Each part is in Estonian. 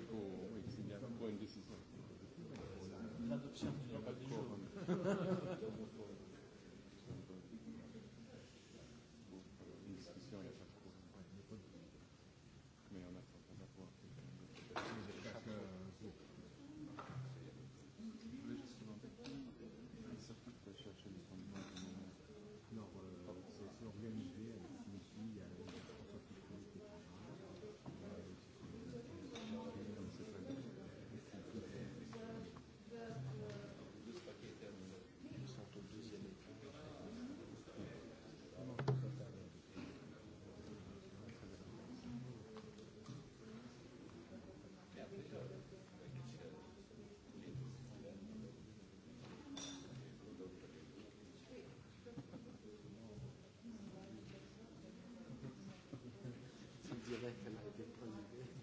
il faut, oui, s'il y a un point de décision. L'adoption du jour. dialecten uit dit project.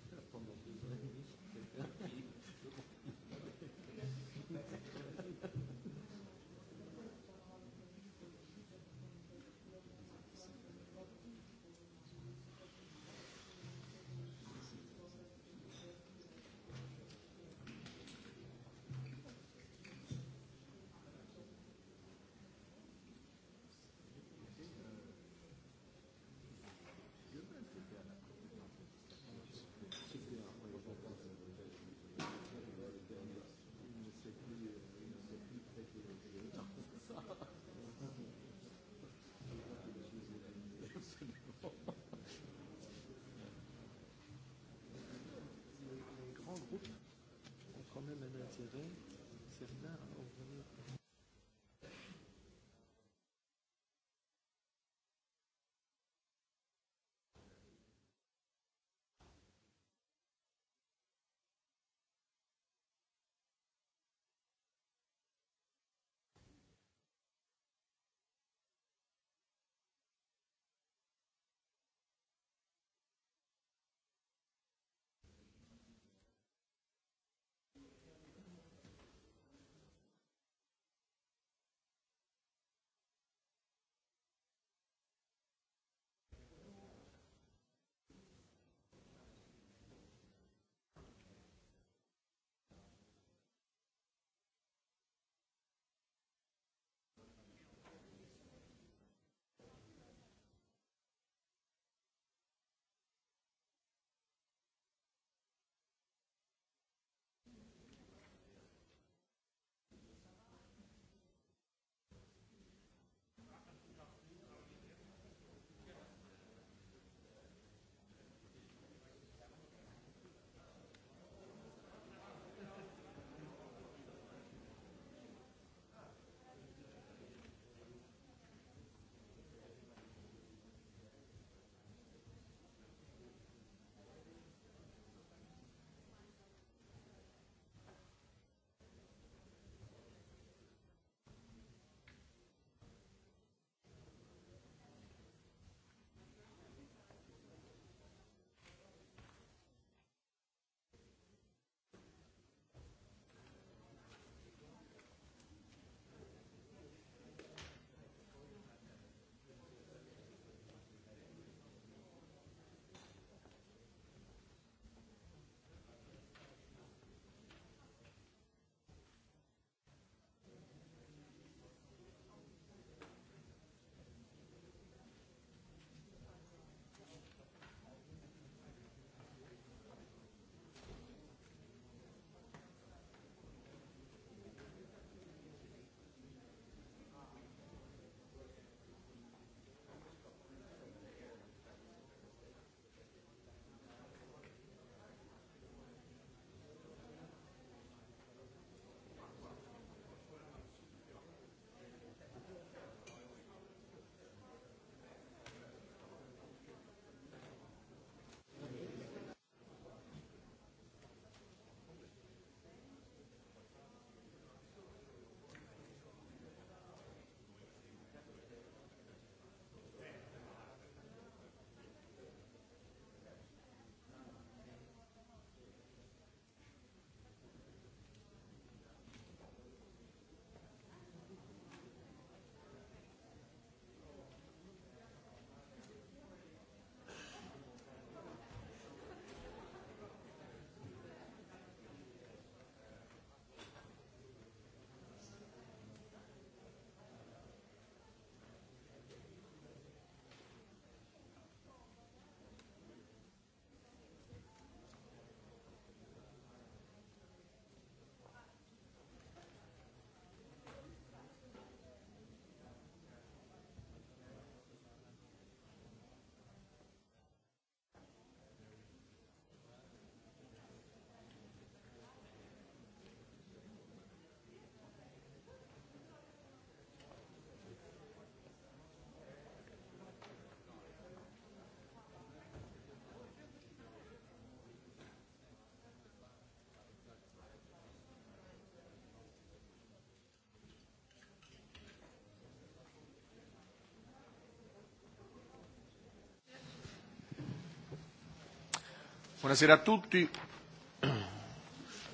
Buonasera a tutti.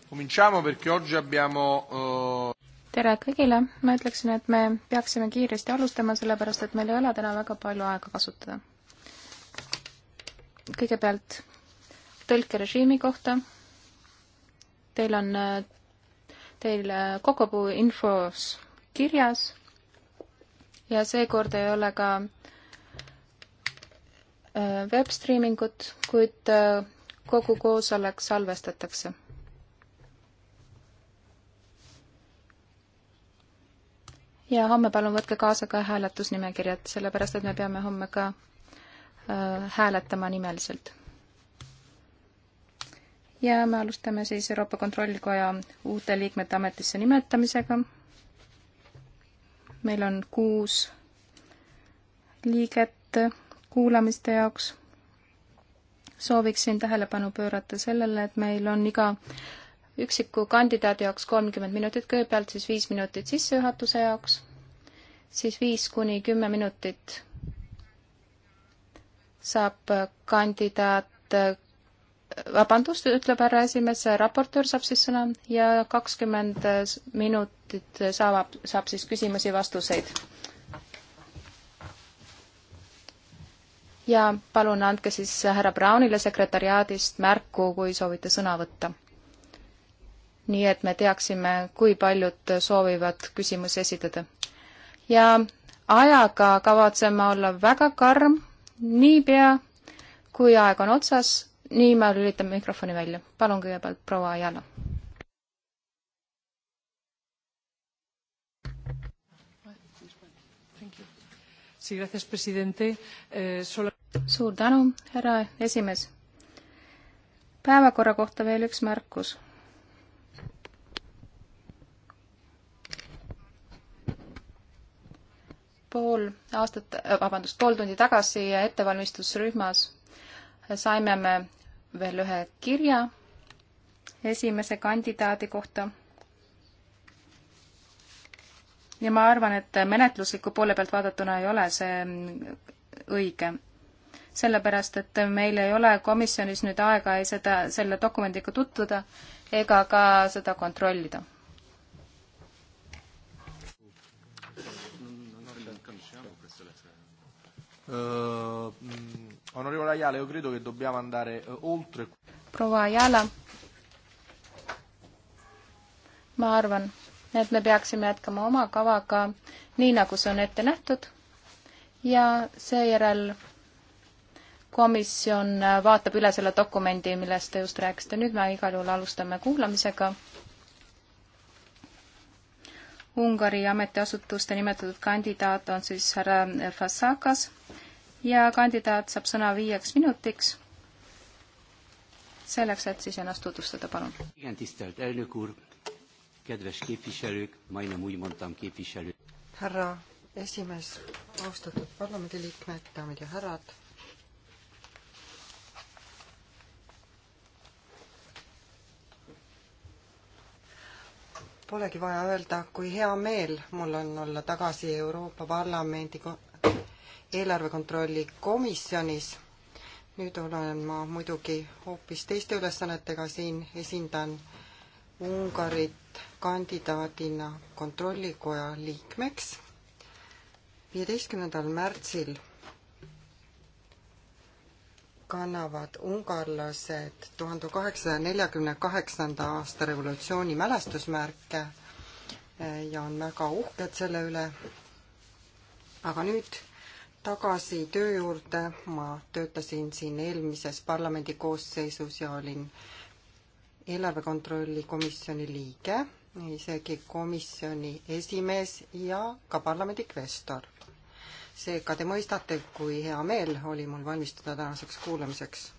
Cominciamo perché oggi abbiamo uh... tere kõigile, ma ütleksin, et me peaksime kiiresti alustama, sellepärast et meil ei ole täna väga palju aega kasutada. kõigepealt tõlkerežiimi kohta. Teil on, teil eh, kogupuu infos kirjas ja seekord ei ole ka eh, webstreamingut, kuid kogu koosolek salvestatakse. ja homme palun võtke kaasa ka hääletusnimekirjad, sellepärast et me peame homme ka äh, hääletama nimeliselt. ja me alustame siis Euroopa Kontrollikoja uute liikmete ametisse nimetamisega. meil on kuus liiget kuulamiste jaoks sooviksin tähelepanu pöörata sellele, et meil on iga üksiku kandidaadi jaoks kolmkümmend minutit, kõigepealt siis viis minutit sissejuhatuse jaoks, siis viis kuni kümme minutit saab kandidaat, vabandust, ütleb härra esimees, raportöör saab siis sõna ja kakskümmend minutit saab, saab siis küsimusi-vastuseid. ja palun andke siis härra Brownile sekretariaadist märku, kui soovite sõna võtta. nii et me teaksime, kui paljud soovivad küsimusi esitada. ja ajaga kavatsen ma olla väga karm, niipea kui aeg on otsas, nii ma lülitan mikrofoni välja. palun kõigepealt proua Ajala Eh, suur tänu, härra esimees. päevakorra kohta veel üks märkus pool aastat, äh, vabandust, pool tundi tagasi ettevalmistusrühmas saime me veel ühe kirja esimese kandidaadi kohta ja ma arvan, et menetlusliku poole pealt vaadatuna ei ole see õige. sellepärast, et meil ei ole komisjonis nüüd aega ei seda, selle dokumendiga tutvuda ega ka seda kontrollida Uh, onorevole Ayala, io credo che dobbiamo andare uh, oltre. Proua Ayala, ma arvan, et me peaksime jätkama oma kavaga nii, nagu see on ette nähtud ja seejärel komisjon vaatab üle selle dokumendi, millest te just rääkisite. nüüd me igal juhul alustame kuulamisega. Ungari ametiasutuste nimetatud kandidaat on siis härra Fassakas ja kandidaat saab sõna viieks minutiks. selleks, et siis ennast tutvustada, palun kedves képviselők, majdnem úgy mondtam képviselők. härra esimees, austatud parlamendiliikmed, daamid ja härrad. Polegi vaja öelda, kui hea meel mul on olla tagasi Euroopa Parlamendi eelarvekontrolli komisjonis. nüüd olen ma muidugi hoopis teiste ülesannetega siin, esindan Ungarit kandidaadina Kontrollikoja liikmeks. viieteistkümnendal märtsil kannavad ungarlased tuhande kaheksasaja neljakümne kaheksanda aasta revolutsiooni mälestusmärke eh, ja on väga uhked selle üle. aga nüüd tagasi töö juurde, ma töötasin siin eelmises parlamendi koosseisus ja olin eelarve kontrolli komisjoni liige isegi komisjoni esimees ja ka parlamendi kvestor. seega te mõistate, kui hea meel oli mul valmistuda tänaseks kuulamiseks.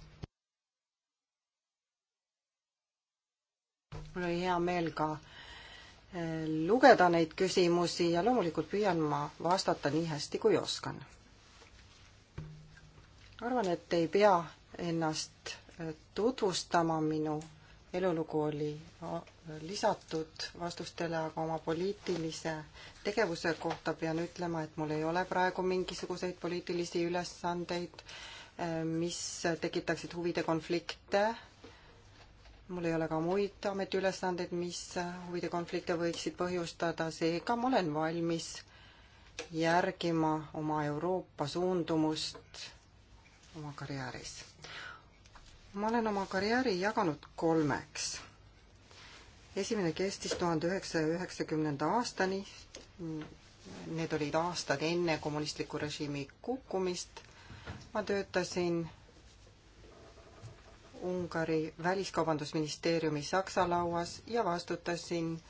mul oli hea meel ka eh, lugeda neid küsimusi ja loomulikult püüan ma vastata nii hästi, kui oskan. arvan, et ei pea ennast eh, tutvustama minu elulugu oli lisatud vastustele, aga oma poliitilise tegevuse kohta pean ütlema, et mul ei ole praegu mingisuguseid poliitilisi ülesandeid, eh, mis tekitaksid huvide konflikte. mul ei ole ka muid ametiülesandeid, mis huvide konflikte võiksid põhjustada, seega ma olen valmis järgima oma Euroopa suundumust oma karjääris ma olen oma karjääri jaganud kolmeks. esimene kestis tuhande üheksasaja üheksakümnenda aastani. Need olid aastad enne kommunistliku režiimi kukkumist. ma töötasin Ungari väliskaubandusministeeriumi Saksa lauas ja vastutasin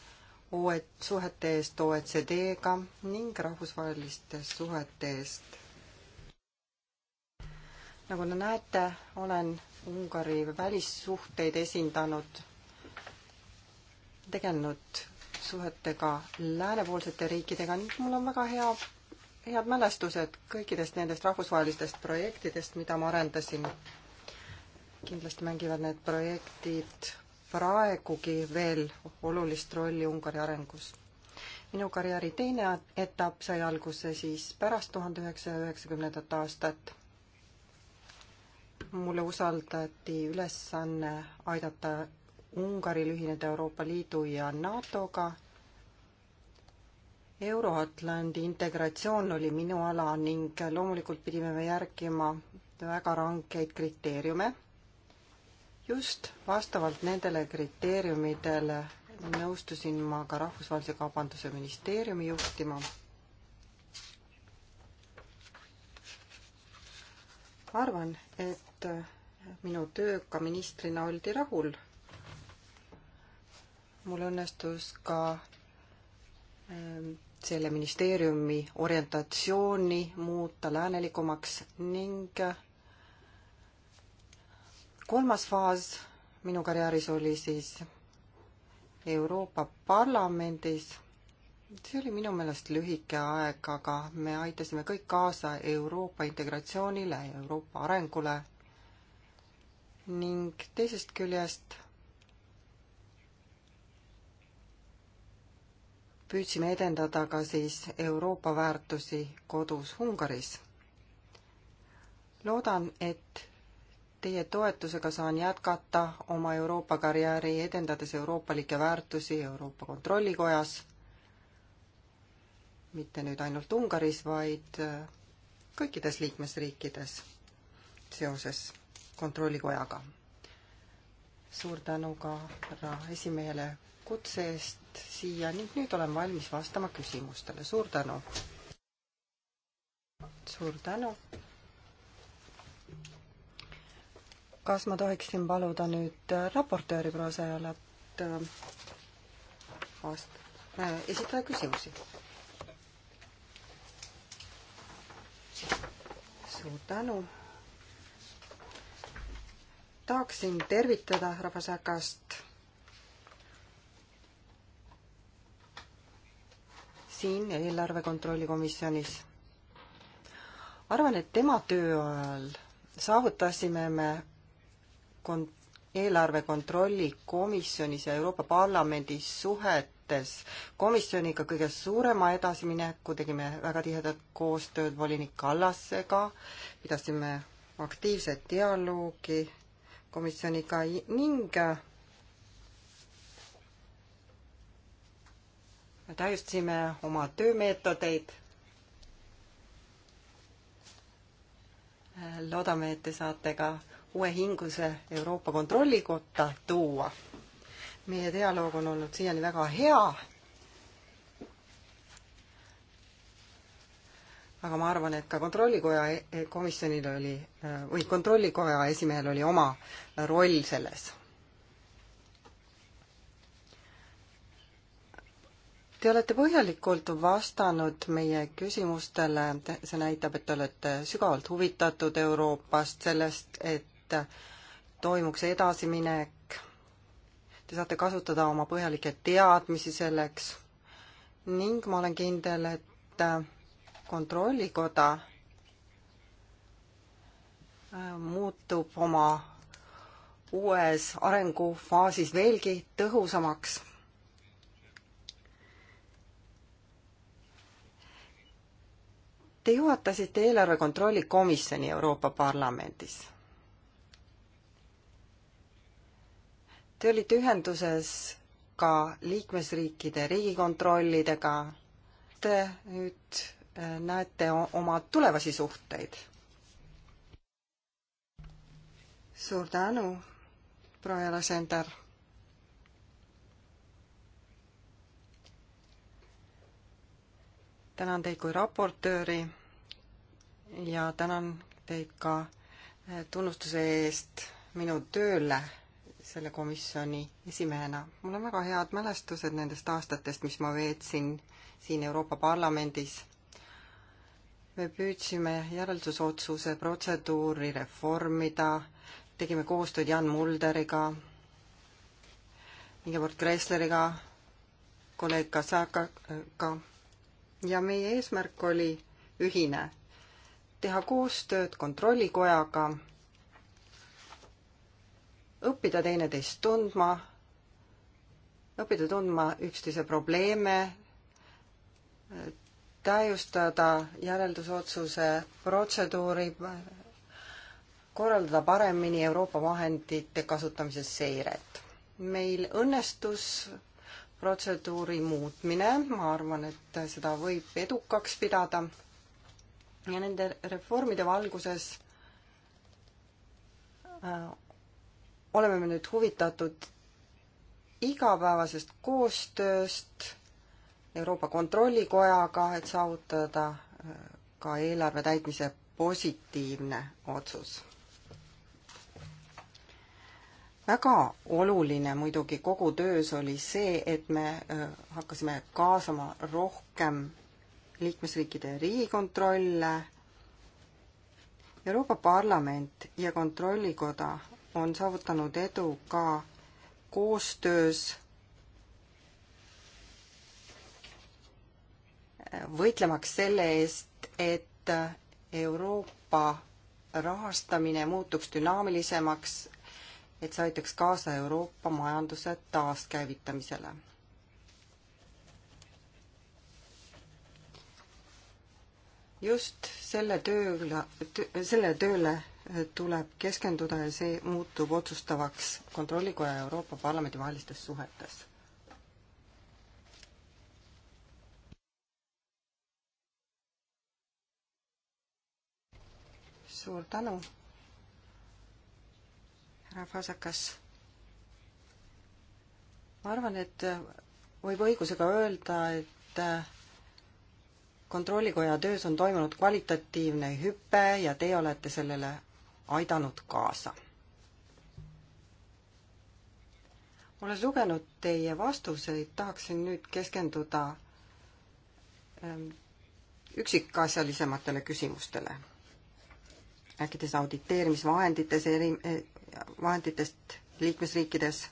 OED, suhete eest OECD-ga ning rahvusvaheliste suhete eest. nagu te näete, olen Ungari välissuhteid esindanud, tegelenud suhetega läänepoolsete riikidega ning mul on väga hea, head mälestused kõikidest nendest rahvusvahelistest projektidest, mida ma arendasin. kindlasti mängivad need projektid praegugi veel olulist rolli Ungari arengus. minu karjääri teine etapp sai alguse siis pärast tuhande üheksasaja üheksakümnendat aastat mulle usaldati ülesanne aidata Ungaril ühineda Euroopa Liidu ja NATO-ga. Euro-Atlandi integratsioon oli minu ala ning loomulikult pidime me järgima väga rangeid kriteeriume. just vastavalt nendele kriteeriumidele nõustusin ma ka Rahvusvahelise Kaubanduse Ministeeriumi juhtima. ma arvan, et minu tööga ministrina oldi rahul. mul õnnestus ka ehm, selle ministeeriumi orientatsiooni muuta läänelikumaks ning eh, kolmas faas minu karjääris oli siis Euroopa Parlamendis see oli minu meelest lühike aeg, aga me aitasime kõik kaasa Euroopa integratsioonile ja Euroopa arengule ning teisest küljest püüdsime edendada ka siis Euroopa väärtusi kodus Ungaris. loodan, et teie toetusega saan jätkata oma Euroopa karjääri, edendades euroopalikke väärtusi Euroopa Kontrollikojas mitte nüüd ainult Ungaris, vaid äh, kõikides liikmesriikides seoses kontrollikojaga. suur tänu ka härra esimehele kutse eest siia ning nüüd olen valmis vastama küsimustele, suur tänu. suur tänu. kas ma tohiksin paluda nüüd äh, raportööri proua Sõjalat äh, vastata, esitada küsimusi? suur tänu. tahaksin tervitada härra Pasakast siin eelarve kontrolli komisjonis. arvan, et tema töö ajal saavutasime me kon-, eelarve kontrolli komisjonis ja Euroopa Parlamendis suhet suhetes komisjoniga kõige suurema edasimineku, tegime väga tihedat koostööd volinik Kallasega, pidasime aktiivset dialoogi komisjoniga ning äh, täiustasime oma töömeetodeid. Äh, loodame, et te saate ka uue hinguse Euroopa Kontrollikotta tuua meie dialoog on olnud siiani väga hea. aga ma arvan, et ka kontrollikoja e-, e-, komisjonil oli või kontrollikoja esimehel oli oma roll selles. Te olete põhjalikult vastanud meie küsimustele, see näitab, et te olete sügavalt huvitatud Euroopast, sellest, et toimuks edasiminek te saate kasutada oma põhjalikke teadmisi selleks ning ma olen kindel, et kontrollikoda äh, muutub oma uues arengufaasis veelgi tõhusamaks. Te juhatasite eelarve kontrolli komisjoni Euroopa Parlamendis Te olite ühenduses ka liikmesriikide riigikontrollidega. Te nüüd äh, näete oma tulevasi suhteid? suur tänu, proua Jalasender tänan teid kui raportööri ja tänan teid ka äh, tunnustuse eest minu tööle selle komisjoni esimehena. mul on väga head mälestused nendest aastatest, mis ma veetsin siin Euroopa Parlamendis. me püüdsime järeldusotsuse protseduuri reformida, tegime koostööd Jan Mulderiga, Ingeborg Kressleriga, kolleeg Kasakaga ja meie eesmärk oli ühine, teha koostööd Kontrollikojaga õppida teineteist tundma, õppida tundma üksteise probleeme, täiustada järeldusotsuse protseduuri, korraldada paremini Euroopa vahendite kasutamise seiret. meil õnnestus protseduuri muutmine, ma arvan, et seda võib edukaks pidada. ja nende reformide valguses äh, oleme me nüüd huvitatud igapäevasest koostööst Euroopa Kontrollikojaga, et saavutada äh, ka eelarve täitmise positiivne otsus. väga oluline muidugi kogu töös oli see, et me äh, hakkasime kaasama rohkem liikmesriikide riigikontrolle Euroopa Parlament ja Kontrollikoda on saavutanud edu ka koostöös võitlemaks selle eest, et Euroopa rahastamine muutuks dünaamilisemaks, et see aitaks kaasa Euroopa majanduse taaskäivitamisele. just selle tööga, selle tööle tuleb keskenduda ja see muutub otsustavaks Kontrollikoja Euroopa Parlamendi vahelistes suhetes. suur tänu, härra Fasakas. ma arvan, et võib õigusega öelda, et äh, kontrollikoja töös on toimunud kvalitatiivne hüpe ja teie olete sellele aidanud kaasa. olles lugenud teie vastuseid, tahaksin nüüd keskenduda ähm, üksikasjalisematele küsimustele. rääkides auditeerimisvahendites, eri, eh, vahenditest liikmesriikides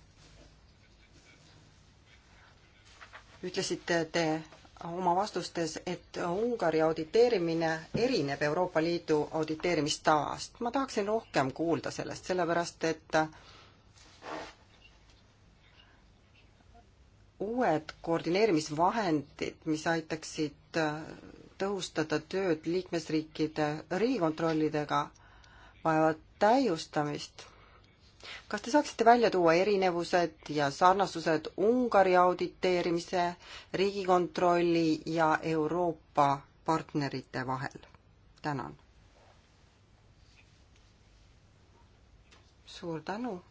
ütlesite te, oma vastustes, et Ungari auditeerimine erineb Euroopa Liidu auditeerimistavast. ma tahaksin rohkem kuulda sellest, sellepärast et uued koordineerimisvahendid, mis aitaksid tõhustada tööd liikmesriikide riigikontrollidega, vajavad täiustamist kas te saaksite välja tuua erinevused ja sarnasused Ungari auditeerimise, Riigikontrolli ja Euroopa partnerite vahel? tänan. suur tänu.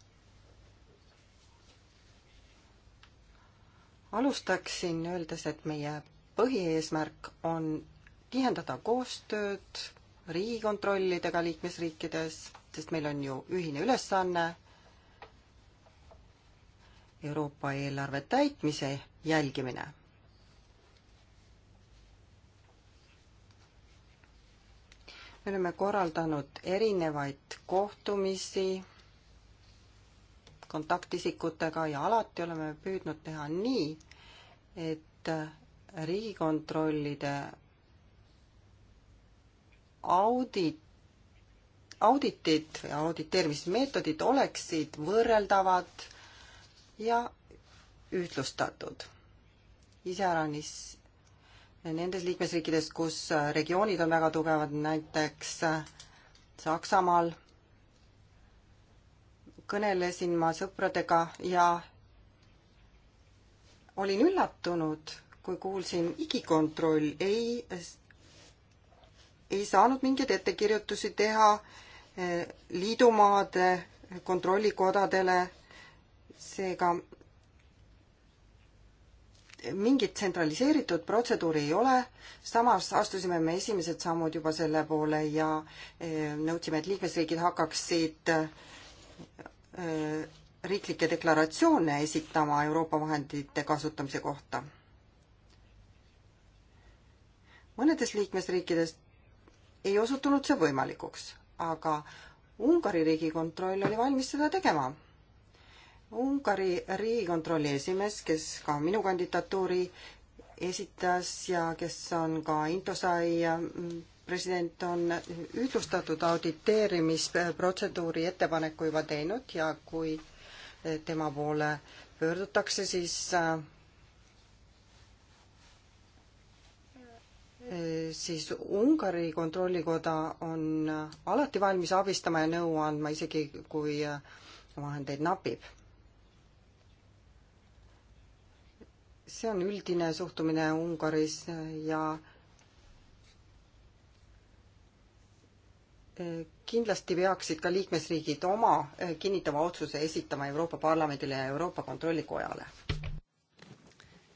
alustaksin öeldes, et meie põhieesmärk on tihendada koostööd riigikontrollidega liikmesriikides, sest meil on ju ühine ülesanne Euroopa eelarve täitmise jälgimine. me oleme korraldanud erinevaid kohtumisi kontaktisikutega ja alati oleme püüdnud teha nii, et riigikontrollide audit, auditid või auditeerimismeetodid oleksid võrreldavad ja ühtlustatud. iseäranis nendes liikmesriikides, kus regioonid on väga tugevad, näiteks Saksamaal kõnelesin ma sõpradega ja olin üllatunud, kui kuulsin, igikontroll ei, ei saanud mingeid ettekirjutusi teha eh, liidumaade kontrollikodadele seega mingit tsentraliseeritud protseduuri ei ole, samas astusime me esimesed sammud juba selle poole ja eh, nõudsime, et liikmesriigid hakkaksid eh, riiklikke deklaratsioone esitama Euroopa vahendite kasutamise kohta. mõnedes liikmesriikides ei osutunud see võimalikuks, aga Ungari riigikontroll oli valmis seda tegema Ungari riigikontrolli esimees, kes ka minu kandidatuuri esitas ja kes on ka Intosai mm, president, on ühtlustatud auditeerimisprotseduuri ettepaneku juba teinud ja kui tema poole pöördutakse, siis äh, siis Ungari kontrollikoda on alati valmis abistama ja nõu andma, isegi kui äh, vahendeid napib see on üldine suhtumine Ungaris ja kindlasti peaksid ka liikmesriigid oma kinnitava otsuse esitama Euroopa Parlamendile ja Euroopa Kontrollikojale.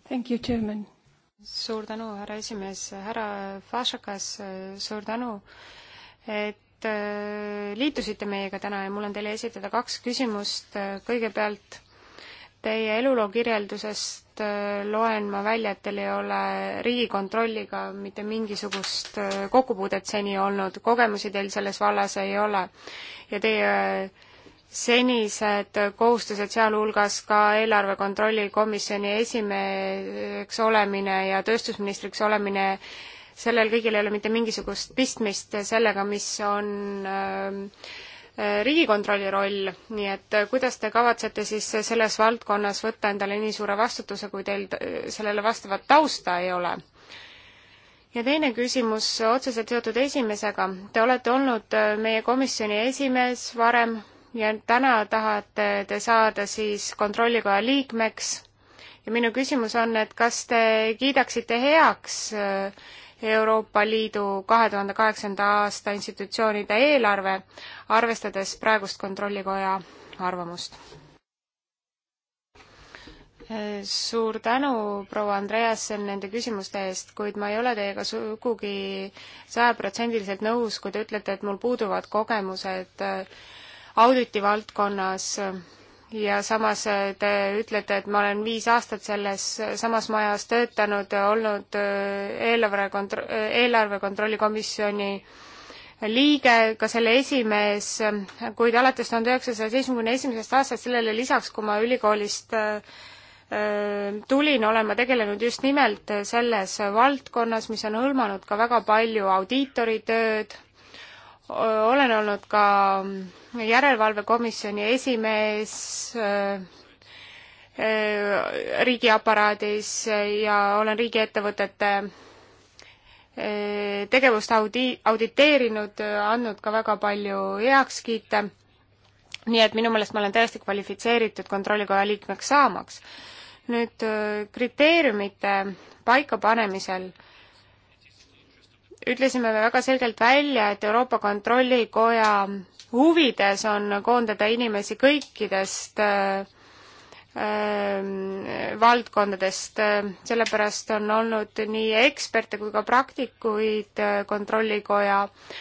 Thank you, German. suur tänu, härra esimees, härra Fašakas, suur tänu, et äh, liitusite meiega täna ja mul on teile esitada kaks küsimust, kõigepealt Teie eluloo kirjeldusest äh, loen ma välja, et teil ei ole Riigikontrolliga mitte mingisugust äh, kokkupuudet seni olnud, kogemusi teil selles vallas ei ole ja teie äh, senised kohustused, sealhulgas ka eelarve kontrolli komisjoni esimeheks olemine ja tööstusministriks olemine, sellel kõigil ei ole mitte mingisugust pistmist sellega, mis on äh, Riigikontrolli roll, nii et äh, kuidas te kavatsete siis selles valdkonnas võtta endale nii suure vastutuse, kui teil sellele vastavat tausta ei ole? ja teine küsimus otseselt seotud esimesega. Te olete olnud äh, meie komisjoni esimees varem ja täna tahate te saada siis kontrollikoja liikmeks ja minu küsimus on, et kas te kiidaksite heaks äh, Euroopa Liidu kahe tuhande kaheksanda aasta institutsioonide eelarve, arvestades praegust Kontrollikoja arvamust. suur tänu, proua Andreasen, nende küsimuste eest, kuid ma ei ole teiega sugugi sajaprotsendiliselt nõus, kui te ütlete, et mul puuduvad kogemused äh, auditi valdkonnas äh, ja samas äh, te ütlete, et ma olen viis aastat selles äh, samas majas töötanud, äh, olnud eelarve kontro-, eelarve kontrolli komisjoni liige, ka selle esimees, kuid alates tuhande üheksasaja seitsmekümne esimesest aastast, sellele lisaks, kui ma ülikoolist tulin, olen ma tegelenud just nimelt selles valdkonnas, mis on hõlmanud ka väga palju audiitoritööd olen olnud ka järelevalvekomisjoni esimees äh, äh, riigiaparaadis ja olen riigiettevõtete äh, tegevust audi-, auditeerinud, andnud ka väga palju heakskiite, nii et minu meelest ma olen täiesti kvalifitseeritud Kontrollikoja liikmeks saamaks. nüüd kriteeriumite paikapanemisel äh, ütlesime me väga selgelt välja, et Euroopa Kontrollikoja huvides on koondada inimesi kõikidest äh, äh, valdkondadest, sellepärast on olnud nii eksperte kui ka praktikuid äh, Kontrollikoja äh,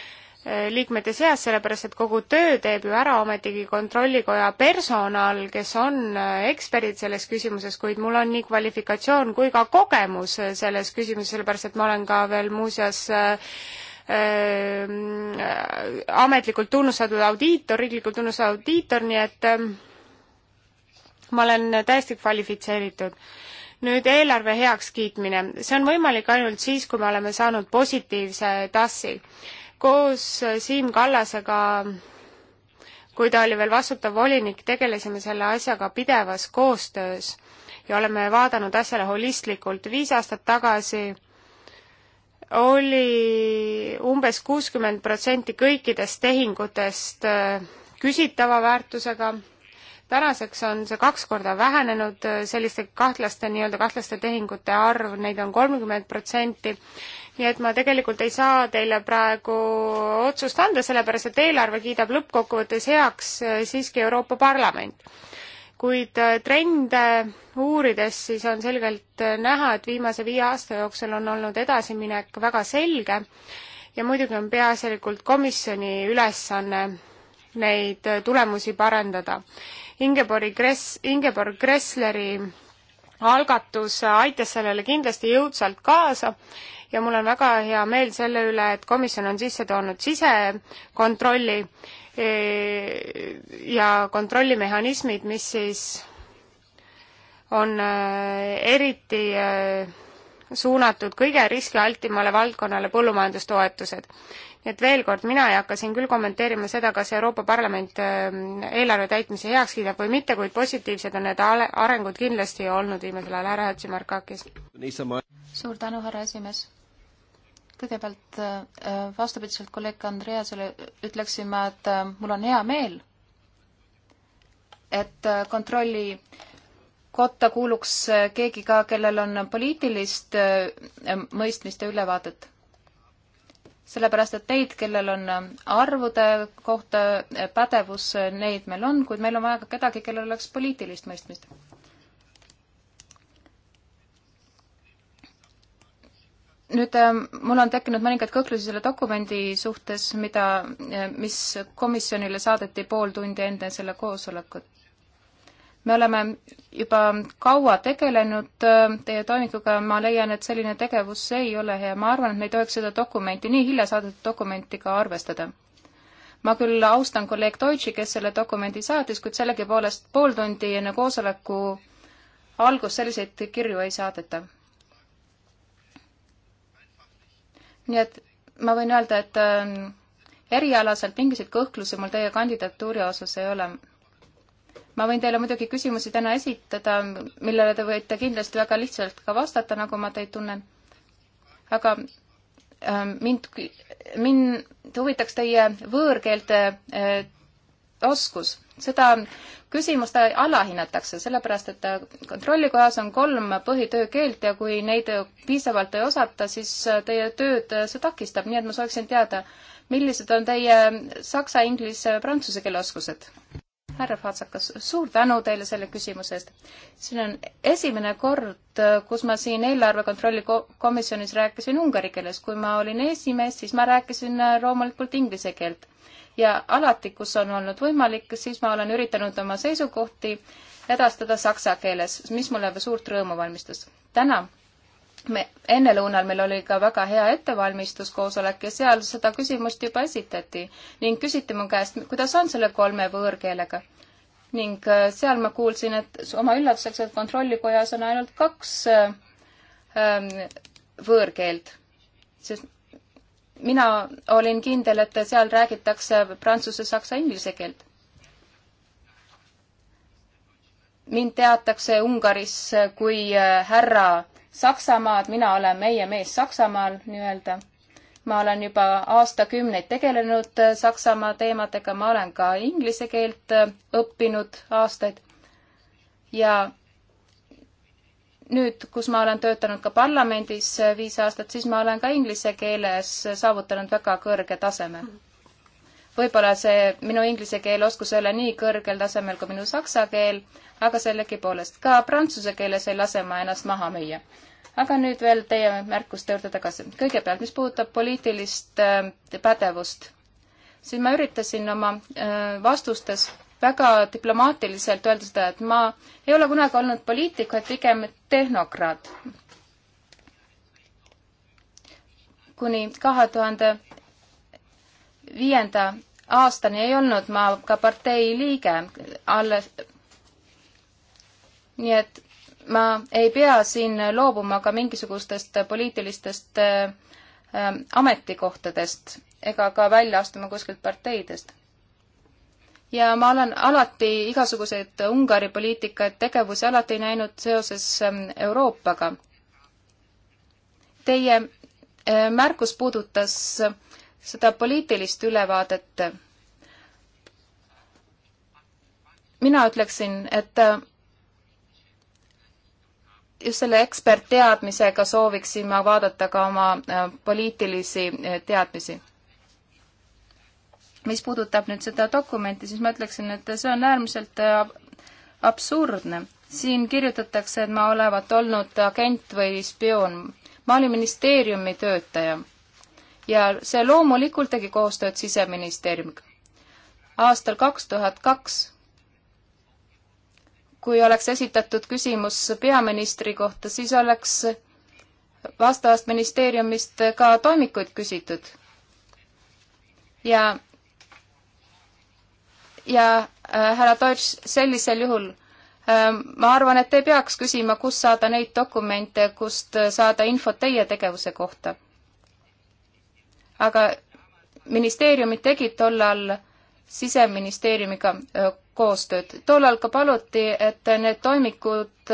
Eh, liikmete seas, sellepärast et kogu töö teeb ju ära ometigi Kontrollikoja personal, kes on eh, eksperdid selles küsimuses, kuid mul on nii kvalifikatsioon kui ka kogemus eh, selles küsimuses, sellepärast et ma olen ka veel muuseas äh, ametlikult tunnustatud audiitor, riiklikult tunnustatud audiitor, nii et äh, ma olen täiesti kvalifitseeritud nüüd eelarve heakskiitmine, see on võimalik ainult siis, kui me oleme saanud positiivse tassi koos äh, Siim Kallasega kui ta oli veel vastutav volinik, tegelesime selle asjaga pidevas koostöös ja oleme vaadanud asjale holistlikult. viis aastat tagasi oli umbes kuuskümmend protsenti kõikidest tehingutest äh, küsitava väärtusega tänaseks on see kaks korda vähenenud, selliste kahtlaste, nii-öelda kahtlaste tehingute arv, neid on kolmkümmend protsenti, nii et ma tegelikult ei saa teile praegu otsust anda, sellepärast et eelarve kiidab lõppkokkuvõttes heaks äh, siiski Euroopa Parlament. kuid äh, trende uurides siis on selgelt äh, näha, et viimase viie aasta jooksul on olnud edasiminek väga selge ja muidugi on peaasjalikult komisjoni ülesanne neid tulemusi parandada Ingeborg Gress, Ingeborg Gressleri algatus aitas sellele kindlasti jõudsalt kaasa ja mul on väga hea meel selle üle, et komisjon on sisse toonud sisekontrolli e, ja kontrollimehhanismid, mis siis on e, eriti e, suunatud kõige riskialtimale valdkonnale, põllumajandustoetused et veel kord, mina ei hakka siin küll kommenteerima seda, kas Euroopa Parlament ähm, eelarve täitmise heaks kiidab või mitte, kuid positiivsed on need arengud kindlasti olnud viimasel ajal, härra Hatsimarkakis. suur tänu, härra esimees. kõigepealt äh, vastupidiselt kolleeg Andreasele ütleksin ma, et äh, mul on hea meel, et äh, kontrolli kotta kuuluks keegi ka, kellel on poliitilist mõistmist ja ülevaadet sellepärast et neid, kellel on äh, arvude kohta äh, pädevus, äh, neid meil on, kuid meil on vaja ka kedagi, kellel oleks poliitilist mõistmist. nüüd mul on tekkinud mõningad kõhklusi selle dokumendi suhtes, mida, mis komisjonile saadeti pool tundi enne selle koosolekut me oleme juba kaua tegelenud äh, teie toimikuga, ma leian, et selline tegevus ei ole hea, ma arvan, et me ei tohiks seda dokumenti, nii hilja saadetud dokumenti ka arvestada. ma küll austan kolleeg Deutschi, kes selle dokumendi saatis, kuid sellegipoolest pool tundi enne koosoleku algust selliseid kirju ei saadeta. nii et ma võin öelda, et äh, erialaselt mingisuguseid kõhklusi mul teie kandidatuuri osas ei ole ma võin teile muidugi küsimusi täna esitada, millele te võite kindlasti väga lihtsalt ka vastata, nagu ma teid tunnen. aga ähm, mind, mind huvitaks teie võõrkeelte äh, oskus. seda küsimust alahinnatakse, sellepärast et äh, kontrollikojas on kolm põhitöökeelt ja kui neid piisavalt ei osata, siis äh, teie tööd see takistab, nii et ma sooviksin teada, millised on teie saksa, inglise, prantsuse keele oskused? härra Fatsakas, suur tänu teile selle küsimuse eest. siin on esimene kord, kus ma siin eelarve kontrolli komisjonis rääkisin ungari keeles. kui ma olin esimees, siis ma rääkisin äh, loomulikult inglise keelt. ja alati, kus on olnud võimalik, siis ma olen üritanud oma seisukohti edastada saksa keeles, mis mulle suurt rõõmu valmistas. täna me ennelõunal meil oli ka väga hea ettevalmistuskoosolek ja seal seda küsimust juba esitati ning küsiti mu käest, kuidas on selle kolme võõrkeelega. ning äh, seal ma kuulsin, et oma üllatuseks, et kontrollikojas on ainult kaks äh, ähm, võõrkeelt, sest mina olin kindel, et seal räägitakse prantsuse, saksa, inglise keelt. mind teatakse Ungaris kui äh, härra Saksamaad, mina olen meie mees Saksamaal nii-öelda. ma olen juba aastakümneid tegelenud äh, Saksamaa teemadega, ma olen ka inglise keelt äh, õppinud aastaid. ja nüüd, kus ma olen töötanud ka parlamendis äh, viis aastat, siis ma olen ka inglise keeles saavutanud väga kõrge taseme mm võib-olla see minu inglise keele oskus ei ole nii kõrgel tasemel kui minu saksa keel, aga sellegipoolest ka prantsuse keeles ei lase ma ennast maha müüa. aga nüüd veel teie märkuste juurde tagasi. kõigepealt, mis puudutab poliitilist äh, pädevust, siis ma üritasin oma äh, vastustes väga diplomaatiliselt öelda seda, et ma ei ole kunagi olnud poliitik, vaid pigem tehnokraat. kuni kahe tuhande viienda aastani ei olnud ma ka partei liige, alles. nii et ma ei pea siin loobuma ka mingisugustest poliitilistest äh, ametikohtadest ega ka välja astuma kuskilt parteidest. ja ma olen alati igasuguseid Ungari poliitikaid, tegevusi alati näinud seoses ähm, Euroopaga. Teie äh, märkus puudutas seda poliitilist ülevaadet. mina ütleksin, et just selle ekspertteadmisega sooviksin ma vaadata ka oma äh, poliitilisi äh, teadmisi. mis puudutab nüüd seda dokumenti, siis ma ütleksin, et see on äärmiselt äh, absurdne. siin kirjutatakse, et ma olevat olnud agent või spioon. ma olin ministeeriumi töötaja ja see loomulikult tegi koostööd Siseministeeriumiga. aastal kaks tuhat kaks, kui oleks esitatud küsimus peaministri kohta, siis oleks vastavast ministeeriumist ka toimikuid küsitud. ja, ja äh, härra Deutsch, sellisel juhul ähm, ma arvan, et ei peaks küsima, kust saada neid dokumente, kust saada infot teie tegevuse kohta aga ministeeriumid tegid tollal siseministeeriumiga koostööd. tollal ka paluti, et need toimikud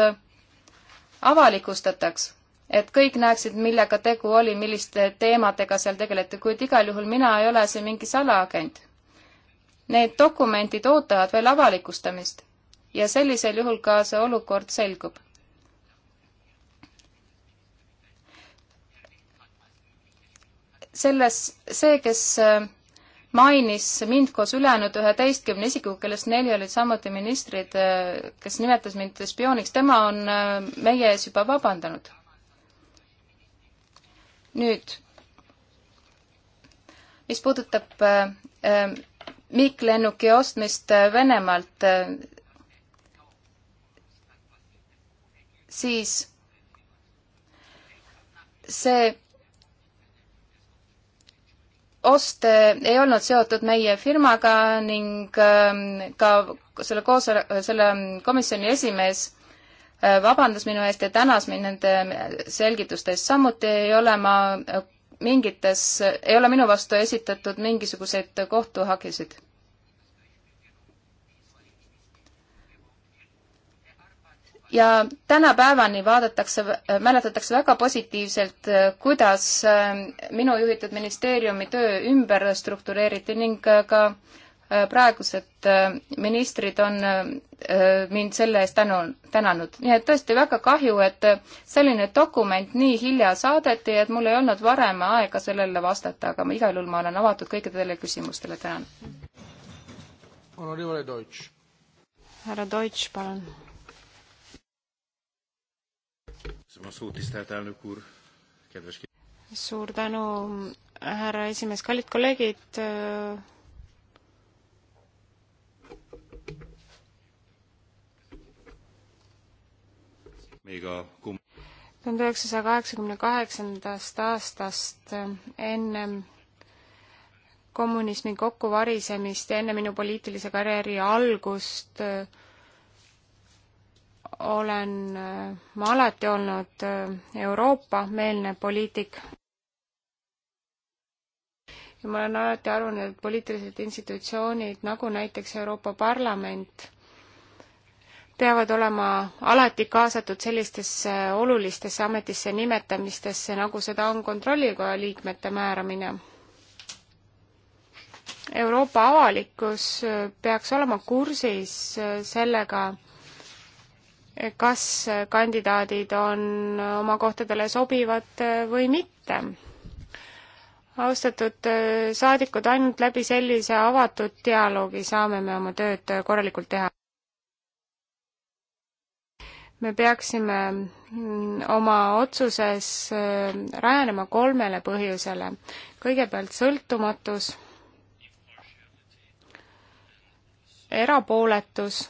avalikustataks, et kõik näeksid, millega tegu oli, milliste teemadega seal tegeleti, kuid igal juhul mina ei ole see mingi salaagent. Need dokumendid ootavad veel avalikustamist ja sellisel juhul ka see olukord selgub selles, see, kes äh, mainis mind koos ülejäänud üheteistkümne isikuga, kellest neli olid samuti ministrid, äh, kes nimetas mind spiooniks, tema on äh, meie ees juba vabandanud. nüüd, mis puudutab äh, miiklennuki ostmist Venemaalt äh,, siis see oste ei olnud seotud meie firmaga ning ähm, ka selle koosole-, selle komisjoni esimees äh, vabandas minu eest ja tänas mind nende selgituste eest, samuti ei ole ma äh, mingites, ei ole minu vastu esitatud mingisuguseid kohtuhagisid ja tänapäevani vaadatakse, mäletatakse väga positiivselt, äh, kuidas äh, minu juhitud ministeeriumi töö ümber struktureeriti ning äh, ka praegused ministrid on mind selle eest tänu, tänanud. nii et tõesti väga kahju, et selline dokument nii hilja saadeti, et mul ei olnud varem aega sellele vastata, aga ma igal juhul ma olen avatud kõikidele küsimustele, tänan. härra Deutsch, palun suur tänu, härra esimees, kallid kolleegid. tuhande üheksasaja kaheksakümne kaheksandast aastast ennem kommunismi kokkuvarisemist ja enne minu poliitilise karjääri algust äh, olen ma alati olnud äh, Euroopa-meelne poliitik ja ma olen alati arvanud, et poliitilised institutsioonid, nagu näiteks Euroopa Parlament, peavad olema alati kaasatud sellistesse olulistesse ametisse nimetamistesse, nagu seda on Kontrollikoja liikmete määramine. Euroopa avalikkus äh, peaks olema kursis äh, sellega, kas kandidaadid on oma kohtadele sobivad või mitte. austatud saadikud, ainult läbi sellise avatud dialoogi saame me oma tööd korralikult teha. me peaksime oma otsuses rajanema kolmele põhjusele. kõigepealt sõltumatus, erapooletus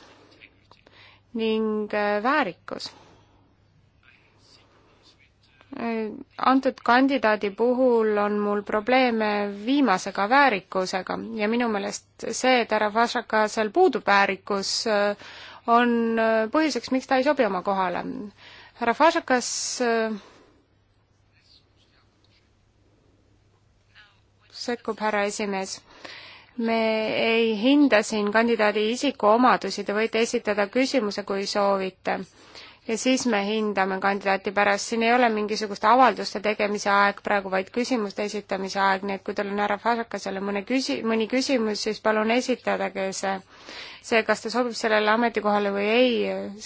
ning äh, väärikus. antud kandidaadi puhul on mul probleeme viimasega väärikusega ja minu meelest see, et härra Fašaka seal puudub väärikus, äh, on äh, põhjuseks, miks ta ei sobi oma kohale. härra Fašakas sekkub härra esimees me ei hinda siin kandidaadi isikuomadusi, te võite esitada küsimuse, kui soovite. ja siis me hindame kandidaati pärast, siin ei ole mingisugust avalduste tegemise aeg praegu, vaid küsimuste esitamise aeg, nii et kui teil on härra Fasakasele mõne küsi-, mõni küsimus, siis palun esitage see. see, kas ta sobib sellele ametikohale või ei,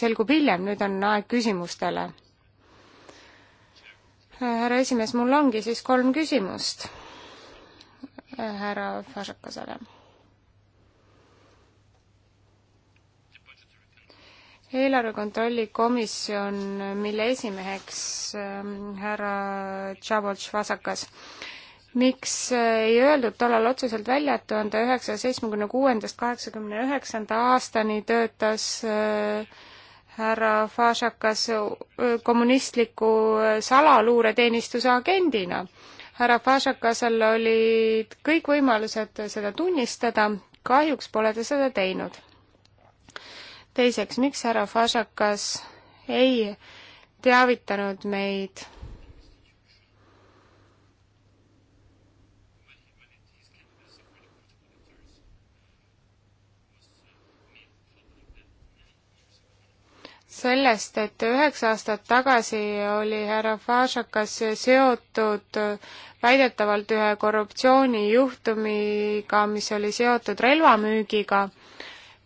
selgub hiljem, nüüd on aeg küsimustele. härra esimees, mul ongi siis kolm küsimust härra Fažakasele. eelarve kontrolli komisjon, mille esimeheks ähm, härra Tšabotš Vasakas miks äh, ei öeldud tollal otseselt välja, et tuhande üheksasaja seitsmekümne kuuendast kaheksakümne üheksanda aastani töötas äh, härra Fašakas äh, kommunistliku salaluureteenistuse agendina härra Fašakasel olid kõik võimalused seda tunnistada, kahjuks pole ta seda teinud. teiseks, miks härra Fašakas ei teavitanud meid sellest, et üheksa aastat tagasi oli härra Fašakas seotud väidetavalt ühe korruptsioonijuhtumiga, mis oli seotud relvamüügiga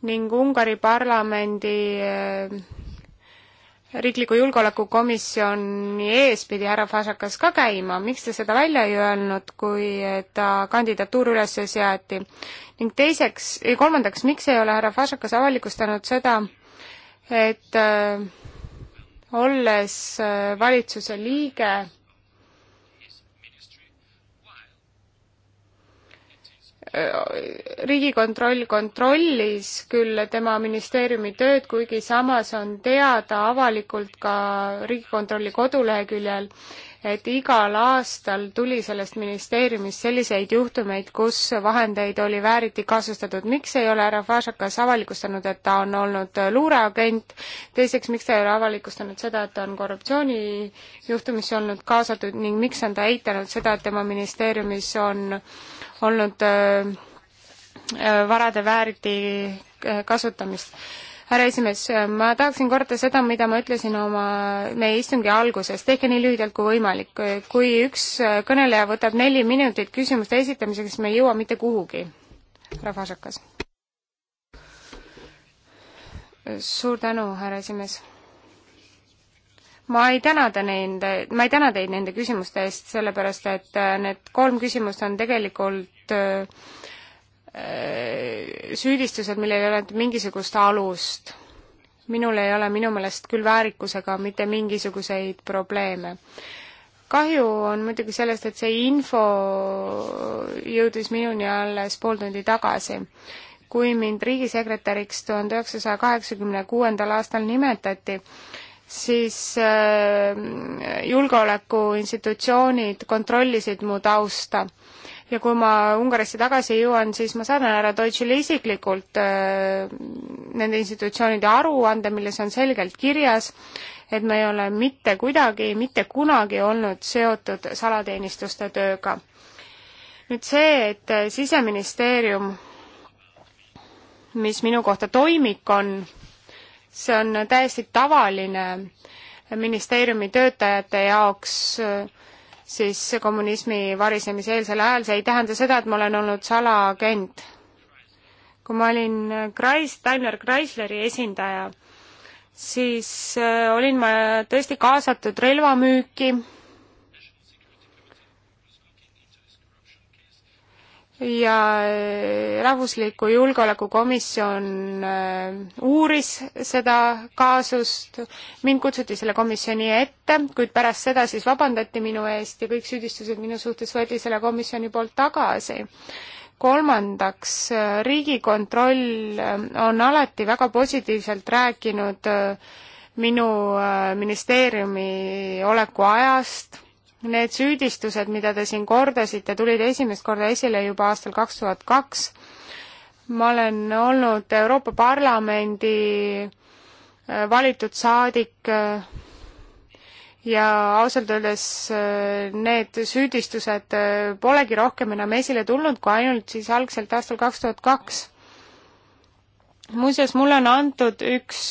ning Ungari parlamendi eh, riikliku julgeolekukomisjoni ees pidi härra Fašakas ka käima, miks te seda välja ei öelnud, kui ta kandidatuur üles seati? ning teiseks, eh, kolmandaks, miks ei ole härra Fašakas avalikustanud seda, et äh, olles äh, valitsuse liige, äh, riigikontroll kontrollis küll tema ministeeriumi tööd, kuigi samas on teada avalikult ka Riigikontrolli koduleheküljel, et igal aastal tuli sellest ministeeriumist selliseid juhtumeid, kus vahendeid oli vääriti kasustatud. miks ei ole härra Fašakas avalikustanud, et ta on olnud luureagent, teiseks, miks ta ei ole avalikustanud seda, et ta on korruptsioonijuhtumisse olnud kaasatud ning miks on ta eitanud seda, et tema ministeeriumis on olnud äh, äh, varade vääriti äh, kasutamist? härra esimees, ma tahaksin korda seda, mida ma ütlesin oma, meie istungi alguses, tehke nii lühidalt kui võimalik. kui üks kõneleja võtab neli minutit küsimuste esitamiseks, me ei jõua mitte kuhugi. härra Fasakas. suur tänu, härra esimees. ma ei täna ta neid, ma ei täna teid nende küsimuste eest, sellepärast et need kolm küsimust on tegelikult äh, Äh, süüdistused, millel ei ole mingisugust alust. minul ei ole minu meelest küll väärikusega mitte mingisuguseid probleeme. kahju on muidugi sellest, et see info jõudis minuni alles pool tundi tagasi. kui mind riigisekretäriks tuhande üheksasaja kaheksakümne kuuendal aastal nimetati, siis äh, julgeolekuinstitutsioonid kontrollisid mu tausta ja kui ma Ungarisse tagasi jõuan, siis ma saadan härra Deutschile isiklikult äh, nende institutsioonide aruande, milles on selgelt kirjas, et me ei ole mitte kuidagi, mitte kunagi olnud seotud salateenistuste tööga. nüüd see, et äh, Siseministeerium, mis minu kohta toimik on, see on täiesti tavaline ministeeriumi töötajate jaoks äh, siis kommunismi varisemise eelsel ajal, see ei tähenda seda, et ma olen olnud salaagent. kui ma olin Kreis, Daimler Chrysleri esindaja, siis äh, olin ma tõesti kaasatud relvamüüki ja eh, Rahvusliku Julgeolekukomisjon eh, uuris seda kaasust, mind kutsuti selle komisjoni ette, kuid pärast seda siis vabandati minu eest ja kõik süüdistused minu suhtes võeti selle komisjoni poolt tagasi. kolmandaks, eh, Riigikontroll on alati väga positiivselt rääkinud minu ministeeriumi oleku ajast Need süüdistused, mida te siin kordasite, tulid esimest korda esile juba aastal kaks tuhat kaks. ma olen olnud Euroopa Parlamendi äh, valitud saadik äh, ja ausalt öeldes äh, need süüdistused polegi rohkem enam esile tulnud kui ainult siis algselt aastal kaks tuhat kaks. muuseas, mulle on antud üks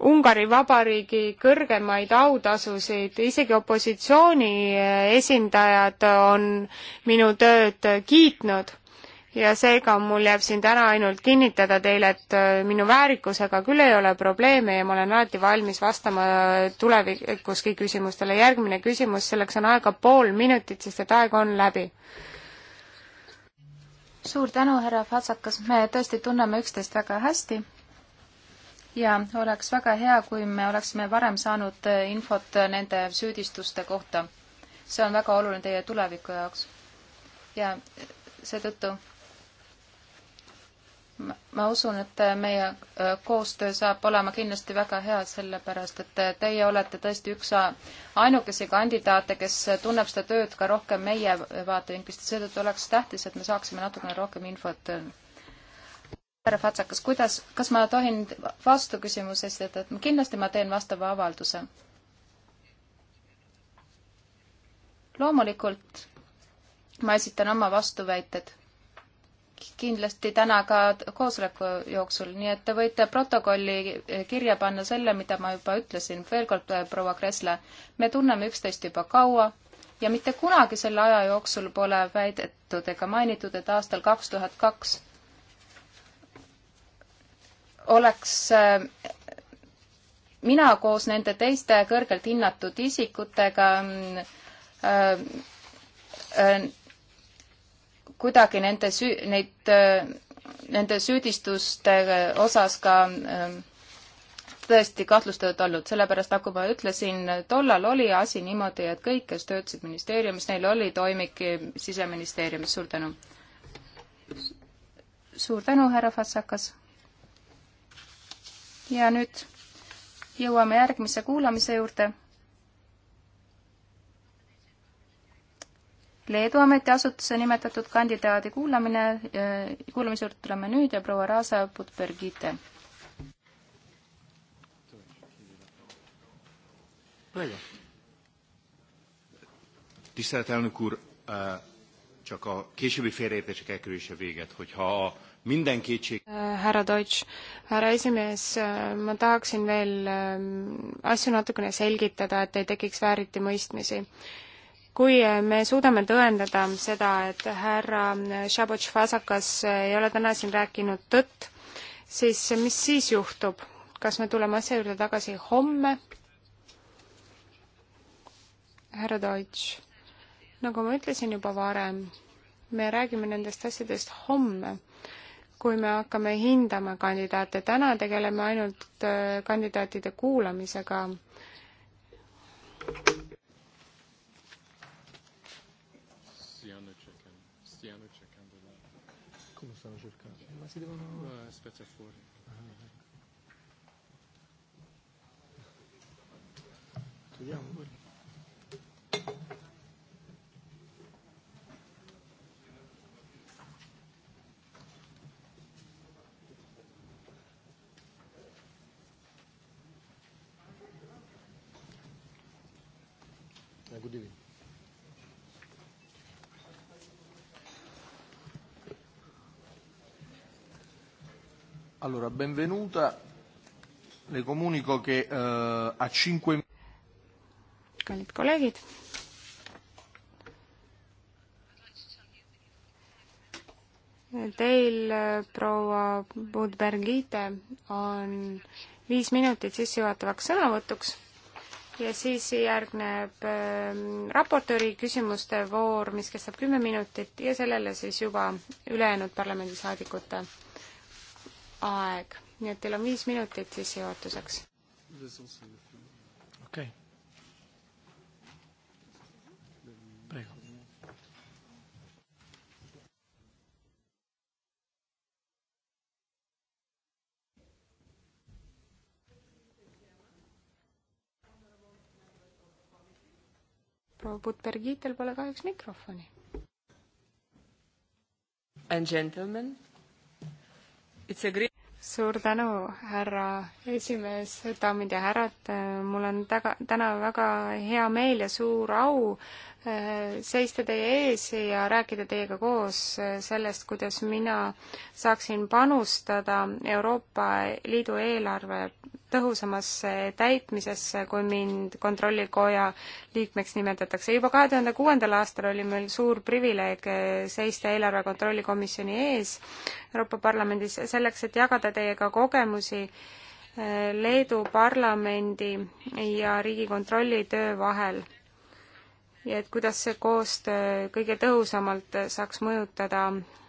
Ungari Vabariigi kõrgemaid autasusid, isegi opositsiooni eh, esindajad on minu tööd eh, kiitnud ja seega mul jääb siin täna ainult kinnitada teile, et eh, minu väärikusega küll ei ole probleeme ja ma olen alati valmis vastama tulevikuski küsimustele. järgmine küsimus, selleks on aega pool minutit, sest et aeg on läbi. suur tänu, härra Fatsakas, me tõesti tunneme üksteist väga hästi ja oleks väga hea, kui me oleksime varem saanud infot nende süüdistuste kohta. see on väga oluline teie tuleviku jaoks. ja seetõttu ma usun, et meie äh, koostöö saab olema kindlasti väga hea, sellepärast et teie olete tõesti üks äh, ainukesi kandidaate, kes tunneb seda tööd ka rohkem meie vaatevinklist ja seetõttu oleks tähtis, et me saaksime natukene rohkem infot äh, härra Fatsakas, kuidas, kas ma tohin vastuküsimuse esitada, et kindlasti ma teen vastava avalduse. loomulikult ma esitan oma vastuväited. kindlasti täna ka koosoleku jooksul, nii et te võite protokolli kirja panna selle, mida ma juba ütlesin. veel kord, eh, proua Kresla, me tunneme üksteist juba kaua ja mitte kunagi selle aja jooksul pole väidetud ega mainitud, et aastal kaks tuhat kaks oleks äh, mina koos nende teiste kõrgelt hinnatud isikutega äh, äh, kuidagi nende süü-, neid äh,, nende süüdistuste osas ka äh, tõesti kahtlustatud olnud, sellepärast nagu ma ütlesin, tollal oli asi niimoodi, et kõik, kes töötasid ministeeriumis, neil oli toimik siseministeeriumis, suur tänu. suur tänu, härra Fassakas ja nüüd jõuame järgmise kuulamise juurde. Leedu ametiasutuse nimetatud kandidaadi kuulamine, äh, kuulamise juurde tuleme nüüd ja proua Raasa Budbergite. tisztelt elnök úr, csak a későbbi félreértések elkerülése véget, hogyha a minden kétség. Äh, härra Deutsch, härra esimees, äh, ma tahaksin veel ähm, asju natukene selgitada, et ei tekiks vääritimõistmisi. kui äh, me suudame tõendada seda, et härra Šabotš Fasakas ei ole täna siin rääkinud tõtt, siis mis siis juhtub? kas me tuleme asja juurde tagasi homme? härra Deutsch, nagu ma ütlesin juba varem, me räägime nendest asjadest homme kui me hakkame hindama kandidaate. täna tegeleme ainult äh, kandidaatide kuulamisega. Come stanno cercando? Ma si devono... No, aspetta fuori. Ah, ecco. Vediamo quello. Allora, benvenuta. Le comunico che eh, a 5 kallid kolleegid. Teil, proua Budbergite, on viis minutit sissejuhatavaks sõnavõtuks ja siis järgneb ähm, raportööri küsimuste voor, mis kestab kümme minutit ja sellele siis juba ülejäänud parlamendisaadikute aeg, nii et teil on viis minutit sissejuhatuseks. okei okay.. proua Putbergitel pole kahjuks mikrofoni. And gentlemen, it's a great suur tänu, härra esimees, daamid ja härrad, mul on taga, täna väga hea meel ja suur au seista teie ees ja rääkida teiega koos äh, sellest, kuidas mina saaksin panustada Euroopa Liidu eelarve tõhusamasse täitmisesse, kui mind Kontrollikoja liikmeks nimetatakse. juba kahe tuhande kuuendal aastal oli meil suur privileeg äh, seista eelarve kontrolli komisjoni ees Euroopa Parlamendis selleks, et jagada teiega kogemusi äh, Leedu parlamendi ja Riigikontrolli töö vahel ja et kuidas see koostöö kõige tõhusamalt saaks mõjutada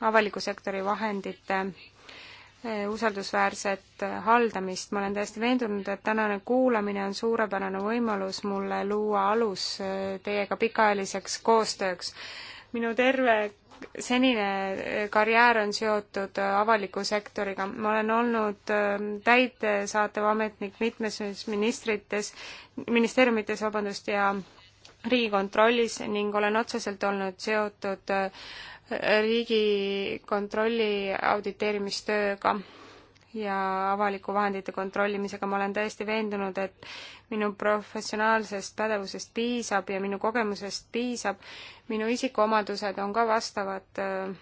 avaliku sektori vahendite eh, usaldusväärset haldamist. ma olen täiesti veendunud, et tänane kuulamine on suurepärane võimalus mulle luua alus eh, teiega pikaajaliseks koostööks. minu terve senine eh, karjäär on seotud avaliku sektoriga. ma olen olnud täidesaatev ametnik mitmes ministrites, ministeeriumites, vabandust, ja Riigikontrollis ning olen otseselt olnud seotud äh, Riigikontrolli auditeerimistööga ja avaliku vahendite kontrollimisega ma olen täiesti veendunud, et minu professionaalsest pädevusest piisab ja minu kogemusest piisab. minu isikuomadused on ka vastavad äh,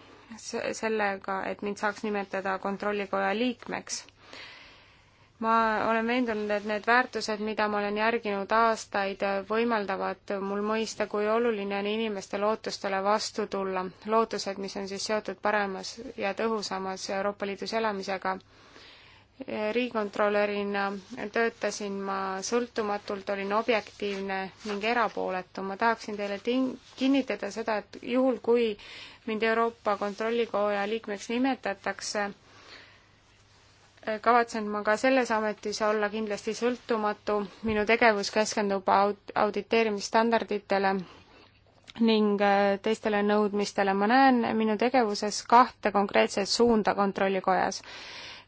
sellega, et mind saaks nimetada kontrollikoja liikmeks ma olen veendunud, et need väärtused, mida ma olen järginud aastaid, võimaldavad mul mõista, kui oluline on inimeste lootustele vastu tulla. lootused, mis on siis seotud paremas ja tõhusamas Euroopa Liidus elamisega. riigikontrolörina töötasin ma sõltumatult, olin objektiivne ning erapooletu. ma tahaksin teile ting-, kinnitada seda, et juhul, kui mind Euroopa Kontrollikoja liikmeks nimetatakse, kavatsen ma ka selles ametis olla kindlasti sõltumatu, minu tegevus keskendub aud-, auditeerimisstandarditele ning äh, teistele nõudmistele. ma näen minu tegevuses kahte konkreetset suunda Kontrollikojas.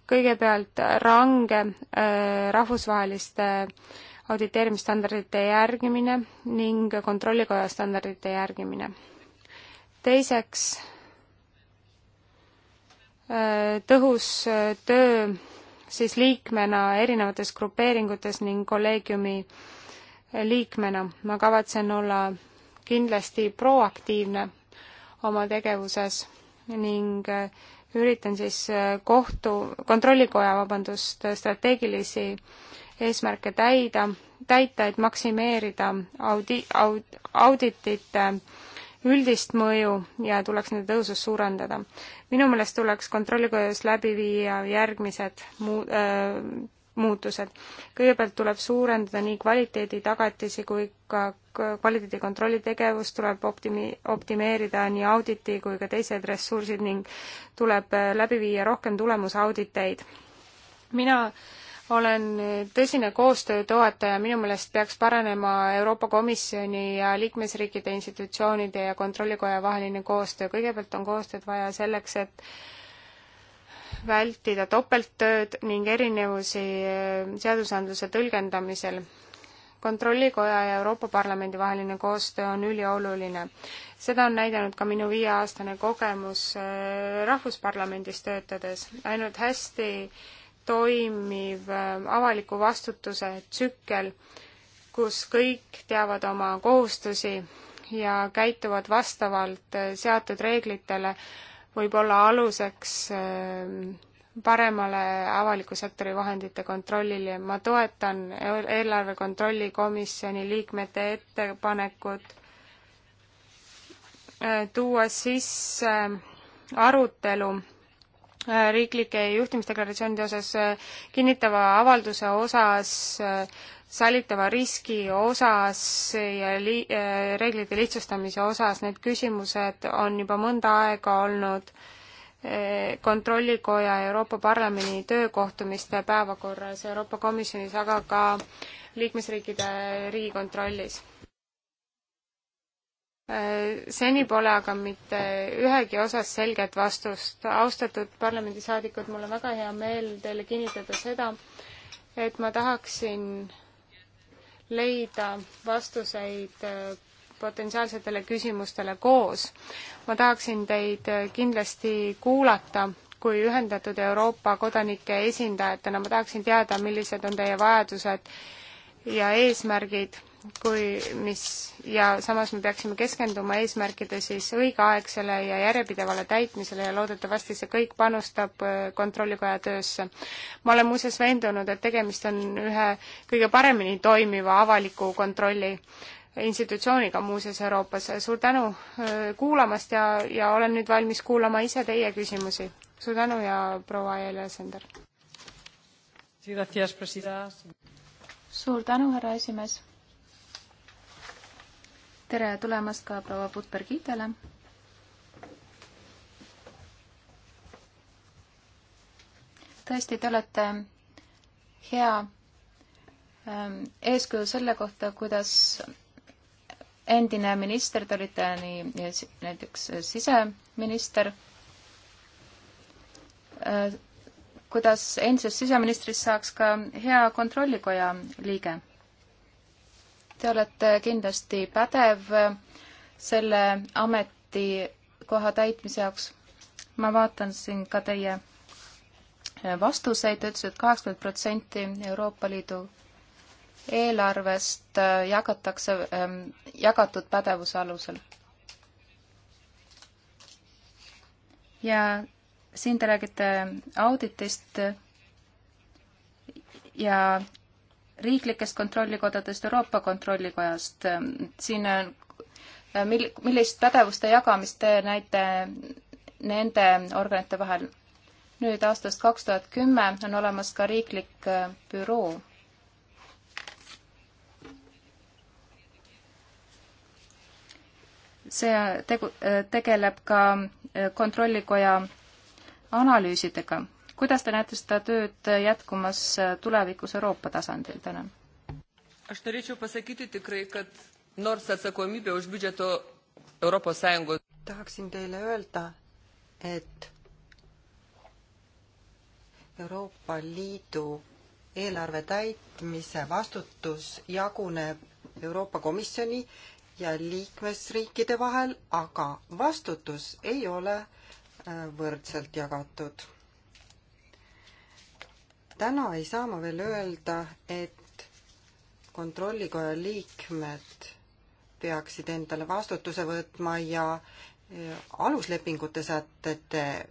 kõigepealt range äh, rahvusvaheliste auditeerimisstandardite järgimine ning Kontrollikoja standardite järgimine. teiseks Äh, tõhus äh, töö siis liikmena erinevates grupeeringutes ning kolleegiumi äh, liikmena. ma kavatsen olla kindlasti proaktiivne oma tegevuses ning üritan siis kohtu, kontrollikoja, vabandust, strateegilisi eesmärke täida, täita, et maksimeerida audi-, aud-, auditite äh, üldist mõju ja tuleks nende tõusust suurendada. minu meelest tuleks kontrollikojas läbi viia järgmised muu- äh,, muutused. kõigepealt tuleb suurendada nii kvaliteeditagatisi kui ka kvaliteedikontrolli tegevust, tuleb optimi-, optimeerida nii auditi kui ka teised ressursid ning tuleb äh, läbi viia rohkem tulemusauditeid. mina äh, olen tõsine koostöö toetaja, minu meelest peaks paranema Euroopa Komisjoni ja liikmesriikide institutsioonide ja Kontrollikoja vaheline koostöö, kõigepealt on koostööd vaja selleks, et vältida topelttööd ning erinevusi seadusandluse tõlgendamisel. kontrollikoja ja Euroopa Parlamendi vaheline koostöö on ülioluline. seda on näidanud ka minu viieaastane kogemus äh, Rahvusparlamendis töötades. ainult hästi toimiv äh, avaliku vastutuse tsükkel, kus kõik teavad oma kohustusi ja käituvad vastavalt äh, seatud reeglitele, võib olla aluseks äh, paremale avaliku sektori vahendite kontrollile. ma toetan eelarve kontrolli komisjoni liikmete ettepanekut tuua sisse arutelu Äh, riiklike juhtimisdeklaratsioonide osas, äh, kinnitava avalduse osas, äh, säilitava riski osas ja li-, reeglite lihtsustamise osas, need küsimused on juba mõnda aega olnud kontrollikoja Euroopa Parlamendi töökohtumiste päevakorras Euroopa Komisjonis, aga ka liikmesriikide riigikontrollis Äh, seni pole aga mitte ühegi osas selget vastust. austatud parlamendisaadikud, mul on väga hea meel teile kinnitada seda, et ma tahaksin leida vastuseid äh, potentsiaalsetele küsimustele koos. ma tahaksin teid äh, kindlasti kuulata kui Ühendatud Euroopa kodanike esindajatena, ma tahaksin teada, millised on teie vajadused ja eesmärgid kui mis ja samas me peaksime keskenduma eesmärkide siis õigeaegsele ja järjepidevale täitmisele ja loodetavasti see kõik panustab äh, Kontrollikoja töösse. ma olen muuseas veendunud, et tegemist on ühe kõige paremini toimiva avaliku kontrolli institutsiooniga muuseas Euroopas. suur tänu äh, kuulamast ja, ja olen nüüd valmis kuulama ise teie küsimusi. suur tänu ja proua Aele Sender. suur tänu, härra esimees tere tulemast ka proua Putbergitele. tõesti, te olete hea ähm, eeskuju selle kohta, kuidas endine minister, te olite nii näiteks siseminister, äh, kuidas endisest siseministrist saaks ka hea kontrollikoja liige Te olete kindlasti pädev selle ametikoha täitmise jaoks. ma vaatan siin ka teie vastuseid, te ütlesite, et kaheksakümmend protsenti Euroopa Liidu eelarvest jagatakse ähm, jagatud pädevuse alusel. ja siin te räägite auditist ja riiklikest kontrollikodadest, Euroopa Kontrollikojast. Ähm, siin on, äh, mil-, millist pädevuste jagamist te näite nende organite vahel? nüüd aastast kaks tuhat kümme on olemas ka riiklik äh, büroo. see äh, tegu-, tegeleb ka kontrollikoja analüüsidega kuidas te näete seda tööd jätkumas tulevikus Euroopa tasandil täna? Aš norėčiau pasakyti tikrai, kad nors atsakomybė už biudžeto Europos Sąjungos tahaksin teile öelda, et Euroopa Liidu eelarve täitmise vastutus jaguneb Euroopa Komisjoni ja liikmesriikide vahel, aga vastutus ei ole äh, võrdselt jagatud täna ei saa ma veel öelda, et kontrollikoja liikmed peaksid endale vastutuse võtma ja e, aluslepingute sätete e,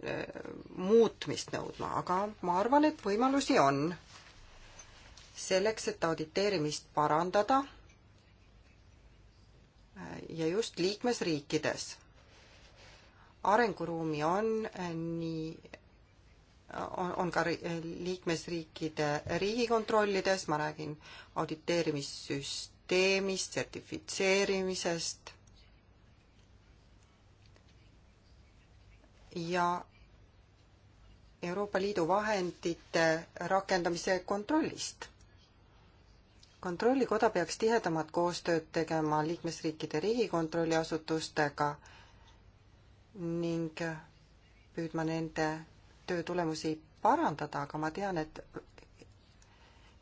muutmist nõudma, aga ma arvan, et võimalusi on. selleks, et auditeerimist parandada e, ja just liikmesriikides. arenguruumi on nii on, on ka liikmesriikide riigikontrollides, ma räägin auditeerimissüsteemist, sertifitseerimisest ja Euroopa Liidu vahendite rakendamise kontrollist. kontrollikoda peaks tihedamat koostööd tegema liikmesriikide riigikontrolli asutustega ning püüdma nende töö tulemusi parandada, aga ma tean, et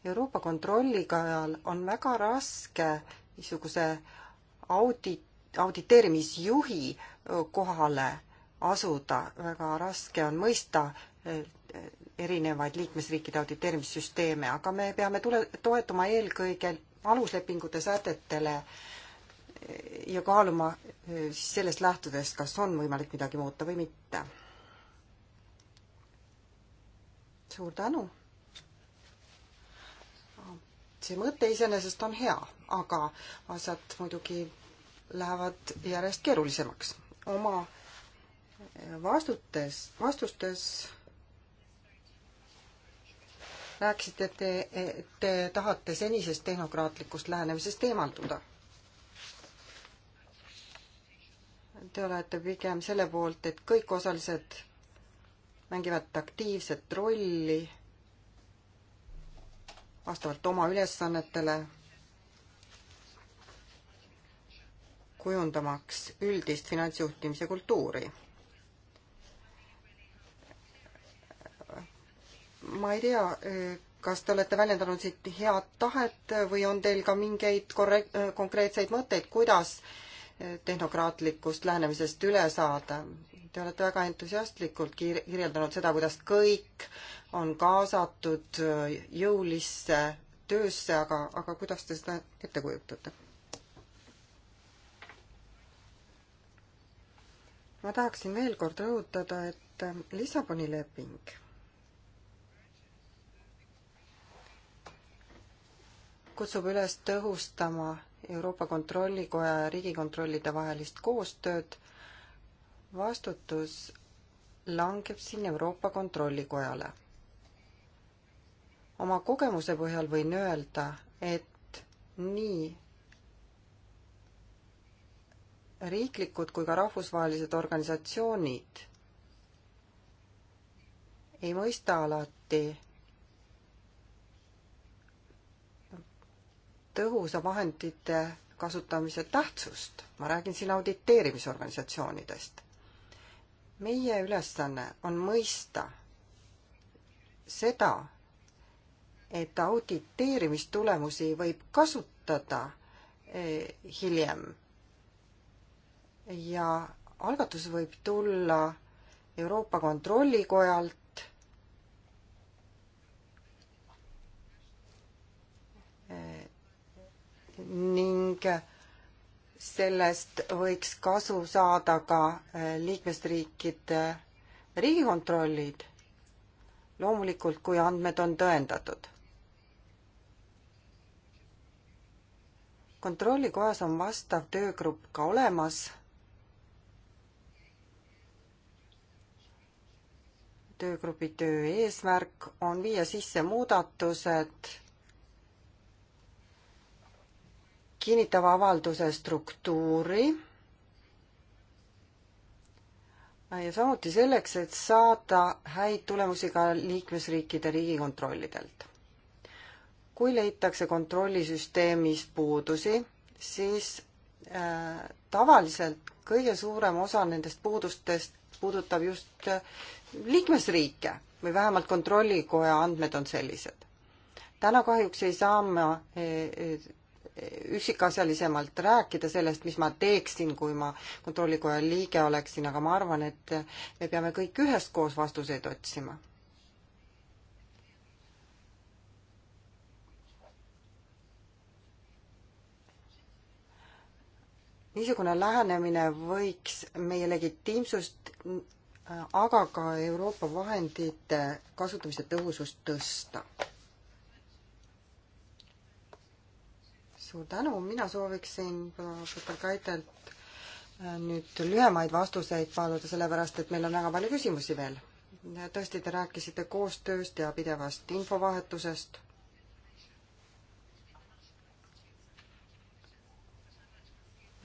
Euroopa Kontrollikojal on väga raske niisuguse audit, auditeerimisjuhi kohale asuda, väga raske on mõista erinevaid liikmesriikide auditeerimissüsteeme, aga me peame tule, toetuma eelkõige aluslepingute sätetele ja kaaluma siis sellest lähtudes, kas on võimalik midagi muuta või mitte suur tänu. see mõte iseenesest on hea, aga asjad muidugi lähevad järjest keerulisemaks. oma vastutes, vastustes rääkisite, et te, te tahate senisest tehnokraatlikust lähenemisest eemalduda te olete pigem selle poolt, et kõik osalised mängivad aktiivset rolli vastavalt oma ülesannetele, kujundamaks üldist finantsjuhtimise kultuuri. ma ei tea, kas te olete väljendanud siit head tahet või on teil ka mingeid korrekt-, konkreetseid mõtteid, kuidas tehnokraatlikust lähenemisest üle saada? Te olete väga entusiastlikult kiir-, kirjeldanud seda, kuidas kõik on kaasatud äh, jõulisse töösse, aga, aga kuidas te seda ette kujutate? ma tahaksin veel kord rõhutada, et äh, Lissaboni leping kutsub üles tõhustama Euroopa Kontrollikoja ja Riigikontrollide vahelist koostööd vastutus langeb siin Euroopa Kontrollikojale. oma kogemuse põhjal võin öelda, et nii riiklikud kui ka rahvusvahelised organisatsioonid ei mõista alati tõhusa vahendite kasutamise tähtsust. ma räägin siin auditeerimisorganisatsioonidest meie ülesanne on mõista seda, et auditeerimistulemusi võib kasutada eh, hiljem. ja algatus võib tulla Euroopa Kontrollikojalt, eh, ning sellest võiks kasu saada ka äh, liikmesriikide riigikontrollid, loomulikult kui andmed on tõendatud. kontrollikojas on vastav töögrupp ka olemas. töögrupi töö eesmärk on viia sisse muudatused kinnitava avalduse struktuuri ja samuti selleks, et saada häid tulemusi ka liikmesriikide riigikontrollidelt. kui leitakse kontrollisüsteemis puudusi, siis äh, tavaliselt kõige suurem osa nendest puudustest puudutab just äh, liikmesriike või vähemalt Kontrollikoja andmed on sellised. täna kahjuks ei saa ma äh, äh, üksikasjalisemalt rääkida sellest, mis ma teeksin, kui ma kontrollikoja liige oleksin, aga ma arvan, et me peame kõik üheskoos vastuseid otsima. niisugune lähenemine võiks meie legitiimsust, aga ka Euroopa vahendite kasutamise tõhusust tõsta suur tänu, mina sooviksin professor Kaitelt äh, nüüd lühemaid vastuseid paluda, sellepärast et meil on väga palju küsimusi veel. tõesti, te rääkisite koostööst ja pidevast infovahetusest.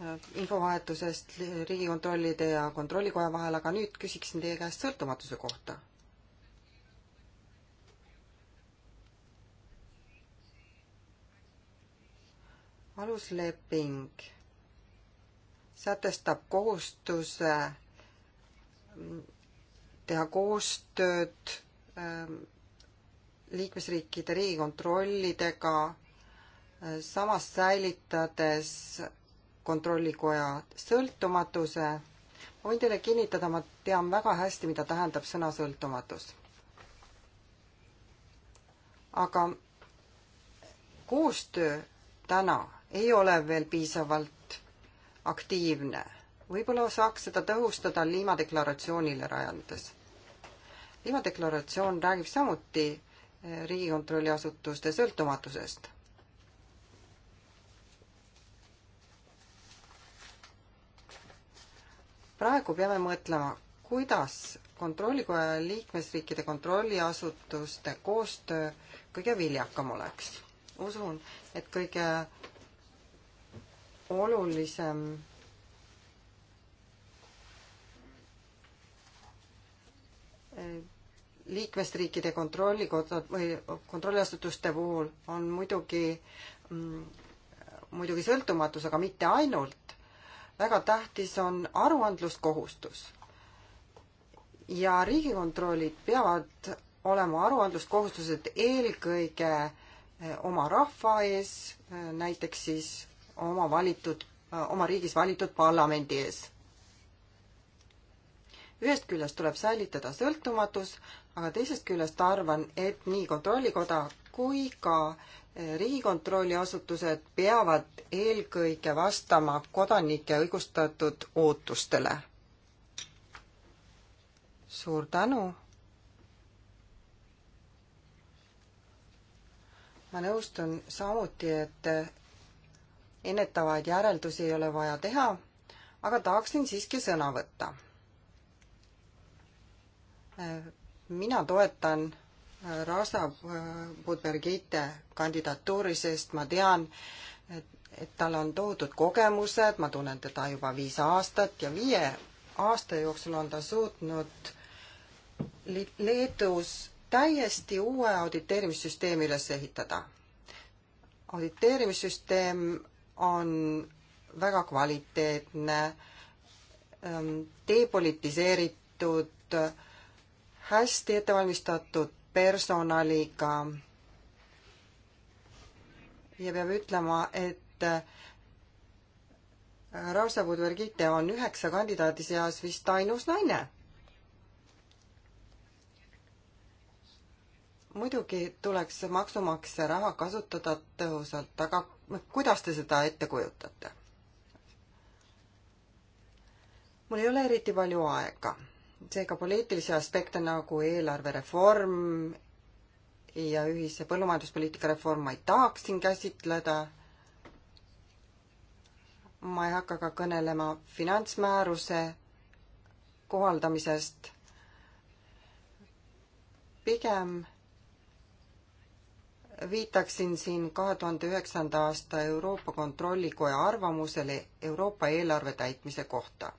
Äh, infovahetusest Riigikontrollide ja Kontrollikoja vahel, aga nüüd küsiksin teie käest sõltumatuse kohta alusleping sätestab kohustuse mm, teha koostööd ähm, liikmesriikide riigikontrollidega, äh, samas säilitades kontrollikoja sõltumatuse. ma võin teile kinnitada, ma tean väga hästi, mida tähendab sõna sõltumatus. aga koostöö täna ei ole veel piisavalt aktiivne. võib-olla saaks seda tõhustada liimadeklaratsioonile rajanedes. liimadeklaratsioon räägib samuti eh, Riigikontrolli asutuste sõltumatusest. praegu peame mõtlema, kuidas kontrollikoja ja liikmesriikide kontrolliasutuste koostöö kõige viljakam oleks. usun, et kõige olulisem liikmesriikide kontrollikoda või kontrolliasutuste puhul on muidugi, mm, muidugi sõltumatus, aga mitte ainult. väga tähtis on aruandluskohustus. ja riigikontrollid peavad olema aruandluskohustused eelkõige oma rahva ees, näiteks siis oma valitud, oma riigis valitud parlamendi ees. ühest küljest tuleb säilitada sõltumatus, aga teisest küljest arvan, et nii Kontrollikoda kui ka eh, Riigikontrolli asutused peavad eelkõige vastama kodanike õigustatud ootustele. suur tänu. ma nõustun samuti, et ennetavaid järeldusi ei ole vaja teha, aga tahaksin siiski sõna võtta. mina toetan äh, Rasa äh, Budbergite kandidatuuri, sest ma tean, et, et tal on tohutud kogemused, ma tunnen teda juba viis aastat ja viie aasta jooksul on ta suutnud Leedus täiesti uue auditeerimissüsteemi üles ehitada. auditeerimissüsteem on väga kvaliteetne, ähm, depolitiseeritud, hästi ettevalmistatud personaliga. ja peab ütlema, et äh, Rausa Budvergite on üheksa kandidaadi seas vist ainus naine. muidugi tuleks maksumaksja raha kasutada tõhusalt, aga kuidas te seda ette kujutate? mul ei ole eriti palju aega, seega poliitilisi aspekte nagu eelarvereform ja ühise põllumajanduspoliitika reform ma ei tahaks siin käsitleda. ma ei hakka ka kõnelema finantsmääruse kohaldamisest. pigem viitaksin siin kahe tuhande üheksanda aasta Euroopa Kontrollikoja arvamusele Euroopa eelarve täitmise kohta.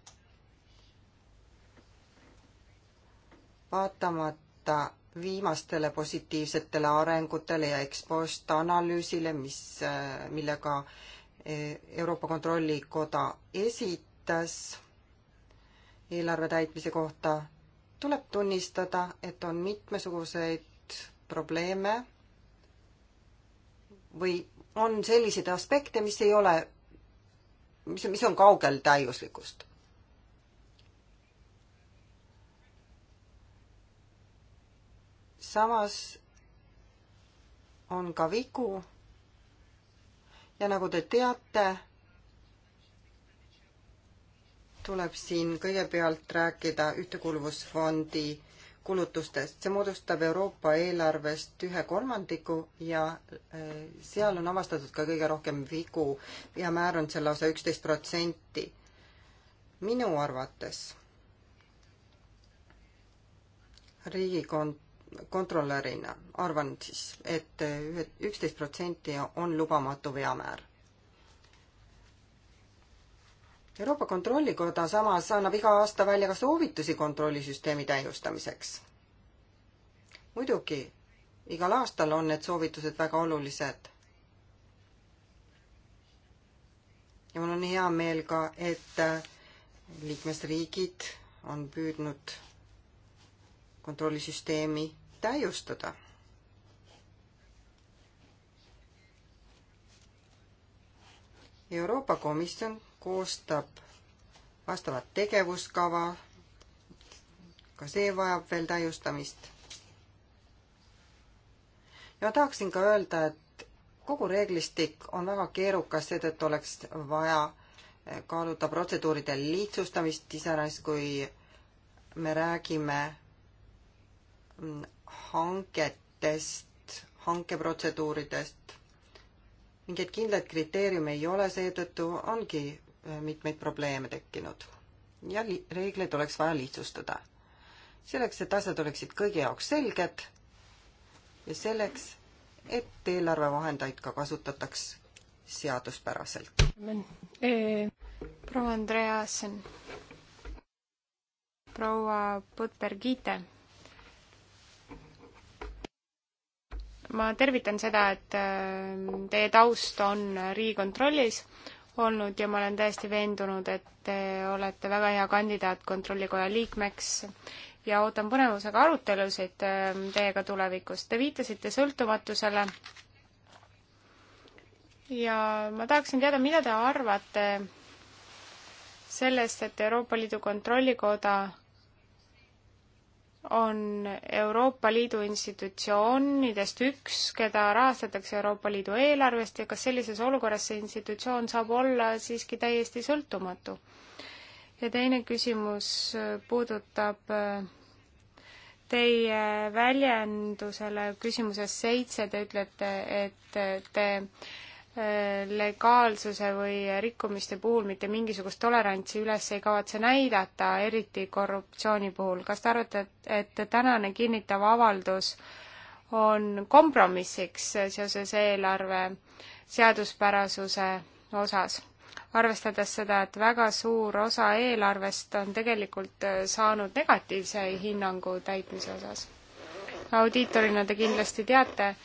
vaatamata viimastele positiivsetele arengutele ja ekspost analüüsile, mis, millega eh, Euroopa Kontrollikoda esitas eelarve täitmise kohta, tuleb tunnistada, et on mitmesuguseid probleeme või on selliseid aspekte, mis ei ole, mis, mis on kaugel täiuslikust samas on ka vigu. ja nagu te teate, tuleb siin kõigepealt rääkida Ühtekuuluvusfondi kulutustest, see moodustab Euroopa eelarvest ühe kolmandiku ja äh, seal on avastatud ka kõige rohkem vigu ja määr on seal lausa üksteist protsenti. minu arvates riigikont-, kontrolörina arvan siis et, äh, et üksteist protsenti on lubamatu veamäär Euroopa Kontrollikoda samas annab iga aasta välja ka soovitusi kontrollisüsteemi täiustamiseks. muidugi, igal aastal on need soovitused väga olulised. ja mul on hea meel ka, et äh, liikmesriigid on püüdnud kontrollisüsteemi täiustada Euroopa Komisjon koostab vastavat tegevuskava. ka see vajab veel täiustamist. ja ma tahaksin ka öelda, et kogu reeglistik on väga keerukas, seetõttu oleks vaja kaaluda protseduuride lihtsustamist, iseäranis kui me räägime hangetest, hankeprotseduuridest. mingeid kindlaid kriteeriume ei ole, seetõttu ongi mitmeid probleeme tekkinud ja reegleid oleks vaja lihtsustada. selleks, et asjad oleksid kõigi jaoks selged ja selleks, et eelarvevahendeid ka kasutataks seaduspäraselt. Eh, proua Andreasen, proua Putbergite ma tervitan seda, et eh, teie taust on Riigikontrollis, olnud ja ma olen täiesti veendunud, et te olete väga hea kandidaat Kontrollikoja liikmeks ja ootan põnevusega arutelusid ähm, teiega tulevikus. Te viitasite sõltumatusele ja ma tahaksin teada, mida te arvate sellest, et Euroopa Liidu Kontrollikoda on Euroopa Liidu institutsioonidest üks, keda rahastatakse Euroopa Liidu eelarvest ja kas sellises olukorras see institutsioon saab olla siiski täiesti sõltumatu? ja teine küsimus puudutab äh, teie väljendusele küsimuses seitse, te ütlete, et te legaalsuse või rikkumiste puhul mitte mingisugust tolerantsi üles ei kavatse näidata, eriti korruptsiooni puhul. kas te arvate, et, et tänane kinnitav avaldus on kompromissiks seoses eelarve seaduspärasuse osas? arvestades seda, et väga suur osa eelarvest on tegelikult saanud negatiivse hinnangu täitmise osas. audiitorina te kindlasti teate,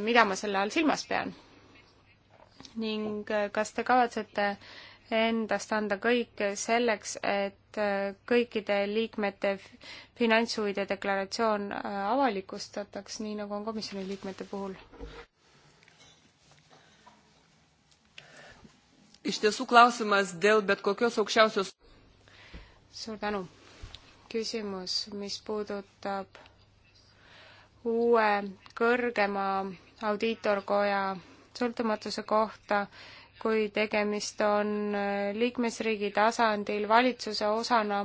mida ma selle all silmas pean ning äh, kas te kavatsete endast anda kõik selleks, et äh, kõikide liikmete finantshuvide deklaratsioon äh, avalikustataks, nii nagu on komisjoni liikmete puhul? iš tiesų klausimas dėl bet kokios aukščiausios. suur tänu. küsimus, mis puudutab uue kõrgema audiitorkoja sõltumatuse kohta, kui tegemist on äh, liikmesriigi tasandil valitsuse osana,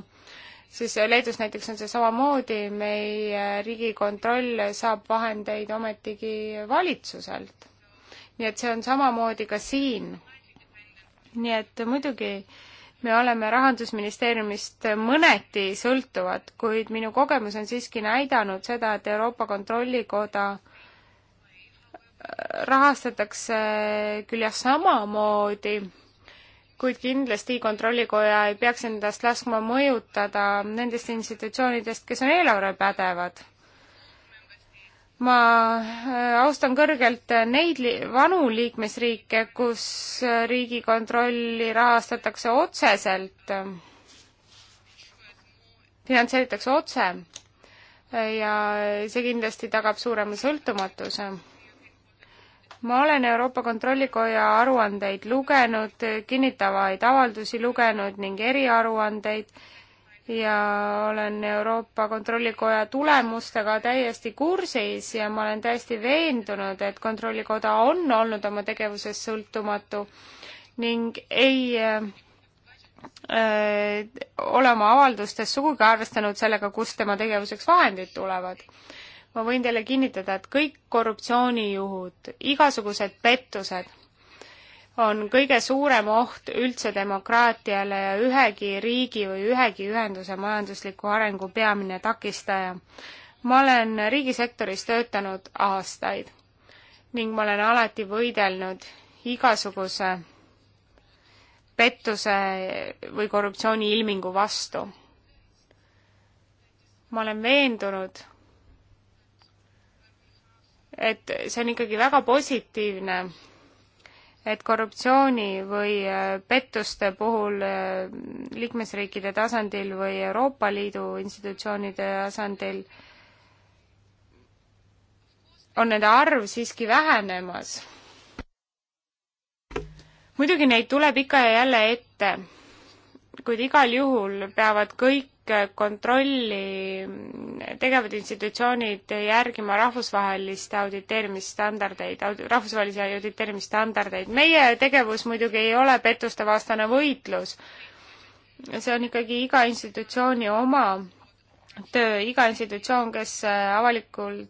siis Leedus näiteks on see samamoodi, meie äh, Riigikontroll saab vahendeid ometigi valitsuselt. nii et see on samamoodi ka siin. nii et muidugi me oleme Rahandusministeeriumist mõneti sõltuvad, kuid minu kogemus on siiski näidanud seda, et Euroopa Kontrollikoda rahastatakse küll jah samamoodi, kuid kindlasti Kontrollikoja ei peaks endast laskma mõjutada nendest institutsioonidest, kes on eelarvepädevad. ma äh, austan kõrgelt neid li vanu liikmesriike, kus Riigikontrolli rahastatakse otseselt, finantseeritakse otse ja see kindlasti tagab suurema sõltumatuse ma olen Euroopa Kontrollikoja aruandeid lugenud, kinnitavaid avaldusi lugenud ning eriaruandeid ja olen Euroopa Kontrollikoja tulemustega täiesti kursis ja ma olen täiesti veendunud, et Kontrollikoda on olnud oma tegevuses sõltumatu ning ei äh, öö, ole oma avaldustes sugugi arvestanud sellega, kust tema tegevuseks vahendid tulevad ma võin teile kinnitada, et kõik korruptsioonijuhud, igasugused pettused on kõige suurem oht üldse demokraatiale ja ühegi riigi või ühegi ühenduse majandusliku arengu peamine takistaja. ma olen riigisektoris töötanud aastaid ning ma olen alati võidelnud igasuguse pettuse või korruptsiooni ilmingu vastu. ma olen veendunud, et see on ikkagi väga positiivne, et korruptsiooni või äh, pettuste puhul äh, liikmesriikide tasandil või Euroopa Liidu institutsioonide tasandil on nende arv siiski vähenemas. muidugi neid tuleb ikka ja jälle ette, kuid igal juhul peavad kõik kontrolli tegevad institutsioonid järgima rahvusvaheliste auditeerimisstandardeid, rahvusvahelisi auditeerimisstandardeid. meie tegevus muidugi ei ole pettuste vastane võitlus. see on ikkagi iga institutsiooni oma töö, iga institutsioon, kes avalikult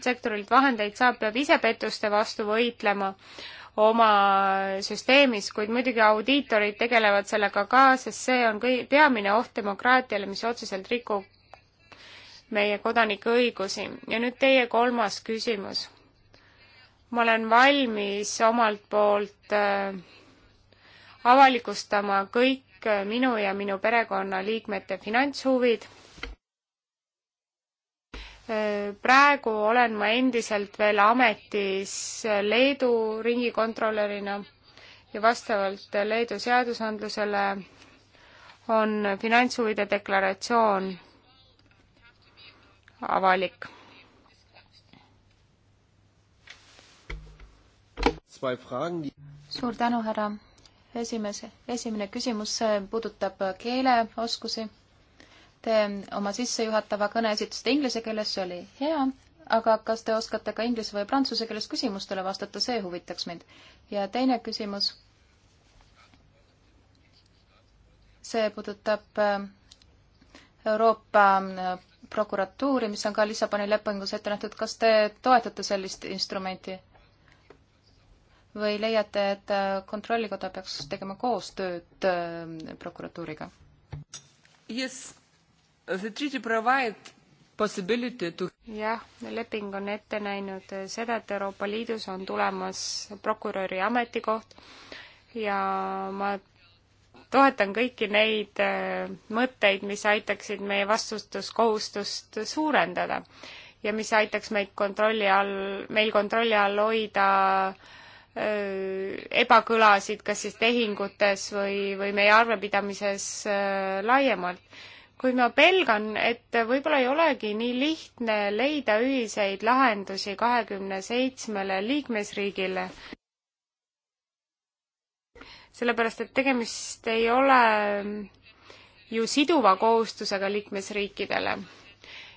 sektorilt vahendeid saab, peab ise pettuste vastu võitlema oma süsteemis, kuid muidugi audiitorid tegelevad sellega ka, sest see on kõi-, peamine oht demokraatiale, mis otseselt rikub meie kodanike õigusi. ja nüüd teie kolmas küsimus. ma olen valmis omalt poolt äh, avalikustama kõik minu ja minu perekonnaliikmete finantshuvid praegu olen ma endiselt veel ametis Leedu riigikontrolörina ja vastavalt Leedu seadusandlusele on finantshuvide deklaratsioon avalik. suur tänu, härra esimees. esimene küsimus puudutab keeleoskusi Te oma sissejuhatava kõne esitasite inglise keeles, see oli hea, aga kas te oskate ka inglise või prantsuse keeles küsimustele vastata, see huvitaks mind. ja teine küsimus. see puudutab äh, Euroopa äh, prokuratuuri, mis on ka Lissaboni lepingus ette nähtud. kas te toetate sellist instrumenti? või leiate, et äh, Kontrollikoda peaks tegema koostööd prokuratuuriga? Yes, The treaty provide possibility to jah, leping on ette näinud seda, et Euroopa Liidus on tulemas prokuröri ametikoht ja ma toetan kõiki neid äh, mõtteid, mis aitaksid meie vastutuskohustust suurendada ja mis aitaks meid kontrolli all, meil kontrolli all hoida äh, ebakõlasid kas siis tehingutes või, või meie arvepidamises äh, laiemalt kuid ma pelgan, et võib-olla ei olegi nii lihtne leida ühiseid lahendusi kahekümne seitsmele liikmesriigile. sellepärast, et tegemist ei ole ju siduva kohustusega liikmesriikidele.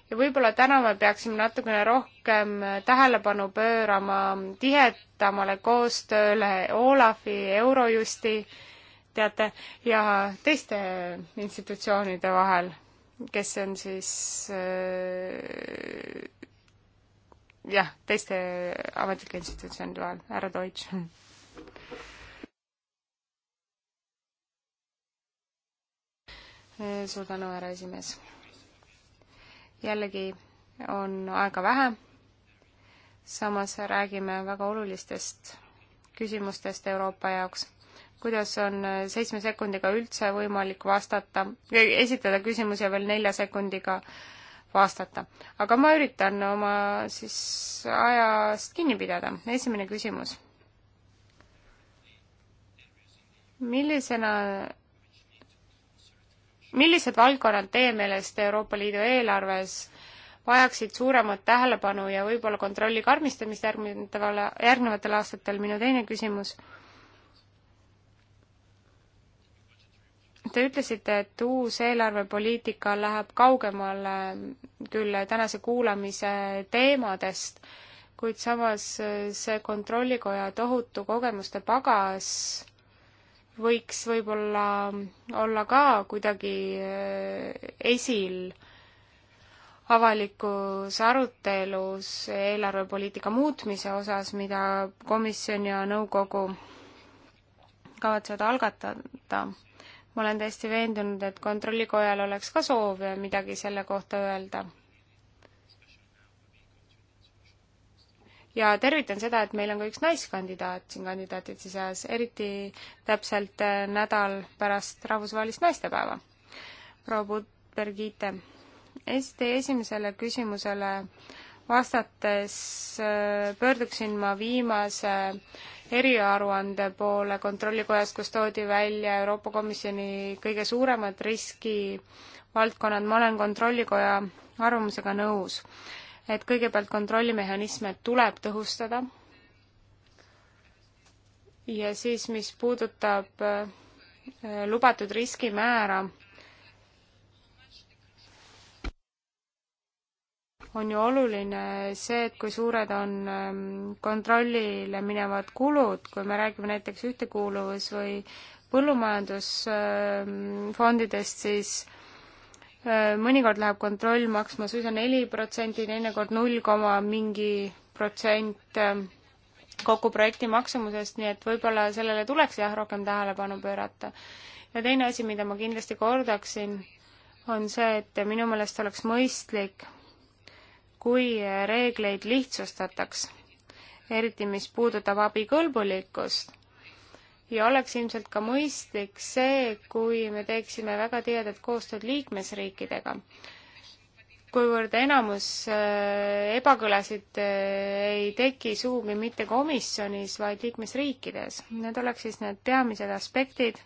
ja võib-olla täna me peaksime natukene rohkem tähelepanu pöörama tihetamale koostööle Olafi, Eurojusti teate, ja teiste institutsioonide vahel, kes on siis äh, jah, teiste ametlike institutsioonide vahel, härra Deutsch. Hmm. suur tänu, härra esimees. jällegi on aega vähe, samas räägime väga olulistest küsimustest Euroopa jaoks kuidas on äh, seitsme sekundiga üldse võimalik vastata, esitada küsimus ja veel nelja sekundiga vastata. aga ma üritan oma siis ajast kinni pidada. esimene küsimus. millisena, millised valdkonnad teie meelest Euroopa Liidu eelarves vajaksid suuremat tähelepanu ja võib-olla kontrolli karmistamist järgnevatel, järgnevatel aastatel, minu teine küsimus Te ütlesite, et uus eelarvepoliitika läheb kaugemale küll tänase kuulamise teemadest, kuid samas see Kontrollikoja tohutu kogemuste pagas võiks võib-olla olla ka kuidagi äh, esil avalikus arutelus eelarvepoliitika muutmise osas, mida komisjon ja nõukogu kavatsevad algatada ma olen täiesti veendunud, et Kontrollikojal oleks ka soov midagi selle kohta öelda. ja tervitan seda, et meil on ka üks naiskandidaat siin kandidaatide seas, eriti täpselt äh, nädal pärast rahvusvahelist naistepäeva. proua Putbergite, teie esimesele küsimusele vastates äh, pöörduksin ma viimase äh, eriaruande poole Kontrollikojast, kus toodi välja Euroopa Komisjoni kõige suuremad riskivaldkonnad, ma olen Kontrollikoja arvamusega nõus, et kõigepealt kontrollimehhanisme tuleb tõhustada ja siis, mis puudutab äh, lubatud riskimäära, on ju oluline see, et kui suured on ähm, kontrollile minevad kulud, kui me räägime näiteks ühtekuuluvus- või põllumajandusfondidest, siis äh, mõnikord läheb kontroll maksma suisa neli protsenti, teinekord null koma mingi protsent ähm, kogu projekti maksumusest, nii et võib-olla sellele tuleks jah, rohkem tähelepanu pöörata. ja teine asi, mida ma kindlasti kordaksin, on see, et minu meelest oleks mõistlik kui reegleid lihtsustataks, eriti mis puudutab abikõlbulikkust. ja oleks ilmselt ka mõistlik see, kui me teeksime väga tihedat koostööd liikmesriikidega kuivõrd enamus äh, ebakõlasid äh, ei teki sugugi mitte komisjonis, vaid liikmesriikides. Need oleks siis need peamised aspektid.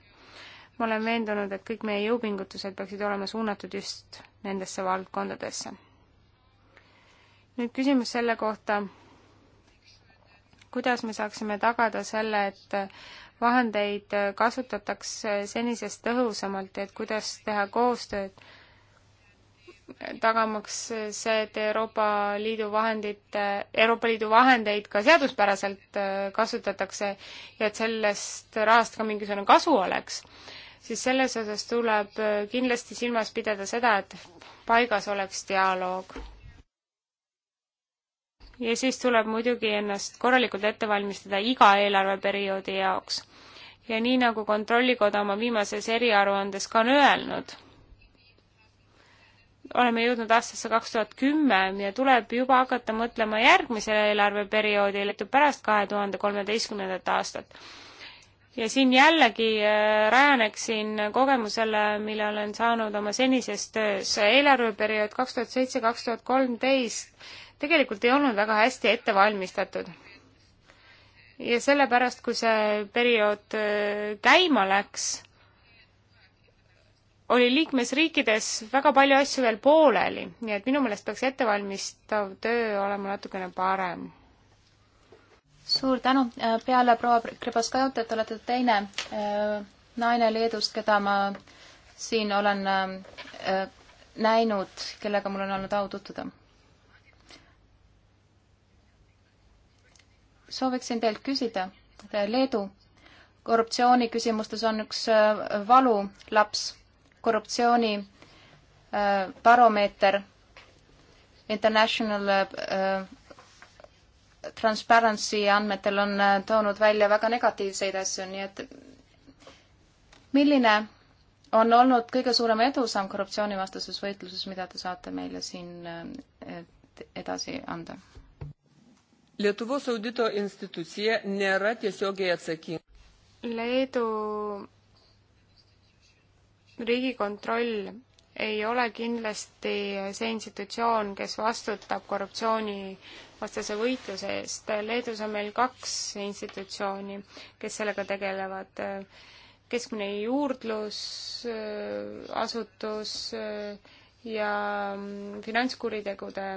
ma olen veendunud, et kõik meie jõupingutused peaksid olema suunatud just nendesse valdkondadesse nüüd küsimus selle kohta, kuidas me saaksime tagada selle, et vahendeid kasutatakse senisest tõhusamalt ja et kuidas teha koostööd, tagamaks see, et Euroopa Liidu vahendite, Euroopa Liidu vahendeid ka seaduspäraselt äh, kasutatakse ja et sellest rahast ka mingisugune kasu oleks siis selles osas tuleb kindlasti silmas pidada seda, et paigas oleks dialoog ja siis tuleb muidugi ennast korralikult ette valmistada iga eelarveperioodi jaoks. ja nii, nagu Kontrollikoda oma viimases eriaruandes ka on öelnud, oleme jõudnud aastasse kaks tuhat kümme ja tuleb juba hakata mõtlema järgmisele eelarveperioodile, pärast kahe tuhande kolmeteistkümnendat aastat. ja siin jällegi äh, rajaneksin kogemusele, mille olen saanud oma senises töös. eelarveperiood kaks tuhat seitse, kaks tuhat kolmteist tegelikult ei olnud väga hästi ette valmistatud. ja sellepärast, kui see periood äh, käima läks, oli liikmesriikides väga palju asju veel pooleli, nii et minu meelest peaks ettevalmistav töö olema natukene parem. suur tänu, äh, peale proua Kribaskajut, et olete teine äh, naine Leedust, keda ma siin olen näinud, kellega mul on olnud au tutvuda sooviksin teilt küsida, Leedu korruptsiooniküsimustes on üks äh, valulaps, korruptsiooni äh, baromeeter International äh, Transparency andmetel on toonud välja väga negatiivseid asju, nii et milline on olnud kõige suurem edusamm korruptsioonivastases võitluses, mida te saate meile siin edasi anda? Lietuvos audito institucija nėra tiesiogiai atsakinga. Leedu riigikontroll ei ole kindlasti see institutsioon, kes vastutab korruptsioonivastase võitluse eest. Leedus on meil kaks institutsiooni, kes sellega tegelevad. keskmine juurdlusasutus ja finantskuritegude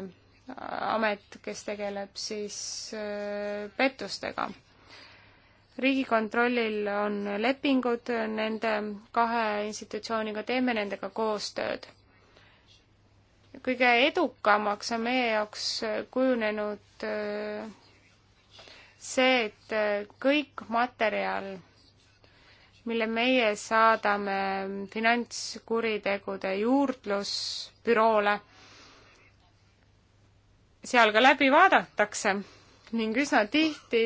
amet, kes tegeleb siis pettustega. riigikontrollil on lepingud nende kahe institutsiooniga, teeme nendega koostööd. kõige edukamaks on meie jaoks kujunenud see, et kõik materjal, mille meie saadame finantskuritegude juurdlusbüroole seal ka läbi vaadatakse ning üsna tihti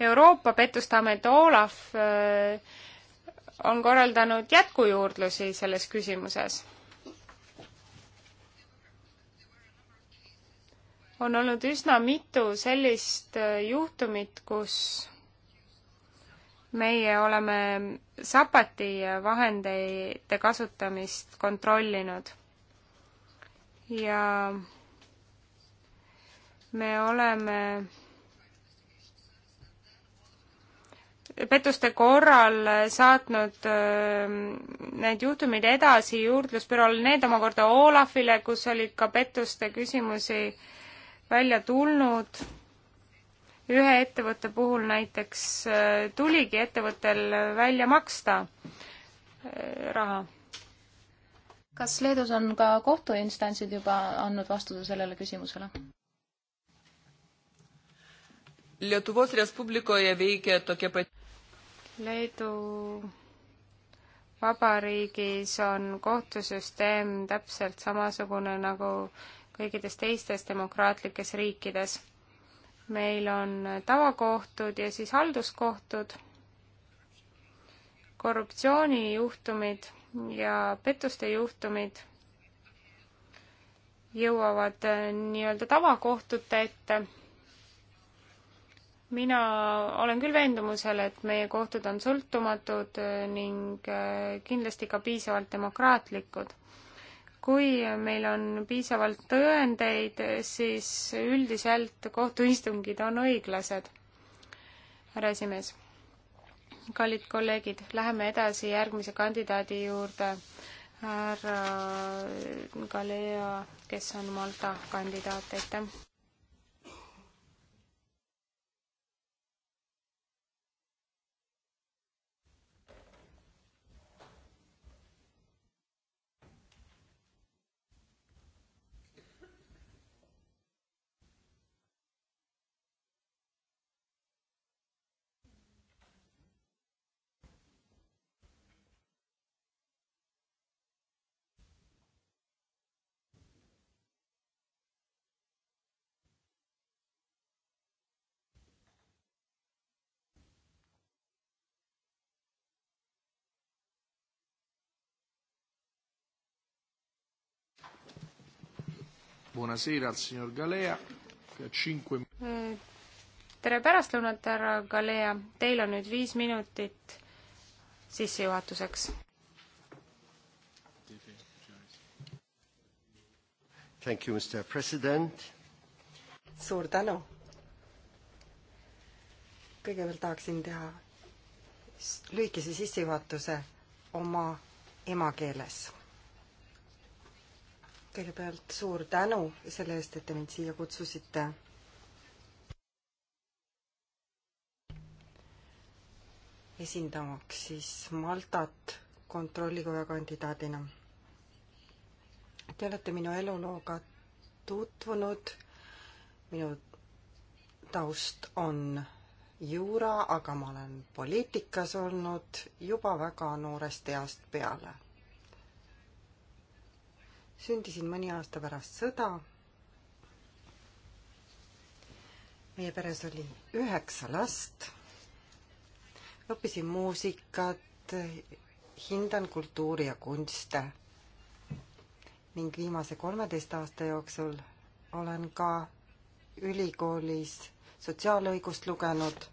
Euroopa Pettuste Amet Olav äh, on korraldanud jätkujuurdlusi selles küsimuses. on olnud üsna mitu sellist äh, juhtumit, kus meie oleme sapati vahendeid kasutamist kontrollinud ja me oleme pettuste korral saatnud need juhtumid edasi juurdlusbüroole, need omakorda Olafile, kus olid ka pettuste küsimusi välja tulnud. ühe ettevõtte puhul näiteks tuligi ettevõttel välja maksta raha kas Leedus on ka kohtuinstantsid juba andnud vastuse sellele küsimusele? Lietuvos Respublikoje veikia tokia pat-. Leedu vabariigis on kohtusüsteem täpselt samasugune nagu kõikides teistes demokraatlikes riikides. meil on tavakohtud ja siis halduskohtud, korruptsioonijuhtumid ja pettuste juhtumid jõuavad äh, nii-öelda tavakohtute ette. mina olen küll veendumusel, et meie kohtud on sõltumatud äh, ning äh, kindlasti ka piisavalt demokraatlikud. kui meil on piisavalt tõendeid, siis üldiselt kohtuistungid on õiglased, härra esimees kallid kolleegid, läheme edasi järgmise kandidaadi juurde, härra Galea, kes on Malta kandidaat, aitäh! Buonasera al signor Galea. Cinque... Eh, tere pärastlõunat, härra Galea. Teil on nüüd viis minutit sissejuhatuseks. Thank you, Mr President. suur tänu. kõigepealt tahaksin teha lühikese sissejuhatuse oma emakeeles kõigepealt suur tänu selle eest, et te mind siia kutsusite. esindamaks siis Maltat kontrollikoja kandidaadina. Te olete minu elulooga tutvunud. minu taust on juura, aga ma olen poliitikas olnud juba väga noorest east peale sündisin mõni aasta pärast sõda. meie peres oli üheksa last. õppisin muusikat, hindan kultuuri ja kunste. ning viimase kolmeteist aasta jooksul olen ka ülikoolis sotsiaalõigust lugenud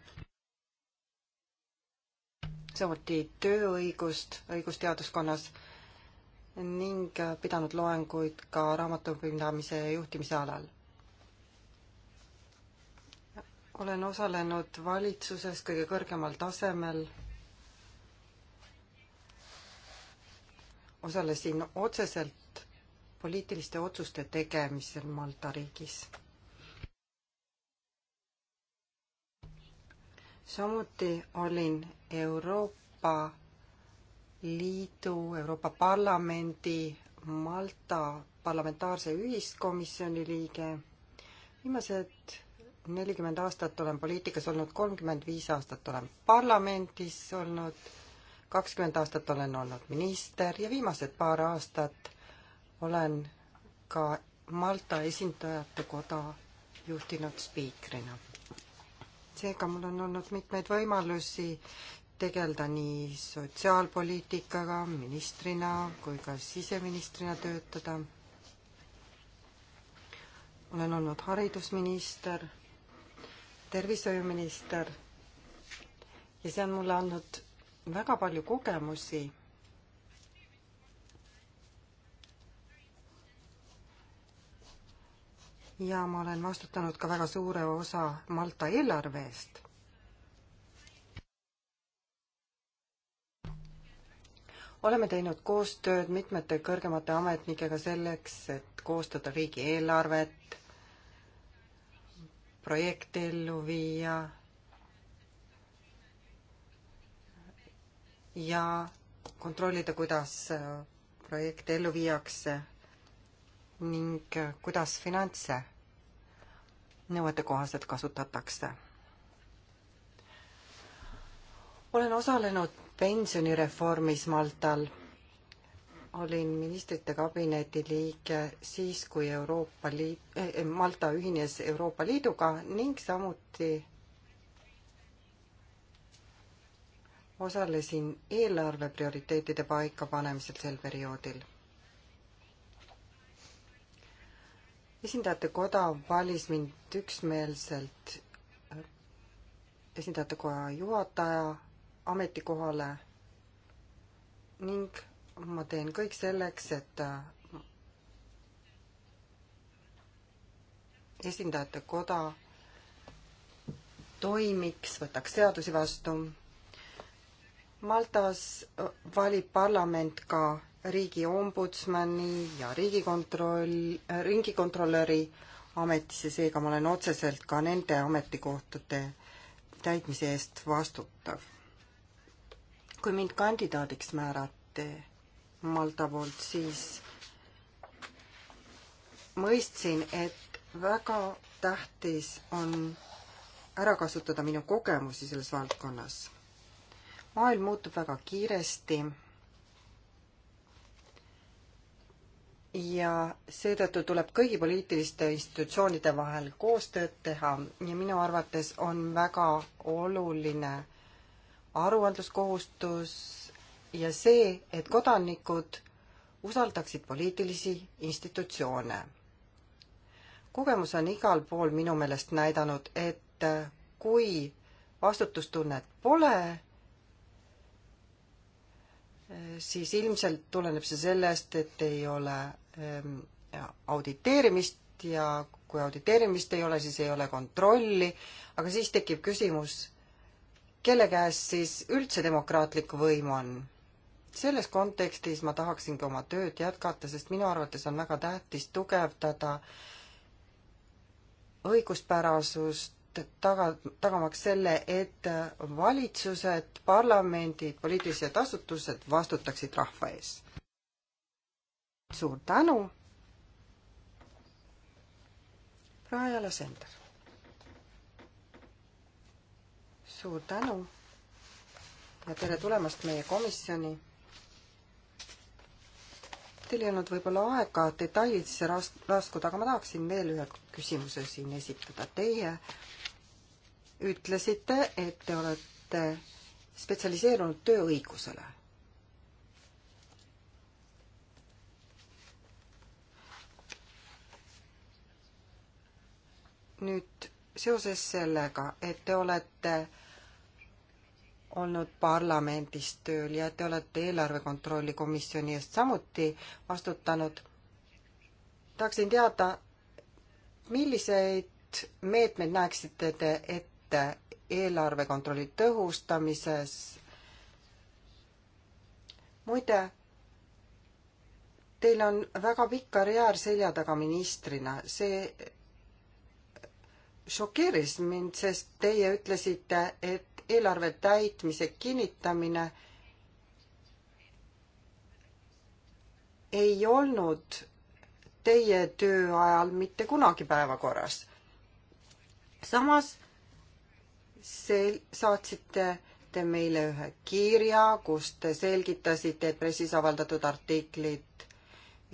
samuti tööõigust õigusteaduskonnas ning pidanud loenguid ka raamatupidamise juhtimise alal. olen osalenud valitsuses kõige kõrgemal tasemel. osalesin otseselt poliitiliste otsuste tegemisel Malta riigis. samuti olin Euroopa Liidu, Euroopa Parlamendi, Malta parlamentaarse ühiskomisjoni liige. viimased nelikümmend aastat olen poliitikas olnud, kolmkümmend viis aastat olen parlamendis olnud, kakskümmend aastat olen olnud minister ja viimased paar aastat olen ka Malta esindajate koda juhtinud spiikrina. seega mul on olnud mitmeid võimalusi tegeleda nii sotsiaalpoliitikaga ministrina kui ka siseministrina töötada. olen olnud haridusminister, tervishoiuminister ja see on mulle andnud väga palju kogemusi ja ma olen vastutanud ka väga suure osa Malta eelarve eest. oleme teinud koostööd mitmete kõrgemate ametnikega selleks, et koostada riigieelarvet, projekte ellu viia ja kontrollida, kuidas projekte ellu viiakse ning kuidas finantse nõuetekohaselt kasutatakse olen osalenud pensionireformis Maltal. olin ministrite kabineti liige siis, kui Euroopa Liit eh,, eh Malta ühines Euroopa Liiduga ning samuti osalesin eelarve prioriteetide paikapanemisel sel perioodil. esindajate koda valis mind üksmeelselt esindajate koja juhataja ametikohale ning ma teen kõik selleks, et äh, esindajate koda toimiks, võtaks seadusi vastu. Maltas äh, valib parlament ka riigi ombudsmani ja riigikontroll, äh, riigikontrolöri ametisse, seega ma olen otseselt ka nende ametikohtade täitmise eest vastutav kui mind kandidaadiks määrati Malta poolt, siis mõistsin, et väga tähtis on ära kasutada minu kogemusi selles valdkonnas. maailm muutub väga kiiresti ja seetõttu tuleb kõigi poliitiliste institutsioonide vahel koostööd teha ja minu arvates on väga oluline aruandluskohustus ja see, et kodanikud usaldaksid poliitilisi institutsioone. kogemus on igal pool minu meelest näidanud, et kui vastutustunnet pole, siis ilmselt tuleneb see sellest, et ei ole ähm, auditeerimist ja kui auditeerimist ei ole, siis ei ole kontrolli, aga siis tekib küsimus, kelle käes siis üldse demokraatlik võim on? selles kontekstis ma tahaksingi oma tööd jätkata, sest minu arvates on väga tähtis tugevdada õiguspärasust, taga, tagamaks selle, et valitsused, parlamendid, poliitilised asutused vastutaksid rahva ees. suur tänu. Raja Lasender. suur tänu ja tere tulemast meie komisjoni. Teil ei olnud võib-olla aega detailidesse laskuda, aga ma tahaksin veel ühe küsimuse siin esitada. Teie ütlesite, et te olete spetsialiseerunud tööõigusele. nüüd seoses sellega, et te olete olnud parlamendis tööl ja te olete eelarve kontrolli komisjoni eest samuti vastutanud. tahaksin teada, milliseid meetmeid näeksite te ette eelarve kontrolli tõhustamises? muide, teil on väga pikk karjäär selja taga ministrina, see šokeeris mind, sest teie ütlesite, et eelarve täitmise kinnitamine ei olnud teie töö ajal mitte kunagi päevakorras. samas see, saatsite te meile ühe kirja, kus te selgitasite, et pressis avaldatud artiklid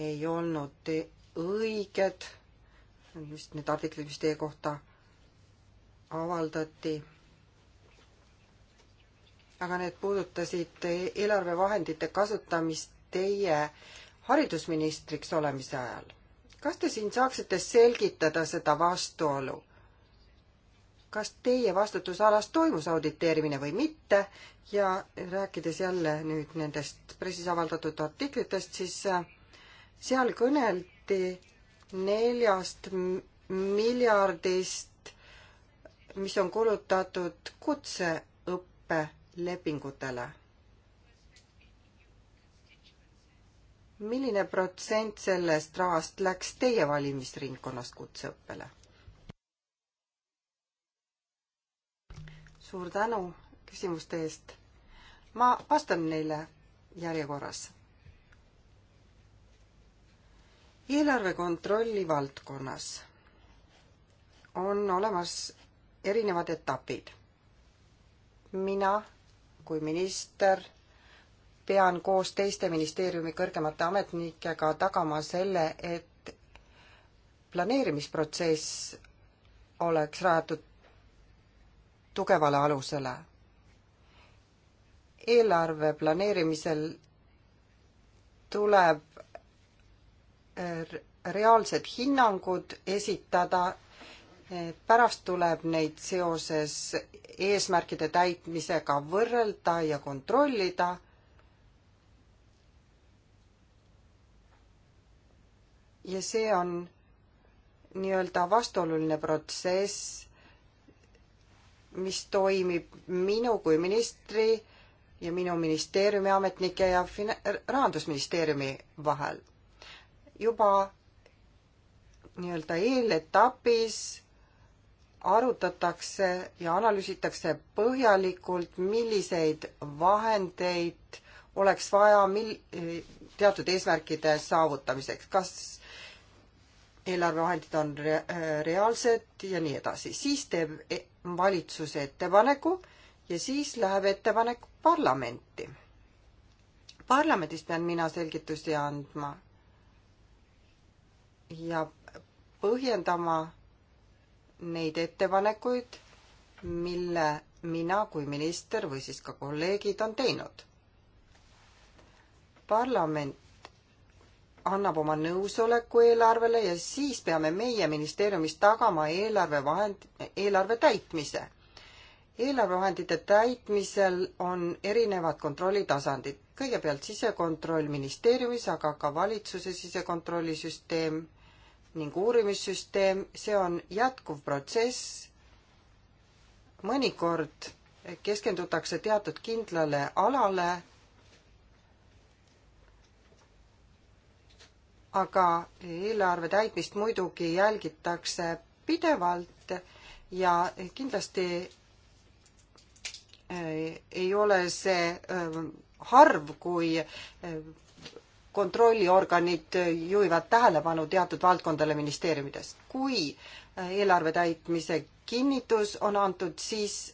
ei olnud õiged, vist need artiklid, mis teie kohta avaldati aga need puudutasid eelarvevahendite kasutamist teie haridusministriks olemise ajal. kas te siin saaksite selgitada seda vastuolu? kas teie vastutusalas toimus auditeerimine või mitte ja rääkides jälle nüüd nendest pressis avaldatud artiklitest, siis äh, seal kõneldi neljast miljardist, mis on kulutatud kutseõppe lepingutele. milline protsent sellest rahast läks teie valimisringkonnast kutseõppele? suur tänu küsimuste eest. ma vastan neile järjekorras. eelarve kontrolli valdkonnas on olemas erinevad etapid. mina kui minister pean koos teiste ministeeriumi kõrgemate ametnikega tagama selle, et planeerimisprotsess oleks rajatud tugevale alusele. eelarve planeerimisel tuleb äh, reaalsed hinnangud esitada pärast tuleb neid seoses eesmärkide täitmisega võrrelda ja kontrollida. ja see on nii-öelda vastuoluline protsess, mis toimib minu kui ministri ja minu ministeeriumi ametnike ja fin-, rahandusministeeriumi vahel. juba nii-öelda eeletapis arutatakse ja analüüsitakse põhjalikult, milliseid vahendeid oleks vaja mil-, teatud eesmärkide saavutamiseks, kas eelarvevahendid on re-, reaalsed ja nii edasi. siis teeb e-, valitsus ettepaneku ja siis läheb ettepanek parlamenti. parlamendis pean mina selgitusi andma ja põhjendama neid ettepanekuid, mille mina kui minister või siis ka kolleegid on teinud. parlament annab oma nõusoleku eelarvele ja siis peame meie ministeeriumis tagama eelarvevahend, eelarve täitmise. eelarvevahendite täitmisel on erinevad kontrollitasandid. kõigepealt sisekontroll ministeeriumis, aga ka valitsuse sisekontrollisüsteem ning uurimissüsteem, see on jätkuv protsess. mõnikord keskendutakse teatud kindlale alale, aga eelarve täitmist muidugi jälgitakse pidevalt ja kindlasti äh, ei ole see äh, harv, kui äh, kontrolliorganid juhivad tähelepanu teatud valdkondadele ministeeriumides. kui äh, eelarve täitmise kinnitus on antud, siis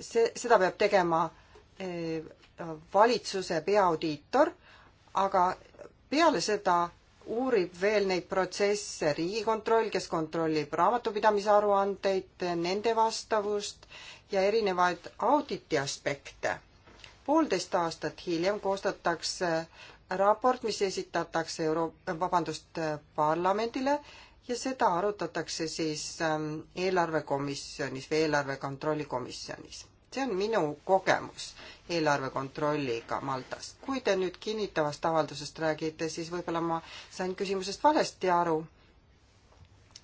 see, seda peab tegema äh, valitsuse peaaudiitor, aga peale seda uurib veel neid protsesse Riigikontroll, kes kontrollib raamatupidamise aruandeid, nende vastavust ja erinevaid auditi aspekte. poolteist aastat hiljem koostatakse raport, mis esitatakse Euro-, vabandust, parlamendile ja seda arutatakse siis ähm, eelarvekomisjonis või eelarve kontrolli komisjonis. see on minu kogemus eelarve kontrolliga Maltast. kui te nüüd kinnitavast avaldusest räägite, siis võib-olla ma sain küsimusest valesti aru,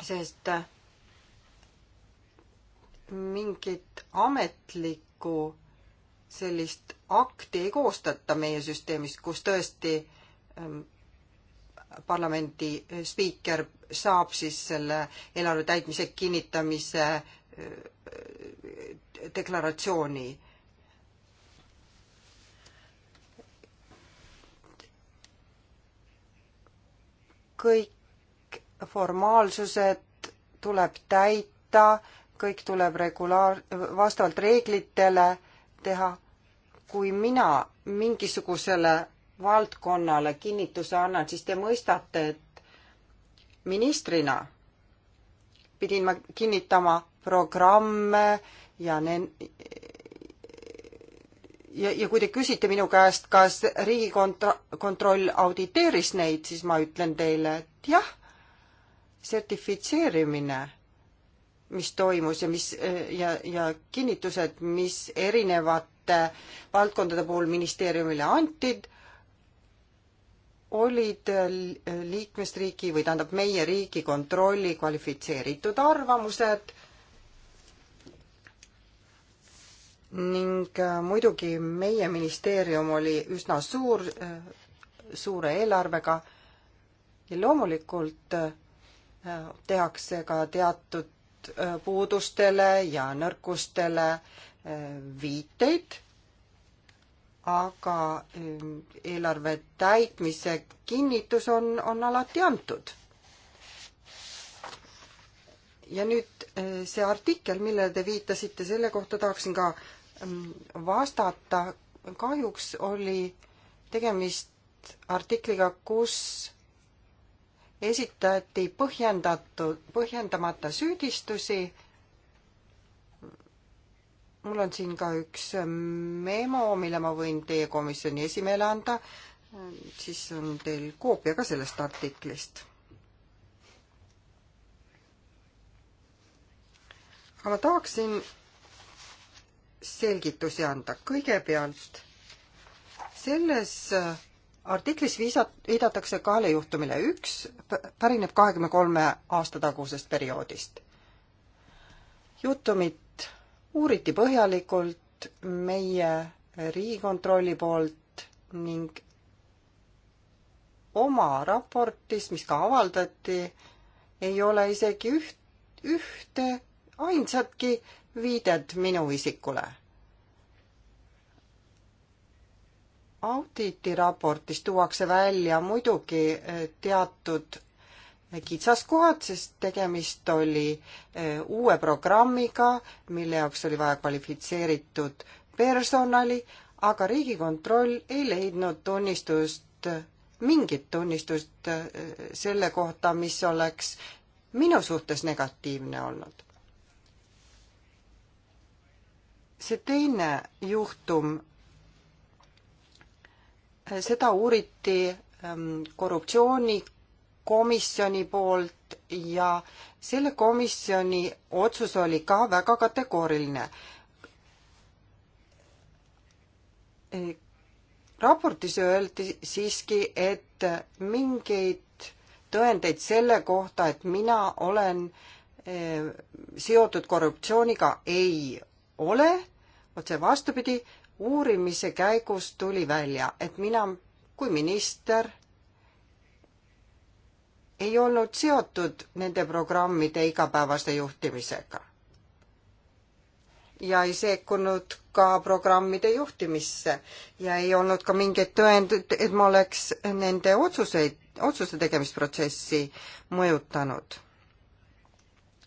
sest äh, mingit ametlikku sellist akti ei koostata meie süsteemis, kus tõesti ähm, parlamendi spiiker saab siis selle eelarve täitmise kinnitamise äh, deklaratsiooni. kõik formaalsused tuleb täita, kõik tuleb regulaar-, vastavalt reeglitele teha kui mina mingisugusele valdkonnale kinnituse annan, siis te mõistate, et ministrina pidin ma kinnitama programme ja nen-, ja, ja kui te küsite minu käest, kas Riigikontroll auditeeris neid, siis ma ütlen teile, et jah, sertifitseerimine, mis toimus ja mis ja, ja kinnitused, mis erinevad ette äh, valdkondade puhul ministeeriumile antid, olid äh, liikmesriigi või tähendab meie riigi kontrolli kvalifitseeritud arvamused ning äh, muidugi meie ministeerium oli üsna suur, suure eelarvega ja loomulikult tehakse ka teatud puudustele ja nõrkustele viiteid, aga ähm, eelarve täitmise kinnitus on, on alati antud. ja nüüd äh, see artikkel, millele te viitasite, selle kohta tahaksin ka ähm, vastata. kahjuks oli tegemist artikliga, kus esitati põhjendatud, põhjendamata süüdistusi mul on siin ka üks ähm, memo, mille ma võin teie komisjoni esimehele anda, ähm, siis on teil koopia ka sellest artiklist. aga ma tahaksin selgitusi anda. kõigepealt selles äh, artiklis viisa-, viidatakse kahele juhtumile. üks pärineb kahekümne kolme aasta tagusest perioodist. juhtumid uuriti põhjalikult meie Riigikontrolli poolt ning oma raportis, mis ka avaldati, ei ole isegi üht, ühte ainsatki viidet minu isikule. auditi raportis tuuakse välja muidugi teatud kitsaskohad, sest tegemist oli eh, uue programmiga, mille jaoks oli vaja kvalifitseeritud personali, aga Riigikontroll ei leidnud tunnistust, mingit tunnistust eh, selle kohta, mis oleks minu suhtes negatiivne olnud. see teine juhtum, eh, seda uuriti ehm, korruptsiooni komisjoni poolt ja selle komisjoni otsus oli ka väga kategooriline. raportis öeldi siiski, et mingeid tõendeid selle kohta, et mina olen eh, seotud korruptsiooniga, ei ole, otse vastupidi, uurimise käigus tuli välja, et mina kui minister ei olnud seotud nende programmide igapäevase juhtimisega. ja ei sekkunud ka programmide juhtimisse ja ei olnud ka mingeid tõendeid, et ma oleks nende otsuseid, otsuse tegemisprotsessi mõjutanud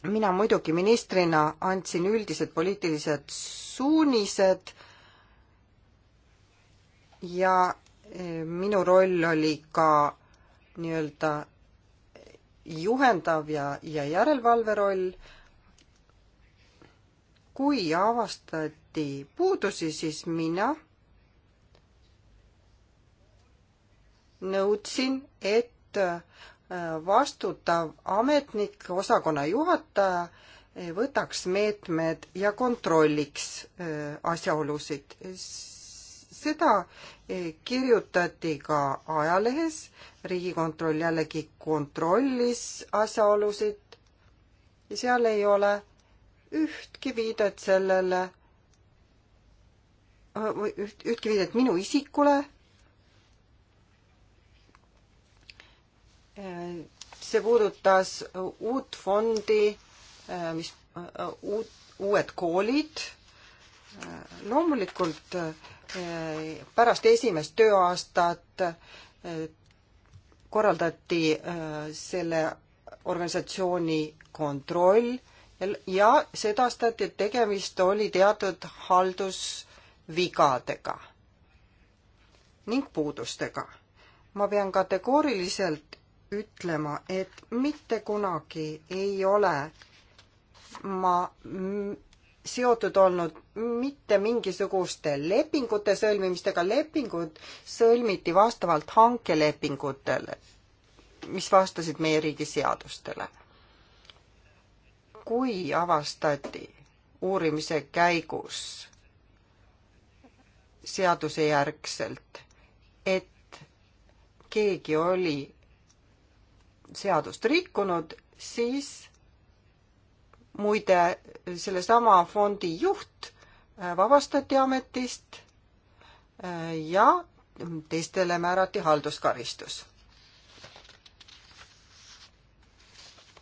mina muidugi ministrina andsin üldised poliitilised suunised ja eh, minu roll oli ka nii-öelda juhendav ja, ja järelevalve roll. kui avastati puudusi, siis mina nõudsin, et äh, vastutav ametnik, osakonna juhataja võtaks meetmed ja kontrolliks äh, asjaolusid seda eh, kirjutati ka ajalehes, Riigikontroll jällegi kontrollis asjaolusid ja seal ei ole ühtki viidet sellele, äh, või üht, ühtki viidet minu isikule. Eh, see puudutas uut fondi, eh, mis, uut, uued koolid. loomulikult äh, pärast esimest tööaastat eh, korraldati eh, selle organisatsiooni kontroll ja sedastati, et tegemist oli teatud haldusvigadega ning puudustega. ma pean kategooriliselt ütlema, et mitte kunagi ei ole ma seotud olnud mitte mingisuguste lepingute sõlmimistega, lepingud sõlmiti vastavalt hankelepingutele, mis vastasid meie riigi seadustele. kui avastati uurimise käigus seadusejärgselt, et keegi oli seadust rikkunud, siis muide, sellesama fondi juht äh, vabastati ametist äh, ja teistele määrati halduskaristus.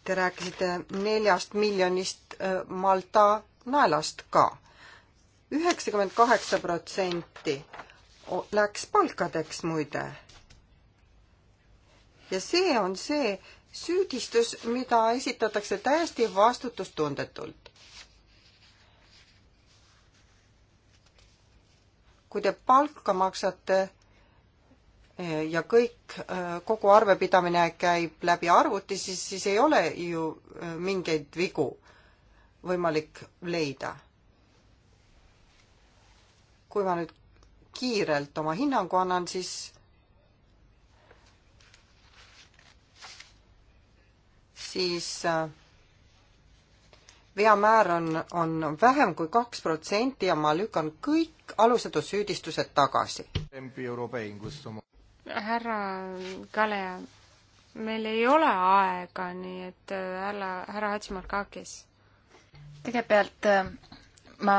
Te rääkisite neljast miljonist äh, Malta naelast ka. üheksakümmend kaheksa protsenti läks palkadeks muide. ja see on see, süüdistus, mida esitatakse täiesti vastutustundetult. kui te palka maksate eh, ja kõik, eh, kogu arvepidamine käib läbi arvuti, siis, siis ei ole ju eh, mingeid vigu võimalik leida. kui ma nüüd kiirelt oma hinnangu annan, siis siis äh, veamäär on, on vähem kui kaks protsenti ja ma lükkan kõik alusetud süüdistused tagasi. härra Kaleja, meil ei ole aega, nii et äh, härra, härra Hatsimarkakis. kõigepealt äh, ma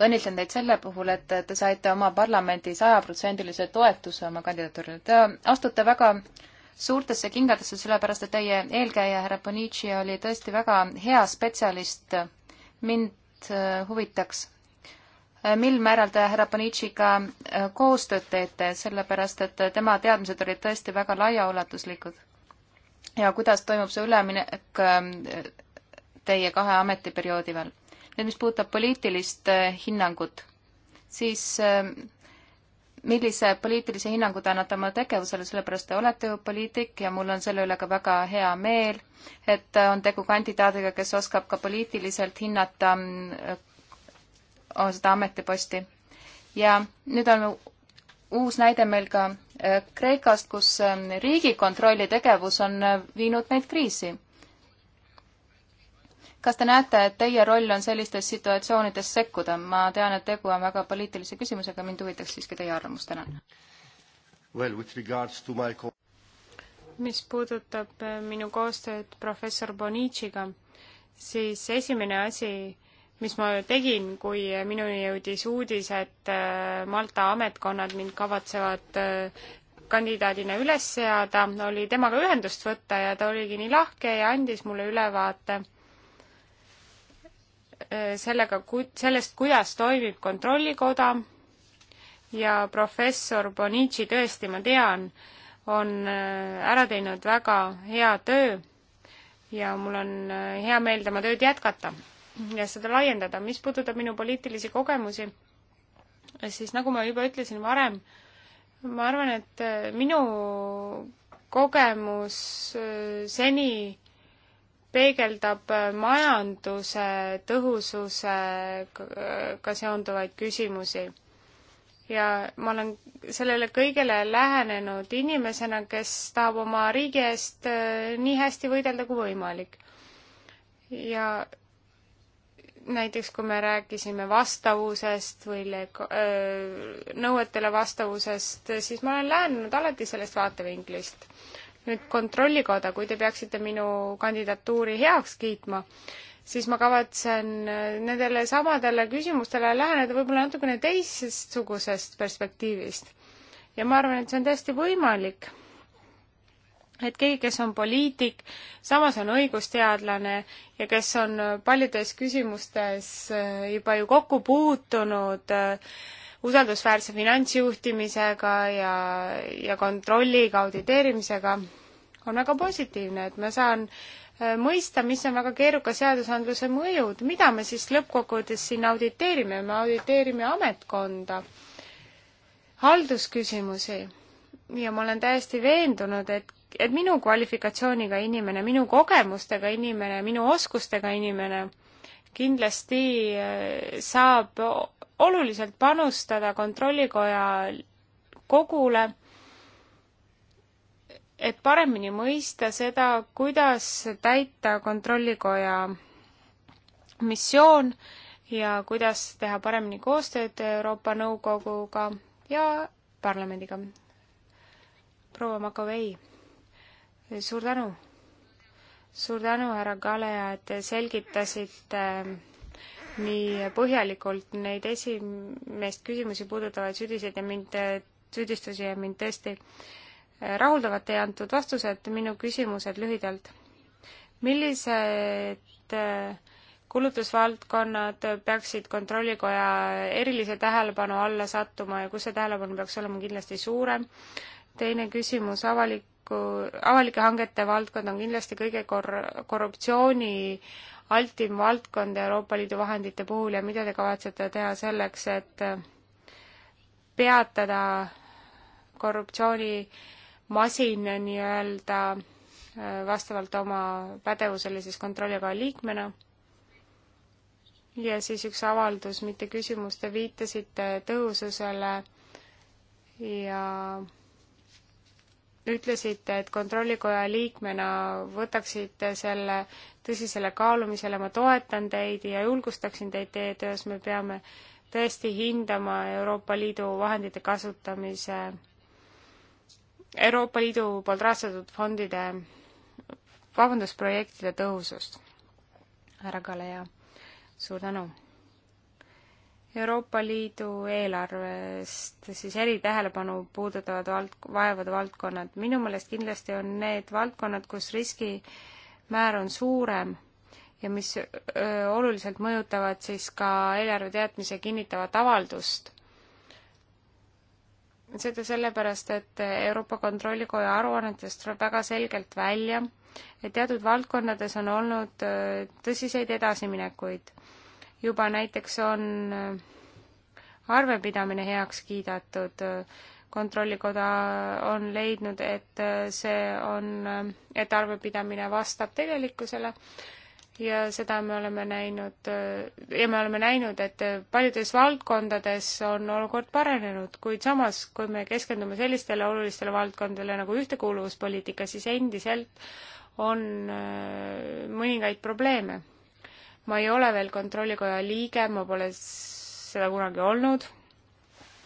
õnnitlen teid selle puhul, et te saite oma parlamendi sajaprotsendilise toetuse oma kandidatuurile. Te astute väga äh, suurtesse kingadesse, sellepärast et teie eelkäija härra Bonici oli tõesti väga hea spetsialist. mind äh, huvitaks, äh, mil määral te härra Boniciga äh, koostööd teete, sellepärast et tema teadmised olid tõesti väga laiaulatuslikud. ja kuidas toimub see üleminek teie kahe ametiperioodi veel? nüüd, mis puudutab poliitilist hinnangut, siis millise poliitilise hinnangu te annate oma tegevusele, sellepärast te olete ju poliitik ja mul on selle üle ka väga hea meel, et on tegu kandidaadiga, kes oskab ka poliitiliselt hinnata äh, seda ametiposti. ja nüüd on uus näide meil ka äh, Kreekast, kus äh, Riigikontrolli tegevus on viinud meid kriisi kas te näete, et teie roll on sellistes situatsioonides sekkuda? ma tean, et tegu on väga poliitilise küsimusega, mind huvitaks siiski teie arvamus, tänan well,. My... mis puudutab eh, minu koostööd professor Boniciga, siis esimene asi, mis ma tegin, kui minuni jõudis uudis, et eh, Malta ametkonnad mind kavatsevad eh, kandidaadina üles seada, oli temaga ühendust võtta ja ta oligi nii lahke ja andis mulle ülevaate äh, Äh, sellega, sellest, kuidas toimib Kontrollikoda ja professor Bonici tõesti, ma tean, on äh, ära teinud väga hea töö ja mul on äh, hea meel tema tööd jätkata ja seda laiendada. mis puudutab minu poliitilisi kogemusi, siis nagu ma juba ütlesin varem, ma arvan, et minu kogemus seni peegeldab äh, majanduse tõhususega seonduvaid küsimusi. ja ma olen sellele kõigele lähenenud inimesena, kes tahab oma riigi eest äh, nii hästi võidelda kui võimalik. ja näiteks kui me rääkisime vastavusest või lega-, äh, nõuetele vastavusest, siis ma olen lähenenud alati sellest vaatevinklist nüüd Kontrollikoda, kui te peaksite minu kandidatuuri heaks kiitma, siis ma kavatsen äh, nendele samadele küsimustele läheneda võib-olla natukene teistsugusest perspektiivist. ja ma arvan, et see on täiesti võimalik, et keegi, kes on poliitik, samas on õigusteadlane ja kes on paljudes küsimustes äh, juba ju kokku puutunud äh, usaldusväärse finantsjuhtimisega ja, ja kontrolliga, auditeerimisega, on väga positiivne, et ma saan äh, mõista, mis on väga keeruka seadusandluse mõjud, mida me siis lõppkokkuvõttes siin auditeerime, me auditeerime ametkonda, haldusküsimusi ja ma olen täiesti veendunud, et, et minu kvalifikatsiooniga inimene, minu kogemustega inimene, minu oskustega inimene kindlasti äh, saab oluliselt panustada Kontrollikoja kogule, et paremini mõista seda, kuidas täita Kontrollikoja missioon ja kuidas teha paremini koostööd Euroopa Nõukoguga ja parlamendiga. proua Makovei, suur tänu! suur tänu, härra Kaleja, et te selgitasite äh, nii põhjalikult neid esimest küsimusi puudutavaid süüdiseid ja mind, süüdistusi ja mind tõesti äh, rahuldavad teie antud vastused, minu küsimused lühidalt. millised äh, kulutusvaldkonnad peaksid Kontrollikoja erilise tähelepanu alla sattuma ja kus see tähelepanu peaks olema kindlasti suurem? teine küsimus, avaliku, avalike hangete valdkond on kindlasti kõige kor-, korruptsiooni äh, altim valdkond Euroopa Liidu vahendite puhul ja mida te kavatsete teha selleks, et peatada korruptsioonimasin nii-öelda äh, vastavalt oma pädevusele siis kontrollikoja liikmena. ja siis üks avaldus, mitte küsimus, te viitasite tõhususele ja ütlesite, et Kontrollikoja liikmena võtaksite selle tõsisele kaalumisele, ma toetan teid ja julgustaksin teid teie töös, me peame tõesti hindama Euroopa Liidu vahendite kasutamise, Euroopa Liidu poolt rahastatud fondide, vabandust, projektide tõhusust. härra Kaleja, suur tänu! Euroopa Liidu eelarvest siis eritähelepanu puudutavad vald-, vaevad valdkonnad. minu meelest kindlasti on need valdkonnad, kus riskimäär on suurem ja mis öö, oluliselt mõjutavad siis ka eelarve teadmise kinnitavat avaldust. seda sellepärast, et Euroopa Kontrollikoja aruannetest tuleb väga selgelt välja, et teatud valdkondades on olnud tõsiseid edasiminekuid juba näiteks on äh, arvepidamine heaks kiidetud, kontrollikoda on leidnud, et äh, see on, äh, et arvepidamine vastab tegelikkusele ja seda me oleme näinud ja me oleme näinud, et paljudes valdkondades on olukord paranenud, kuid samas, kui me keskendume sellistele olulistele valdkondadele nagu ühtekuuluvuspoliitika, siis endiselt on mõningaid probleeme ma ei ole veel Kontrollikoja liige, ma pole seda kunagi olnud.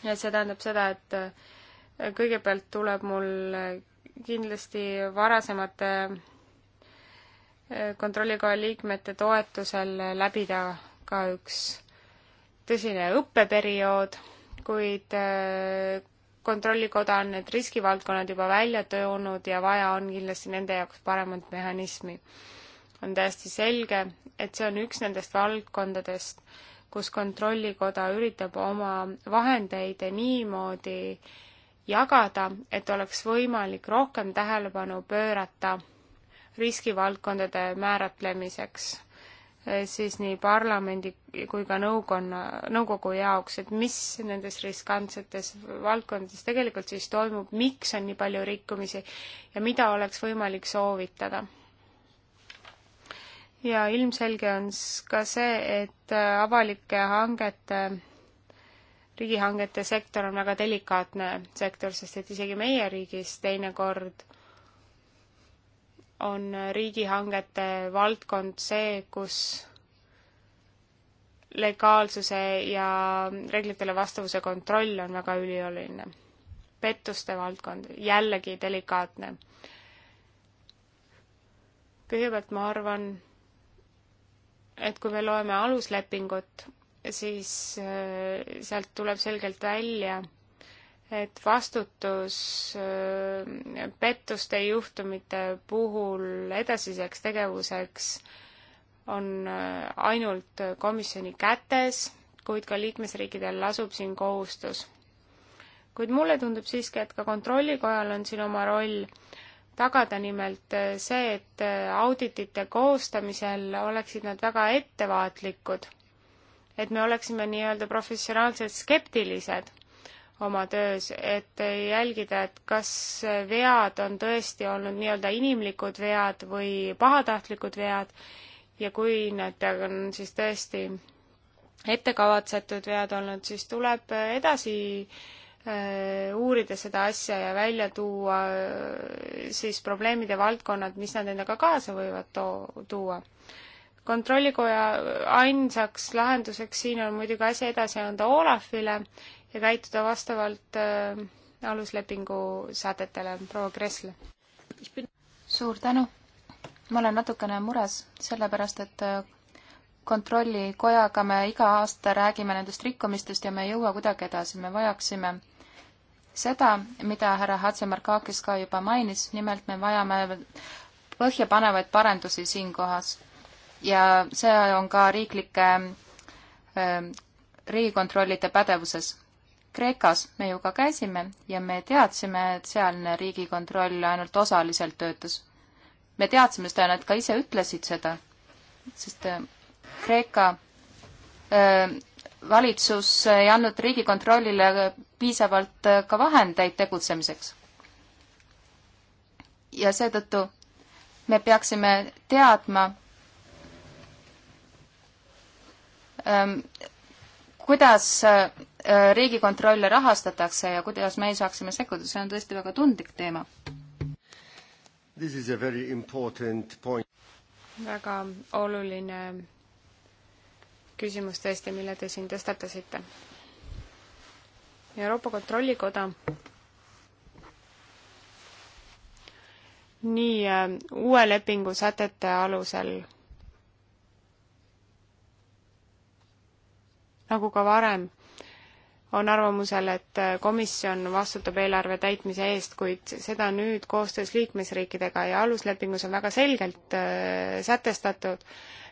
ja see tähendab seda, et kõigepealt tuleb mul kindlasti varasemate kontrollikoja liikmete toetusel läbida ka üks tõsine õppeperiood, kuid äh, kontrollikoda on need riskivaldkonnad juba välja toonud ja vaja on kindlasti nende jaoks paremat mehhanismi on täiesti selge, et see on üks nendest valdkondadest, kus Kontrollikoda üritab oma vahendeid niimoodi jagada, et oleks võimalik rohkem tähelepanu pöörata riskivaldkondade määratlemiseks eh, siis nii parlamendi kui ka nõukonna, nõukogu jaoks, et mis nendes riskantsetes valdkondades tegelikult siis toimub, miks on nii palju rikkumisi ja mida oleks võimalik soovitada ja ilmselge on ka see, et äh, avalike hangete, riigihangete sektor on väga delikaatne sektor, sest et isegi meie riigis teinekord on äh, riigihangete valdkond see, kus legaalsuse ja reeglitele vastavuse kontroll on väga ülioluline. pettuste valdkond, jällegi delikaatne. kõigepealt ma arvan, et kui me loeme aluslepingut, siis äh, sealt tuleb selgelt välja, et vastutus äh, pettuste juhtumite puhul edasiseks tegevuseks on äh, ainult komisjoni kätes, kuid ka liikmesriikidel lasub siin kohustus. kuid mulle tundub siiski, et ka Kontrollikojal on siin oma roll tagada nimelt äh, see, et äh, auditite koostamisel oleksid nad väga ettevaatlikud, et me oleksime nii-öelda professionaalselt skeptilised oma töös, et jälgida, et kas vead on tõesti olnud nii-öelda inimlikud vead või pahatahtlikud vead ja kui need on siis tõesti ettekavatsetud vead olnud, siis tuleb edasi Äh, uurida seda asja ja välja tuua äh, siis probleemide valdkonnad, mis nad endaga kaasa võivad too, tuua. kontrollikoja ainsaks lahenduseks siin on muidugi asi edasi anda Olafile ja käituda vastavalt äh, aluslepingu sätetele, proua Kressle. suur tänu. ma olen natukene mures, sellepärast et äh, kontrollikojaga me iga aasta räägime nendest rikkumistest ja me ei jõua kuidagi edasi, me vajaksime seda, mida härra Hatsemarkakis ka juba mainis, nimelt me vajame põhjapanevaid parendusi siinkohas ja see on ka riiklike ähm, riigikontrollide pädevuses. Kreekas me ju ka käisime ja me teadsime, et sealne riigikontroll ainult osaliselt töötas. me teadsime seda ja nad ka ise ütlesid seda, sest äh, Kreeka öö, äh, valitsus ei andnud Riigikontrollile piisavalt äh, ka vahendeid tegutsemiseks. ja seetõttu me peaksime teadma, ähm, kuidas äh, riigikontrolle rahastatakse ja kuidas meie saaksime sekkuda, see on tõesti väga tundlik teema. väga oluline küsimus tõesti, mille te siin tõstatasite Euroopa Kontrollikoda nii äh, uue lepingu sätete alusel nagu ka varem, on arvamusel, et äh, komisjon vastutab eelarve täitmise eest, kuid seda nüüd koostöös liikmesriikidega ja aluslepingus on väga selgelt äh, sätestatud,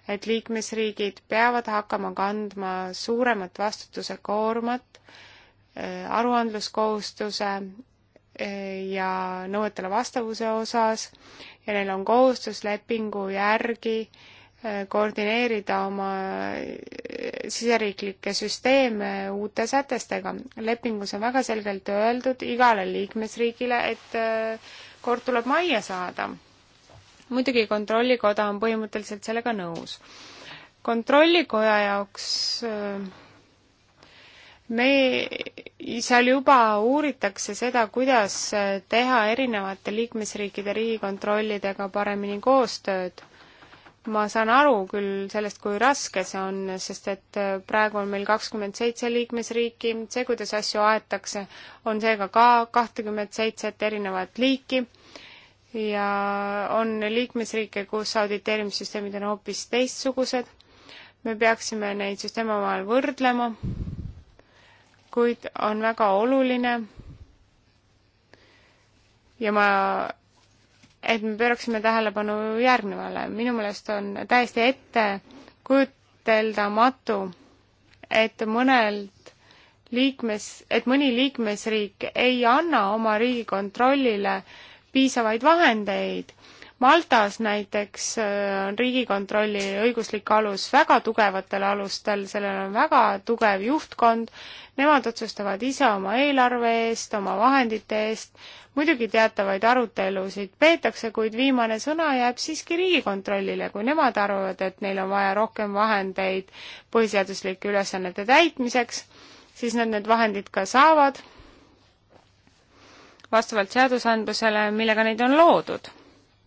et liikmesriigid peavad hakkama kandma suuremat vastutuse koormat aruandluskohustuse eh, ja nõuetele vastavuse osas ja neil on kohustus lepingu järgi eh, koordineerida oma eh, siseriiklikke süsteeme uute sätestega. lepingus on väga selgelt öeldud igale liikmesriigile, et kord tuleb majja saada. muidugi Kontrollikoda on põhimõtteliselt sellega nõus. kontrollikoja jaoks äh, me, seal juba uuritakse seda, kuidas teha erinevate liikmesriikide riigikontrollidega paremini koostööd. ma saan aru küll sellest, kui raske see on, sest et praegu on meil kakskümmend seitse liikmesriiki, see, kuidas asju aetakse, on seega ka kahtekümmet seitset erinevat liiki ja on liikmesriike, kus auditeerimissüsteemid on hoopis teistsugused. me peaksime neid süsteeme omavahel võrdlema kuid on väga oluline ja ma, et me pööraksime tähelepanu järgnevale. minu meelest on täiesti ettekujuteldamatu, et mõnelt liikmes, et mõni liikmesriik ei anna oma Riigikontrollile piisavaid vahendeid Maltas näiteks äh, on Riigikontrolli õiguslik alus väga tugevatel alustel, sellel on väga tugev juhtkond, nemad otsustavad ise oma eelarve eest, oma vahendite eest, muidugi teatavaid arutelusid peetakse, kuid viimane sõna jääb siiski Riigikontrollile, kui nemad arvavad, et neil on vaja rohkem vahendeid põhiseaduslike ülesannete täitmiseks, siis nad need vahendid ka saavad vastavalt seadusandlusele, millega neid on loodud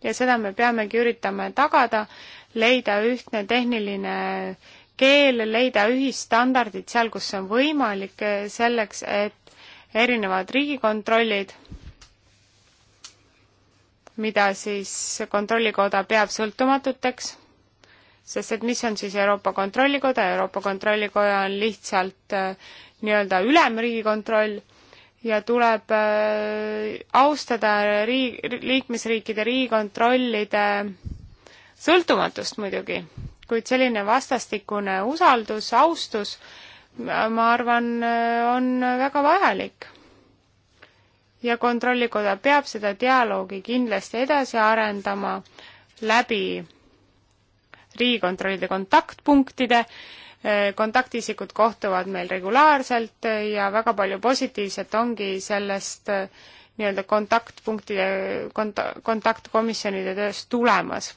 ja seda me peamegi üritama tagada, leida ühtne tehniline keel, leida ühisstandardid seal, kus see on võimalik, selleks et erinevad riigikontrollid, mida siis Kontrollikoda peab sõltumatuteks, sest et mis on siis Euroopa Kontrollikoda, Euroopa Kontrollikoja on lihtsalt äh, nii-öelda ülemriigikontroll ja tuleb äh, austada riik, liikmesriikide riigikontrollide sõltumatust muidugi, kuid selline vastastikune usaldus, austus, ma arvan, äh, on väga vajalik. ja Kontrollikoda peab seda dialoogi kindlasti edasi arendama läbi riigikontrollide kontaktpunktide, Äh, kontaktisikud kohtuvad meil regulaarselt äh, ja väga palju positiivset ongi sellest äh, nii-öelda kontaktpunktide, konta-, kontaktkomisjonide tööst tulemas.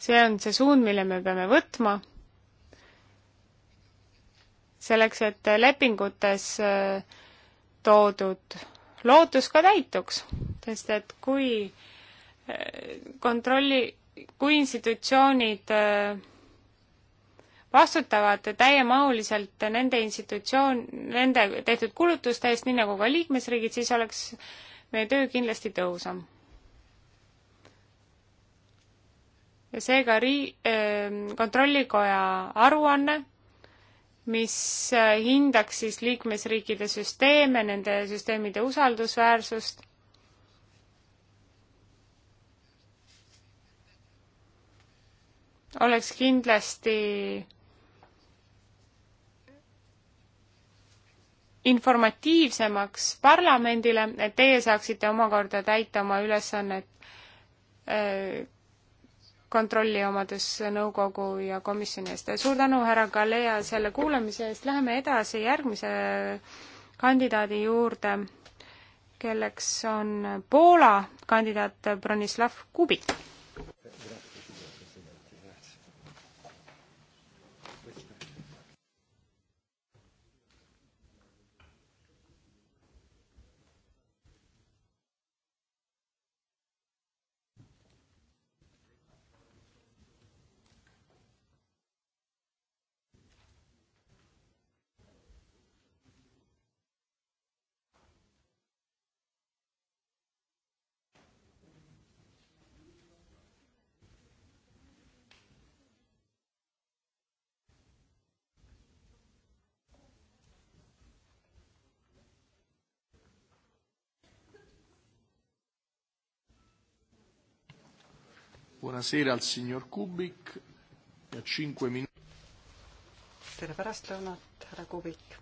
see on see suund, mille me peame võtma, selleks, et lepingutes toodud lootus ka täituks, sest et kui kontrolli kui institutsioonid äh, vastutavad täiemahuliselt nende institutsioon, nende tehtud kulutuste eest, nii nagu ka liikmesriigid, siis oleks meie töö kindlasti tõhusam. ja seega rii-, äh, kontrollikoja aruanne, mis äh, hindaks siis liikmesriikide süsteeme, nende süsteemide usaldusväärsust oleks kindlasti informatiivsemaks parlamendile, et teie saaksite omakorda täita oma ülesannet äh, kontrolli omades nõukogu ja komisjoni eest. suur tänu, härra Galea, selle kuulamise eest. Läheme edasi järgmise kandidaadi juurde, kelleks on Poola kandidaat Bronislav Kubik Buonasera al signor Kubik ja e cinque min-. tere pärastlõunat, härra Kubik.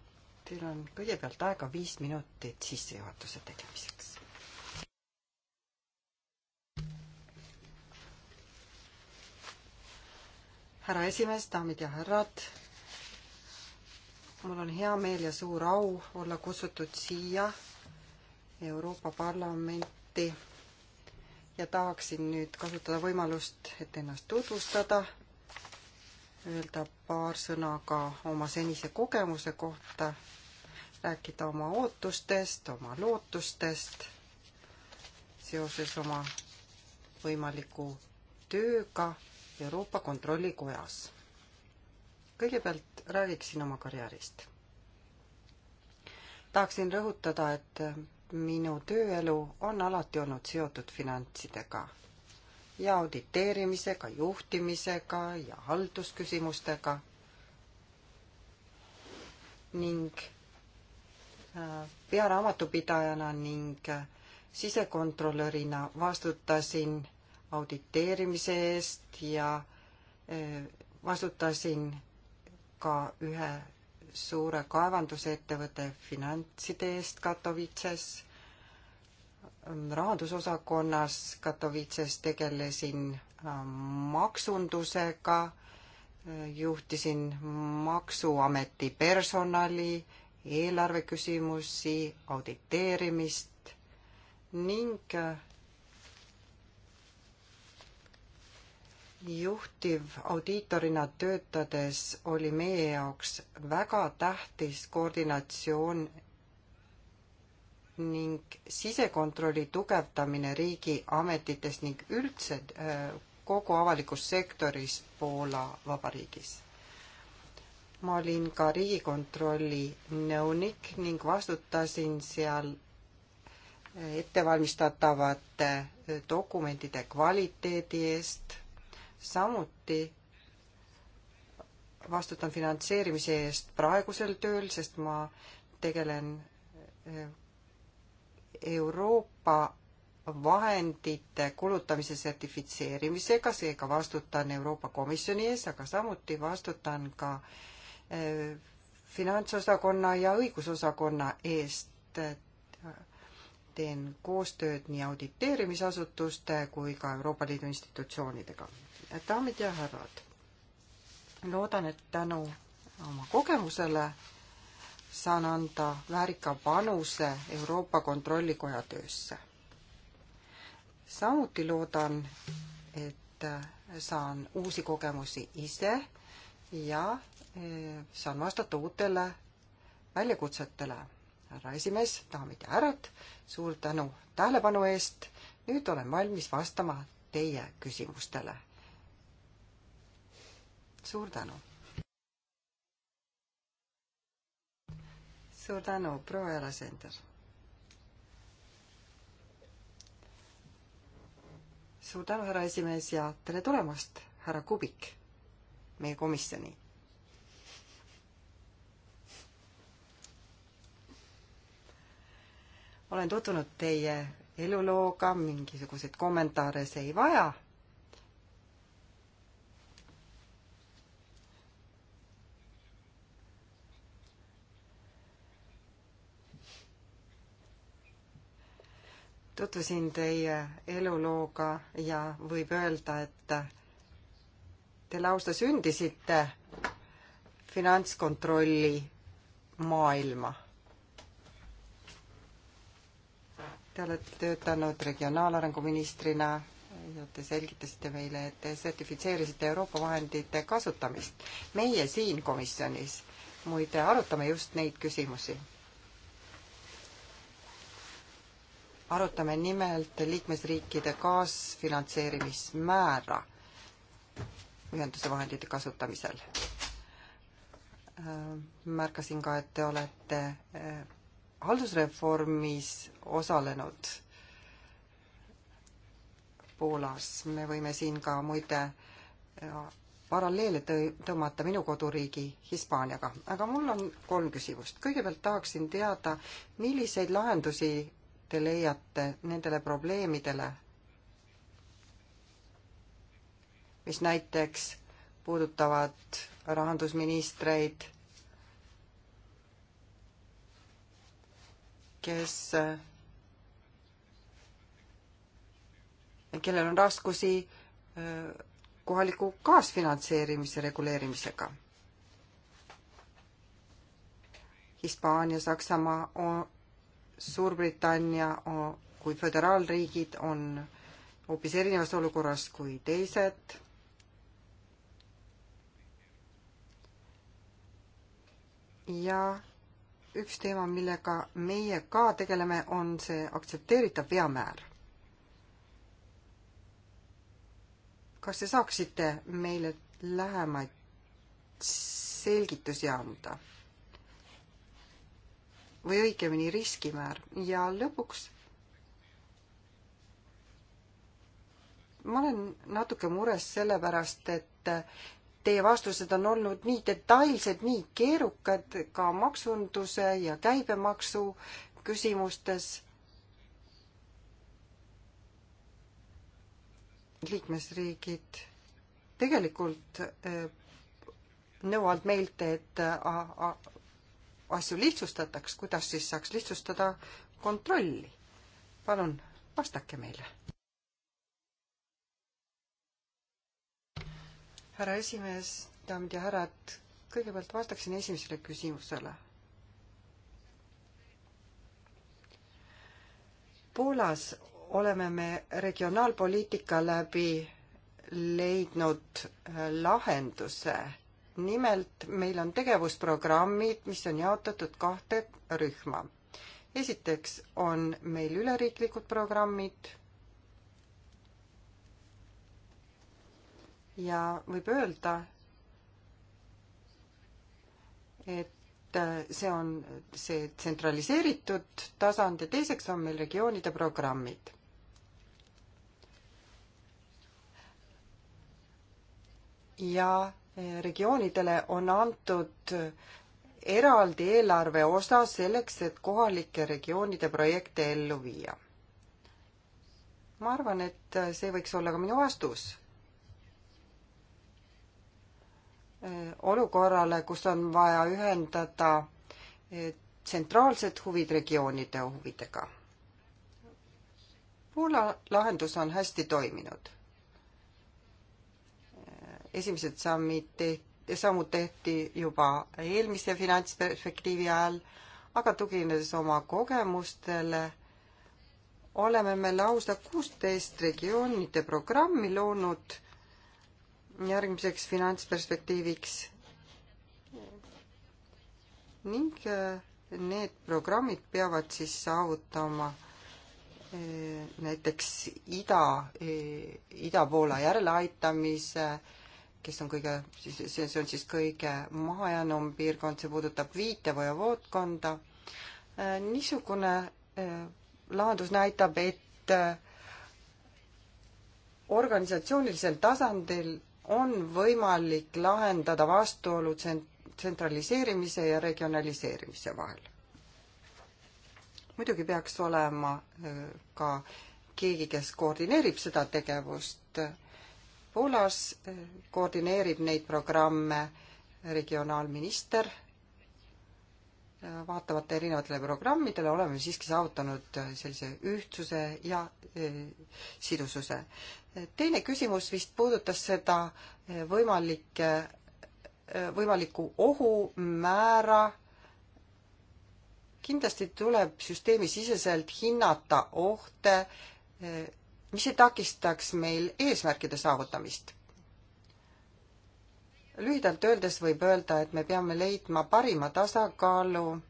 Teil on kõigepealt aega viis minutit sissejuhatuse tegemiseks. härra esimees, daamid ja härrad, mul on hea meel ja suur au olla kutsutud siia Euroopa Parlamenti ja tahaksin nüüd kasutada võimalust, et ennast tutvustada, öelda paar sõna ka oma senise kogemuse kohta, rääkida oma ootustest, oma lootustest seoses oma võimaliku tööga Euroopa Kontrollikojas. kõigepealt räägiksin oma karjäärist. tahaksin rõhutada, et minu tööelu on alati olnud seotud finantsidega ja auditeerimisega, juhtimisega ja haldusküsimustega ning äh, pearaamatupidajana ning äh, sisekontrolörina vastutasin auditeerimise eest ja äh, vastutasin ka ühe suure kaevandusettevõtte finantside eest Katowices. rahandusosakonnas Katowices tegelesin äh, maksundusega, äh, juhtisin Maksuameti personali, eelarveküsimusi, auditeerimist ning äh, juhtivaudiitorina töötades oli meie jaoks väga tähtis koordinatsioon ning sisekontrolli tugevdamine riigi ametites ning üldse äh, kogu avalikus sektoris Poola Vabariigis. ma olin ka Riigikontrolli nõunik ning vastutasin seal äh, ettevalmistatavate äh, dokumentide kvaliteedi eest samuti vastutan finantseerimise eest praegusel tööl, sest ma tegelen eh, Euroopa vahendite kulutamise sertifitseerimisega, seega vastutan Euroopa Komisjoni ees, aga samuti vastutan ka eh, finantsosakonna ja õigusosakonna eest teen koostööd nii auditeerimisasutuste kui ka Euroopa Liidu institutsioonidega. daamid ja härrad, loodan, et tänu oma kogemusele saan anda väärika panuse Euroopa Kontrollikoja töösse. samuti loodan, et saan uusi kogemusi ise ja eh, saan vastata uutele väljakutsetele härra esimees, daamid ja härrad, suur tänu tähelepanu eest. nüüd olen valmis vastama teie küsimustele. suur tänu. suur tänu, proua Jalasender. suur tänu, härra esimees ja tere tulemast, härra Kubik, meie komisjoni olen tutvunud teie elulooga, mingisuguseid kommentaare see ei vaja. tutvusin teie elulooga ja võib öelda, et te lausa sündisite finantskontrolli maailma Te olete töötanud regionaalarengu ministrina ja te selgitasite meile, et te sertifitseerisite Euroopa vahendite kasutamist. meie siin komisjonis muide arutame just neid küsimusi. arutame nimelt liikmesriikide kaasfinantseerimismäära ühenduse vahendite kasutamisel. Äh, märkasin ka, et te olete äh, haldusreformis osalenud Poolas. me võime siin ka muide äh, paralleele tõmmata minu koduriigi Hispaaniaga. aga mul on kolm küsimust. kõigepealt tahaksin teada, milliseid lahendusi te leiate nendele probleemidele, mis näiteks puudutavad rahandusministreid kes, kellel on raskusi äh, kohaliku kaasfinantseerimise reguleerimisega. Hispaania, Saksamaa, Suurbritannia kui föderaalriigid on hoopis erinevas olukorras kui teised ja üks teema, millega meie ka tegeleme, on see aktsepteeritav veamäär. kas te saaksite meile lähemaid selgitusi anda? või õigemini riskimäär ja lõpuks ma olen natuke mures sellepärast, et teie vastused on olnud nii detailsed, nii keerukad ka maksunduse ja käibemaksu küsimustes. liikmesriigid tegelikult eh, nõuavad meilt, et asju lihtsustataks, kuidas siis saaks lihtsustada kontrolli. palun vastake meile härra esimees, daamid ja härrad, kõigepealt vastaksin esimesele küsimusele. Poolas oleme me regionaalpoliitika läbi leidnud äh, lahenduse. nimelt meil on tegevusprogrammid, mis on jaotatud kahte rühma. esiteks on meil üleriiklikud programmid ja võib öelda, et äh, see on see tsentraliseeritud tasand ja teiseks on meil regioonide programmid. ja äh, regioonidele on antud eraldi eelarve osa selleks, et kohalike regioonide projekte ellu viia. ma arvan, et äh, see võiks olla ka minu vastus olukorrale, kus on vaja ühendada eh, tsentraalsed huvid regioonide huvidega. Poola lahendus on hästi toiminud. esimesed sammid tehti, sammud tehti juba eelmise finantsperspektiivi ajal, aga tuginedes oma kogemustele, oleme me lausa kuusteist regioonide programmi loonud järgmiseks finantsperspektiiviks ning eh, need programmid peavad siis saavutama eh, näiteks ida, eh, ida poole järeleaitamise, kes on kõige, see on siis kõige mahajäänum piirkond, see puudutab viite vojevoodkonda. niisugune lahendus näitab, et organisatsioonilisel tasandil on võimalik lahendada vastuolu tsentraliseerimise ja regionaliseerimise vahel. muidugi peaks olema äh, ka keegi, kes koordineerib seda tegevust. Poolas äh, koordineerib neid programme regionaalminister, äh, vaatamata erinevatele programmidele oleme siiski saavutanud sellise ühtsuse ja sidususe teine küsimus vist puudutas seda eh, võimalikke, eh, võimaliku ohumäära. kindlasti tuleb süsteemisiseselt hinnata ohte, eh, mis ei takistaks meil eesmärkide saavutamist lühidalt öeldes võib öelda, et me peame leidma parima tasakaalu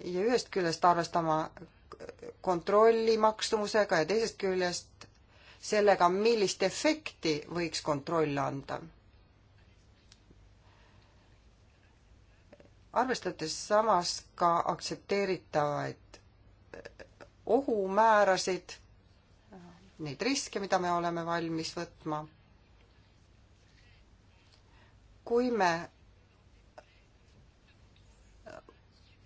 ja ühest küljest arvestama kontrolli maksumusega ja teisest küljest sellega, millist efekti võiks kontroll anda. arvestades samas ka aktsepteeritavaid ohumäärasid, neid riske, mida me oleme valmis võtma, kui me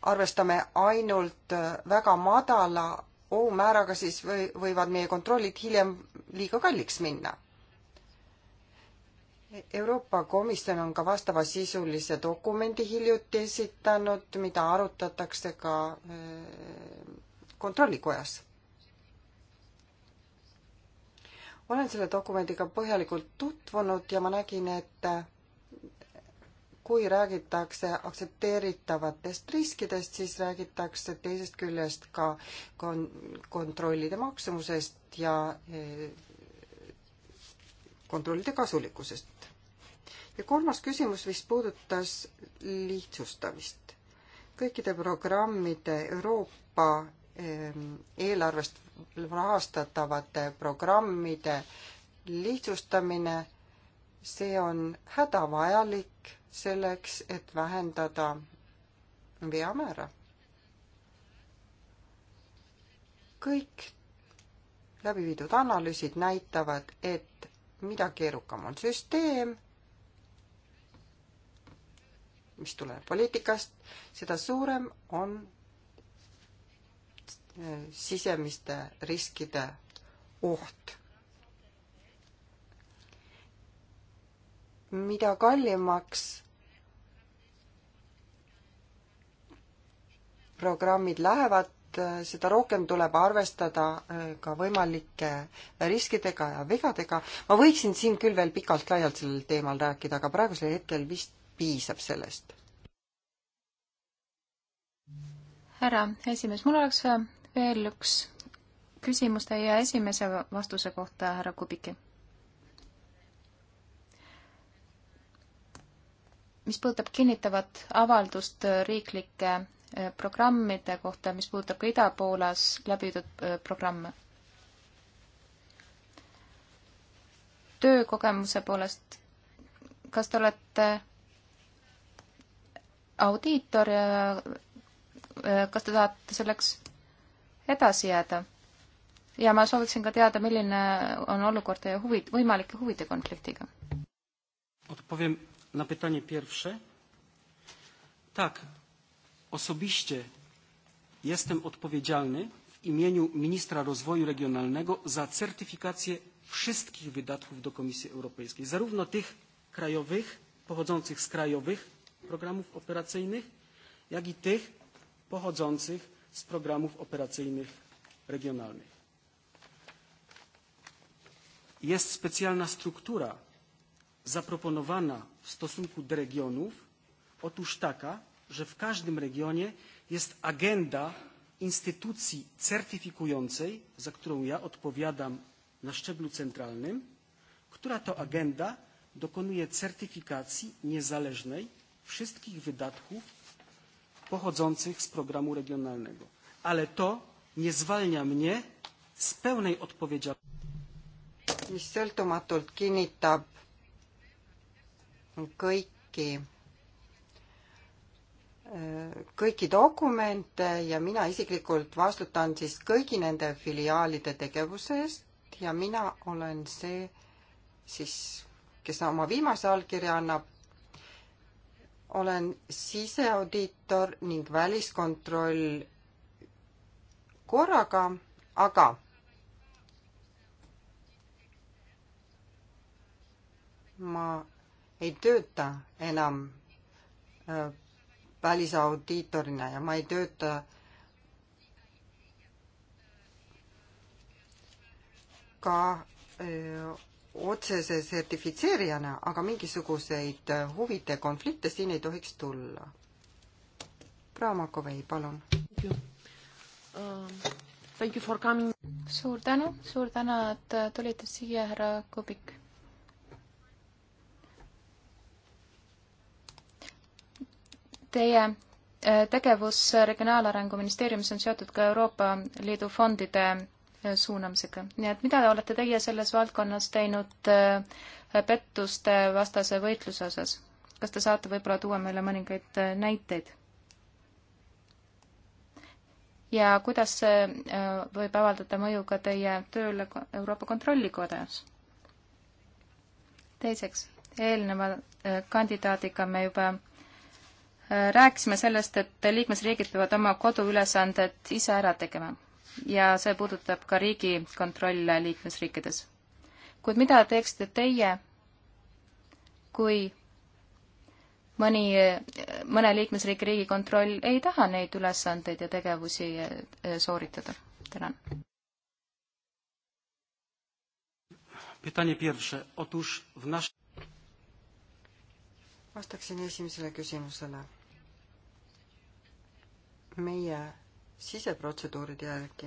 arvestame ainult väga madala ohumääraga, siis või, võivad meie kontrollid hiljem liiga kalliks minna. Euroopa Komisjon on ka vastavasisulise dokumendi hiljuti esitanud, mida arutatakse ka eh, kontrollikojas. olen selle dokumendiga põhjalikult tutvunud ja ma nägin, et kui räägitakse aktsepteeritavatest riskidest, siis räägitakse teisest küljest ka kon-, kontrollide maksumusest ja eh, kontrollide kasulikkusest. ja kolmas küsimus, mis puudutas lihtsustamist. kõikide programmide Euroopa eh, eelarvest rahastatavate programmide lihtsustamine see on hädavajalik selleks, et vähendada veamäära. kõik läbi viidud analüüsid näitavad, et mida keerukam on süsteem, mis tuleneb poliitikast, seda suurem on eh, sisemiste riskide oht mida kallimaks programmid lähevad, seda rohkem tuleb arvestada äh, ka võimalike riskidega ja vigadega. ma võiksin siin küll veel pikalt-laialt sellel teemal rääkida, aga praegusel hetkel vist piisab sellest. härra esimees, mul oleks äh, veel üks küsimus teie esimese vastuse kohta, härra Kubiki mis puudutab kinnitavat avaldust riiklike äh, programmide kohta, mis puudutab ka Ida-Poolas läbi viidud äh, programme. töökogemuse poolest, kas te olete audiitor ja äh, kas te tahate selleks edasi jääda? ja ma sooviksin ka teada, milline on olukord teie huvi, võimalike huvide konfliktiga na pytanie pierwsze. Tak, osobiście jestem odpowiedzialny w imieniu ministra rozwoju regionalnego za certyfikację wszystkich wydatków do Komisji Europejskiej, zarówno tych krajowych, pochodzących z krajowych programów operacyjnych, jak i tych pochodzących z programów operacyjnych regionalnych. Jest specjalna struktura zaproponowana w stosunku do regionów? Otóż taka, że w każdym regionie jest agenda instytucji certyfikującej, za którą ja odpowiadam na szczeblu centralnym, która to agenda dokonuje certyfikacji niezależnej wszystkich wydatków pochodzących z programu regionalnego. Ale to nie zwalnia mnie z pełnej odpowiedzialności. mis sõltumatult kinnitab kõiki kõiki dokumente ja mina isiklikult vastutan siis kõigi nende filiaalide tegevuse eest ja mina olen see siis, kes oma viimase allkirja annab. olen siseaudiitor ning väliskontroll korraga, aga ma ei tööta enam äh, välisaudiitorina ja ma ei tööta ka öö, äh, otsese sertifitseerijana, aga mingisuguseid äh, huvide konflikte siin ei tohiks tulla. Pramakovei, palun. Um, suur tänu, suur tänu, et tulite siia, härra Kubik Teie äh, tegevus Regionaalarengu ministeeriumis on seotud ka Euroopa Liidu fondide äh, suunamisega. nii et mida olete teie selles valdkonnas teinud äh, pettuste vastase võitluse osas? kas te saate võib-olla tuua meile mõningaid näiteid? ja kuidas see võib avaldada mõju ka teie tööle Euroopa Kontrollikodas? teiseks, eelneva kandidaadiga me juba rääkisime sellest, et liikmesriigid peavad oma koduülesanded ise ära tegema ja see puudutab ka riigikontrolle liikmesriikides. kuid mida teeksite teie, kui mõni, mõne liikmesriigi riigikontroll ei taha neid ülesandeid ja tegevusi eh, sooritada? tänan. Pytanie pierwsze. Otóż w naszym vastaksin esimesele küsimusele. meie siseprotseduuride järgi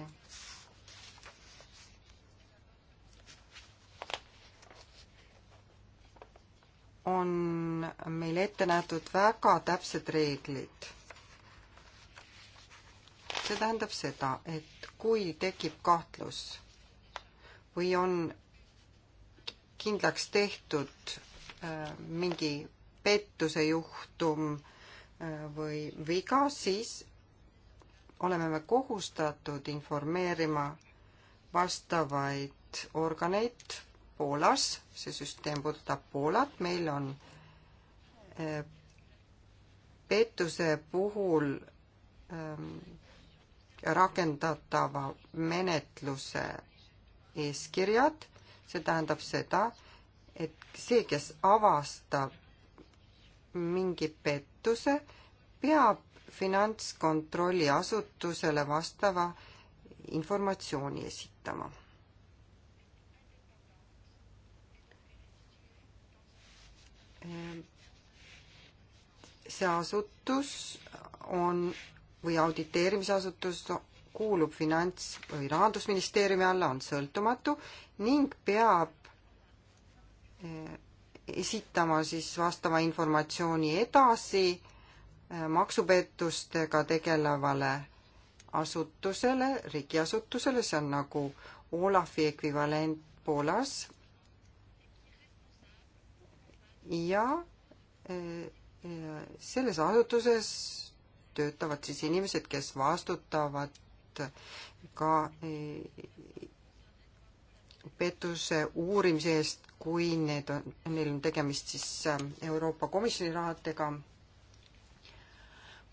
on meil ette nähtud väga täpsed reeglid. see tähendab seda, et kui tekib kahtlus või on kindlaks tehtud äh, mingi pettuse juhtum äh, või viga, siis oleme me kohustatud informeerima vastavaid organeid Poolas, see süsteem puudutab Poolat, meil on äh, pettuse puhul ähm, rakendatava menetluse eeskirjad, see tähendab seda, et see, kes avastab mingi pettuse, peab finantskontrolli asutusele vastava informatsiooni esitama. see asutus on või auditeerimisasutus kuulub finants- või rahandusministeeriumi alla, on sõltumatu ning peab eh, esitama siis vastava informatsiooni edasi äh, maksupettustega tegelevale asutusele, riigiasutusele, see on nagu Olafi ekvivalent Poolas. ja äh, äh, selles asutuses töötavad siis inimesed, kes vastutavad ka pettuse uurimise eest kui need on, neil on tegemist siis äh, Euroopa Komisjoni rahadega.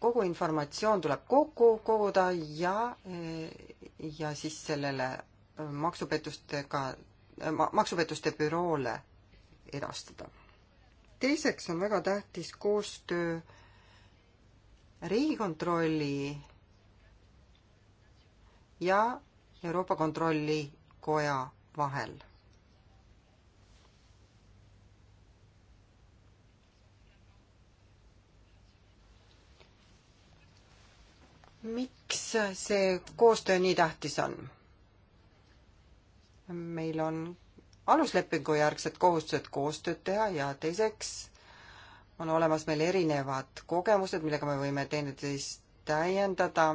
kogu informatsioon tuleb kokku koguda ja, äh, ja siis sellele äh, maksupettustega, maksupettuste büroole edastada. teiseks on väga tähtis koostöö Riigikontrolli ja Euroopa Kontrollikoja vahel miks see koostöö nii tähtis on? meil on aluslepingu järgsed kohustused koostööd teha ja teiseks on olemas meil erinevad kogemused, millega me võime teineteist täiendada.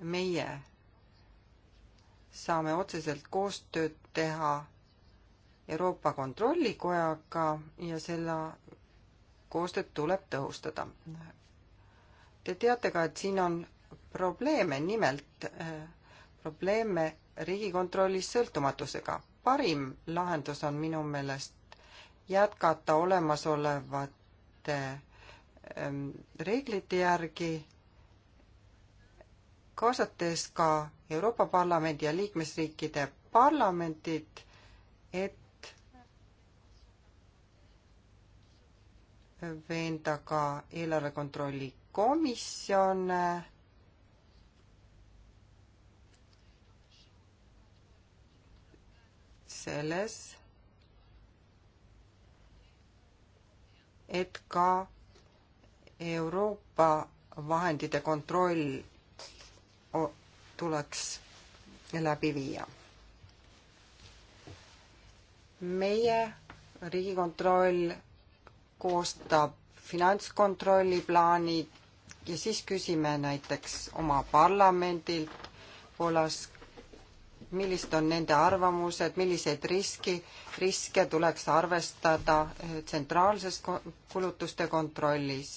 meie saame otseselt koostööd teha Euroopa Kontrollikojaga ja selle koostööd tuleb tõhustada. Te teate ka, et siin on probleeme, nimelt eh, probleeme Riigikontrollis sõltumatusega. parim lahendus on minu meelest jätkata olemasolevate ehm, reeglite järgi, kaasates ka Euroopa Parlamendi ja liikmesriikide parlamentid, et veenda ka eelarve kontrolli komisjone selles, et ka Euroopa vahendite kontroll tuleks läbi viia. meie Riigikontroll koostab finantskontrolli plaanid ja siis küsime näiteks oma parlamendilt Poolas, millised on nende arvamused, milliseid riski, riske tuleks arvestada eh, tsentraalses kulutuste kontrollis.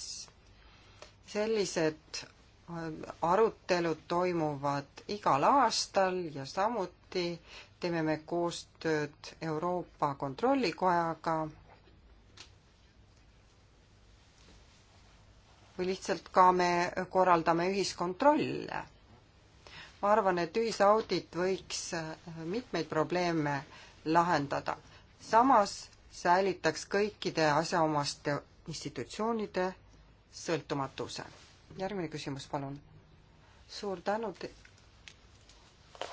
sellised eh, arutelud toimuvad igal aastal ja samuti teeme me koostööd Euroopa Kontrollikojaga või lihtsalt ka me korraldame ühiskontrolle. ma arvan, et ühisaudit võiks äh, mitmeid probleeme lahendada. samas säilitaks kõikide asjaomaste institutsioonide sõltumatuse. järgmine küsimus, palun. suur tänu te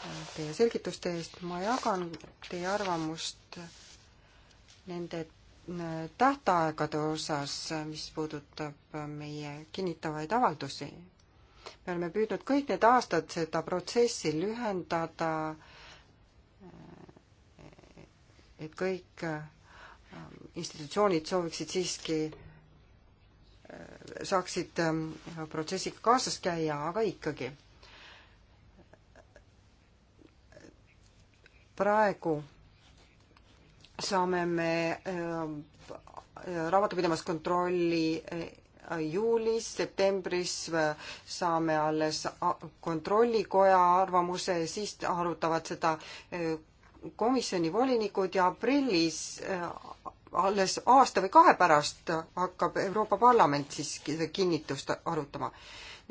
äh, teie selgituste eest, ma jagan teie arvamust nende tähtaegade osas, mis puudutab meie kinnitavaid avaldusi. me oleme püüdnud kõik need aastad seda protsessi lühendada, et kõik ähm, institutsioonid sooviksid siiski, äh, saaksid ähm, protsessiga kaasas käia, aga ikkagi. praegu saame me äh, äh, raamatupidamiskontrolli äh, juulis, septembris saame alles kontrollikoja arvamuse, siis arutavad seda komisjoni volinikud ja aprillis alles aasta või kahe pärast hakkab Euroopa Parlament siis kinnitust arutama.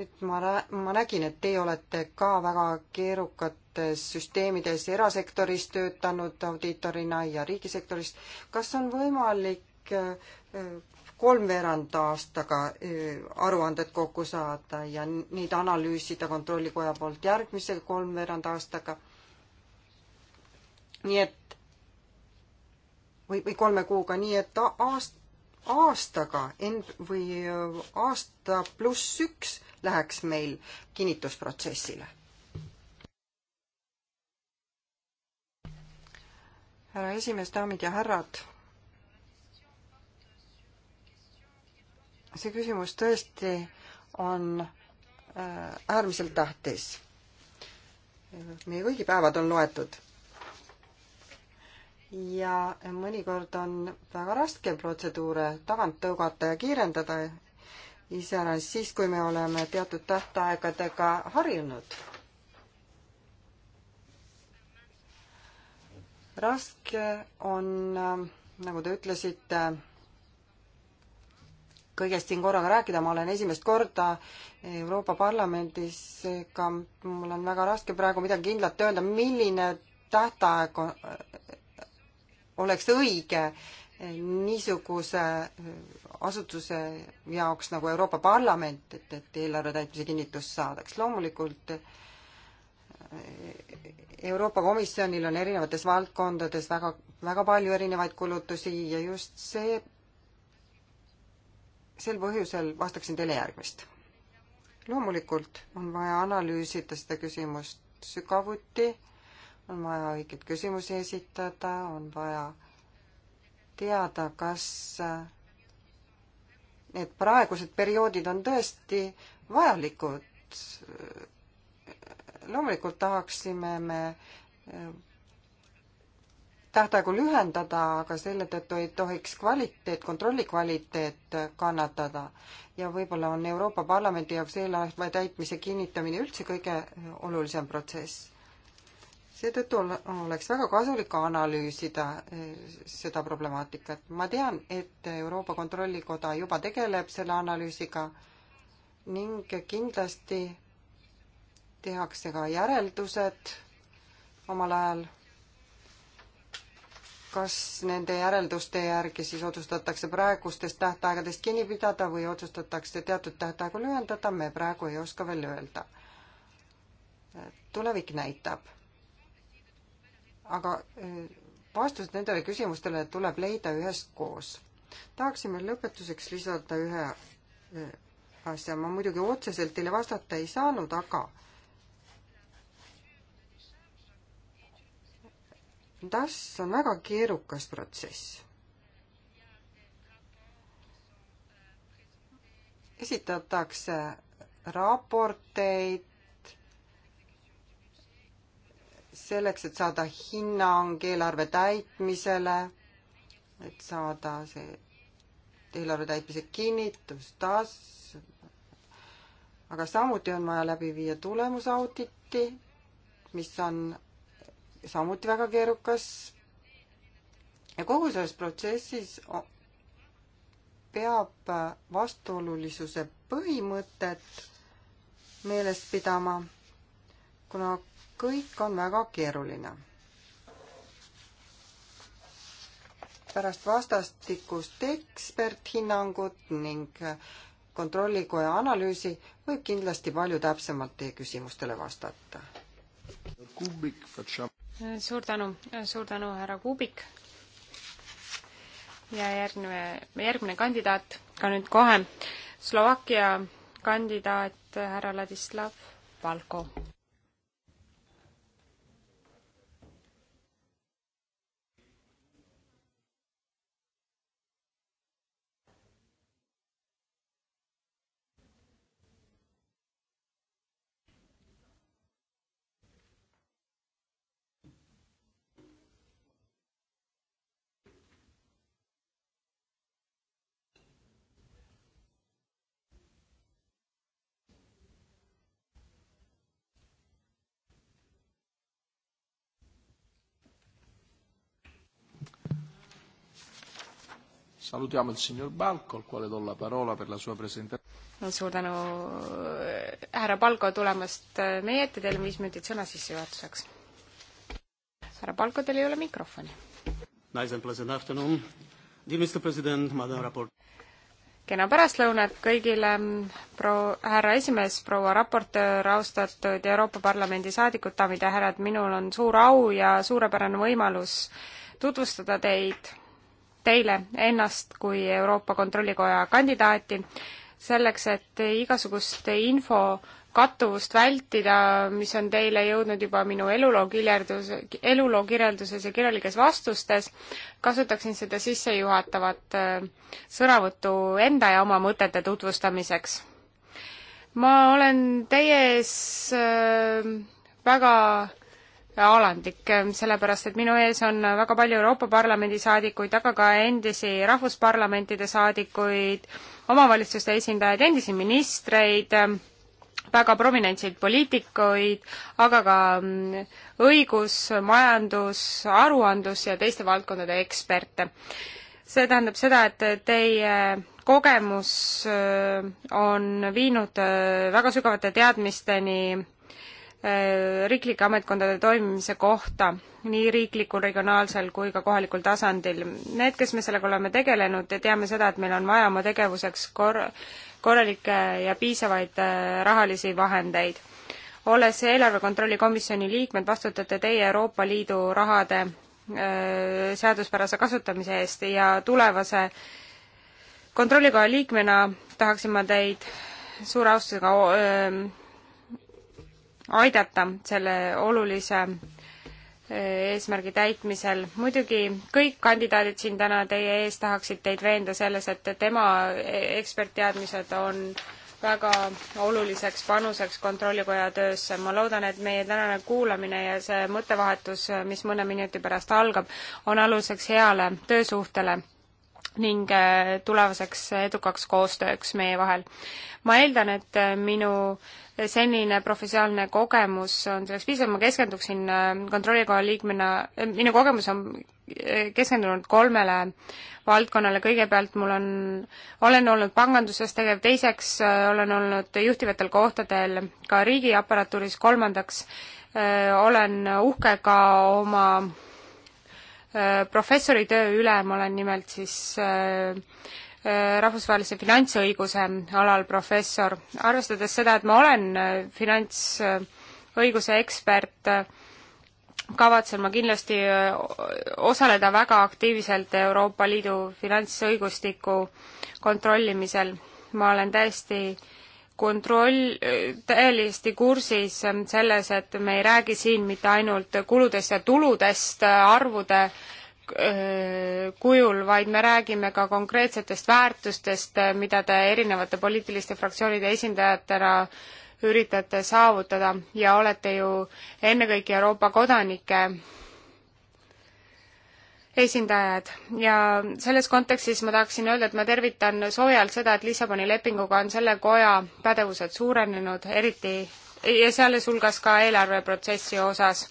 nüüd ma rää-, ma nägin, et teie olete ka väga keerukat erinevates süsteemides erasektoris töötanud audiitorina ja riigisektoris. kas on võimalik äh, kolmveerand aastaga äh, aruanded kokku saada ja neid analüüsida Kontrollikoja poolt järgmise kolmveerand aastaga? nii et või, või kolme kuuga, nii et aast-, aastaga en- või äh, aasta pluss üks läheks meil kinnitusprotsessile härra esimees, daamid ja härrad. see küsimus tõesti on äh, äärmiselt tähtis. meie kõigi päevad on loetud. ja mõnikord on väga raske protseduure tagant tõugata ja kiirendada, iseäranis siis, kui me oleme teatud tähtaegadega harjunud raske on, ähm, nagu te ütlesite, kõigest siin korraga rääkida, ma olen esimest korda Euroopa Parlamendis, ega mul on väga raske praegu midagi kindlat öelda, milline tähtaeg äh, oleks õige niisuguse äh, asutuse jaoks nagu Euroopa Parlament, et, et eelarve täitmise kinnitust saadaks. loomulikult äh, Euroopa Komisjonil on erinevates valdkondades väga, väga palju erinevaid kulutusi ja just see, sel põhjusel vastaksin teile järgmist. loomulikult on vaja analüüsida seda küsimust sügavuti, on vaja õigeid küsimusi esitada, on vaja teada, kas need praegused perioodid on tõesti vajalikud loomulikult tahaksime me eh, tähtaegu lühendada, aga selle tõttu ei tohiks kvaliteet, kontrolli kvaliteet kannatada. ja võib-olla on Euroopa Parlamendi jaoks eelarve täitmise kinnitamine üldse kõige eh, olulisem protsess. seetõttu oleks väga kasulik analüüsida eh, seda problemaatikat. ma tean, et Euroopa Kontrollikoda juba tegeleb selle analüüsiga ning kindlasti tehakse ka järeldused omal ajal. kas nende järelduste järgi siis otsustatakse praegustest tähtaegadest kinni pidada või otsustatakse teatud tähtaegu lühendada, me praegu ei oska veel öelda. tulevik näitab. aga eh, vastused nendele küsimustele tuleb leida üheskoos. tahaksime lõpetuseks lisada ühe eh, asja, ma muidugi otseselt teile vastata ei saanud, aga DAS on väga keerukas protsess. esitatakse raporteid selleks, et saada hinnang eelarve täitmisele, et saada see eelarve täitmise kinnitus, TAS, aga samuti on vaja läbi viia tulemusauditi, mis on samuti väga keerukas. ja kogu selles protsessis peab vastuolulisuse põhimõtet meeles pidama, kuna kõik on väga keeruline. pärast vastastikust eksperthinnangut ning kontrollikoja analüüsi võib kindlasti palju täpsemalt teie küsimustele vastata suur tänu, suur tänu, härra Kuubik. ja järgmine, järgmine kandidaat ka nüüd kohe. Slovakkia kandidaat härra Ladislav Valko. salutiamo il signor Balco, al quale do la parola per la sua presentazione. suur tänu härra Balko tulemast meie ette, teil on viis minutit sõna sissejuhatuseks. härra Balko, teil ei ole mikrofoni. Nice and pleasant afternoon. Dear Mr President, Madam Raport. kena pärastlõunat kõigile, pro-, härra esimees, proua raportöör, austatud Euroopa Parlamendi saadikud, daamid ja härrad, minul on suur au ja suurepärane võimalus tutvustada teid teile ennast kui Euroopa Kontrollikoja kandidaati, selleks et igasugust info kattuvust vältida, mis on teile jõudnud juba minu eluloo kirjeldus, eluloo kirjelduses ja kirjalikes vastustes, kasutaksin seda sissejuhatavat äh, sõnavõttu enda ja oma mõtete tutvustamiseks. ma olen teie ees äh, väga Äh, alandlik, ähm, sellepärast et minu ees on väga palju Euroopa Parlamendi saadikuid, aga ka endisi rahvusparlamentide saadikuid, omavalitsuste esindajaid, endisi ministreid, ähm, väga prominentseid poliitikuid, aga ka mm, õigus, majandus, aruandlus ja teiste valdkondade eksperte. see tähendab seda, et teie kogemus äh, on viinud äh, väga sügavate teadmisteni Äh, riiklike ametkondade toimimise kohta nii riiklikul, regionaalsel kui ka kohalikul tasandil. Need, kes me sellega oleme tegelenud, teame seda, et meil on vaja oma tegevuseks kor-, korralikke ja piisavaid äh, rahalisi vahendeid. olles eelarve kontrolli komisjoni liikmed, vastutate teie Euroopa Liidu rahade öö, äh, seaduspärase kasutamise eest ja tulevase kontrollikoja liikmena tahaksin ma teid suure austusega öö, aidata selle olulise eh, eesmärgi täitmisel. muidugi kõik kandidaadid siin täna teie ees tahaksid teid veenda selles, et tema eh, ekspertteadmised on väga oluliseks panuseks Kontrollikoja töösse. ma loodan, et meie tänane kuulamine ja see mõttevahetus, mis mõne minuti pärast algab, on aluseks heale töösuhtele ning äh, tulevaseks edukaks koostööks meie vahel. ma eeldan, et äh, minu senine professionaalne kogemus on selleks piisav, ma keskenduksin äh, kontrollikoja liikmena, minu kogemus on keskendunud kolmele valdkonnale, kõigepealt mul on, olen olnud panganduses tegev, teiseks olen olnud juhtivatel kohtadel ka riigiaparatuuris, kolmandaks olen uhke ka oma Äh, professoritöö üle, ma olen nimelt siis äh, äh, rahvusvahelise finantsõiguse alal professor. arvestades seda, et ma olen finantsõiguse ekspert, kavatsen ma kindlasti osaleda väga aktiivselt Euroopa Liidu finantsõigustiku kontrollimisel. ma olen täiesti kontroll, täiesti kursis selles, et me ei räägi siin mitte ainult kuludest ja tuludest arvude äh, kujul, vaid me räägime ka konkreetsetest väärtustest, mida te erinevate poliitiliste fraktsioonide esindajatena üritate saavutada ja olete ju ennekõike Euroopa kodanike esindajad ja selles kontekstis ma tahaksin öelda, et ma tervitan soojalt seda, et Lissaboni lepinguga on selle koja pädevused suurenenud, eriti ja sealhulgas ka eelarveprotsessi osas.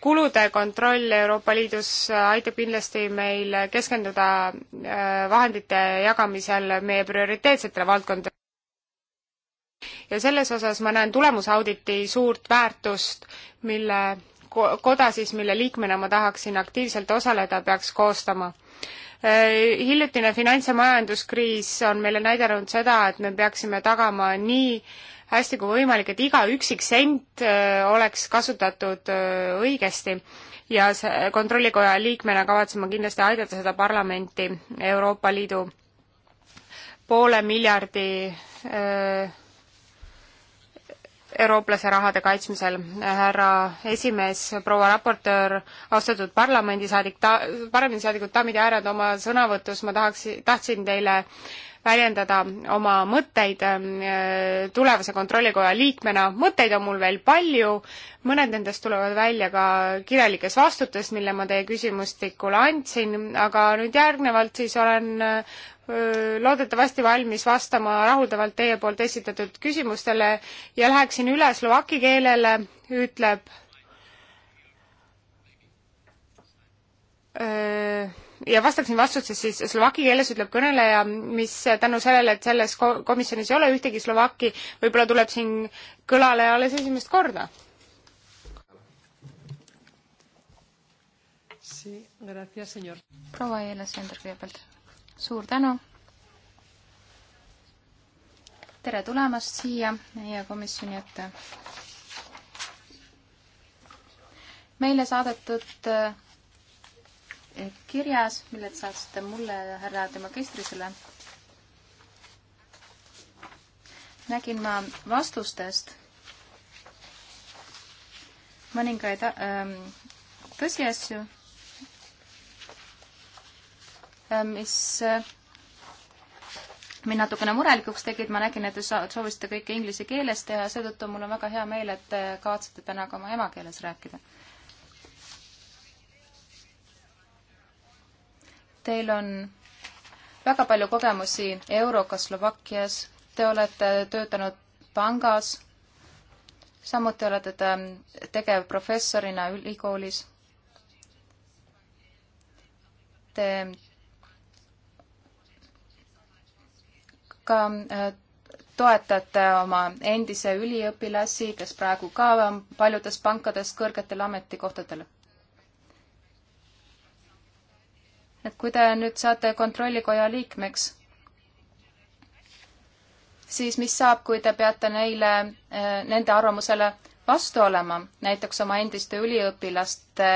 kulude kontroll Euroopa Liidus aitab kindlasti meil keskenduda äh, vahendite jagamisel meie prioriteetsetele valdkondadele. ja selles osas ma näen tulemusauditi suurt väärtust, mille koda siis, mille liikmena ma tahaksin aktiivselt osaleda, peaks koostama. Äh, hiljutine finants- ja majanduskriis on meile näidanud seda, et me peaksime tagama nii hästi kui võimalik, et iga üksik sent äh, oleks kasutatud äh, õigesti ja see kontrollikoja liikmena kavatsen ma kindlasti aidata seda parlamenti Euroopa Liidu poole miljardi öö, eurooplase rahade kaitsmisel. härra esimees, proua raportöör, austatud parlamendisaadik, parlamendisaadikud, daamid ja härrad, oma sõnavõtus ma tahaks, tahtsin teile väljendada oma mõtteid äh, tulevase kontrollikoja liikmena. mõtteid on mul veel palju, mõned nendest tulevad välja ka kirjalikes vastutes, mille ma teie küsimustikule andsin, aga nüüd järgnevalt siis olen äh, loodetavasti valmis vastama rahuldavalt teie poolt esitatud küsimustele ja läheksin üle slovaki keelele, ütleb öö, äh, ja vastaksin vastustes siis slovaki keeles, ütleb kõneleja, mis tänu sellele, et selles komisjonis ei ole ühtegi slovakki, võib-olla tuleb siin kõlale alles esimest korda. proua Eela Svender kõigepealt, suur tänu. tere tulemast siia meie komisjoni ette. meile saadetud kirjas, mille te saatsite mulle ja härra Demakistrisele, nägin ma vastustest mõningaid ähm, tõsiasju, ähm, mis äh, mind natukene murelikuks tegid, ma nägin, et te soovisite kõike inglise keeles teha, seetõttu mul on väga hea meel, et te kavatsete täna ka oma emakeeles rääkida Teil on väga palju kogemusi Euroga Slovakkias, te olete töötanud pangas, samuti olete te tegevprofessorina ülikoolis. Te ka äh, toetate oma endise üliõpilasi, kes praegu ka paljudes pankades kõrgetel ametikohtadel et kui te nüüd saate kontrollikoja liikmeks, siis mis saab, kui te peate neile, eh, nende arvamusele vastu olema, näiteks oma endiste üliõpilaste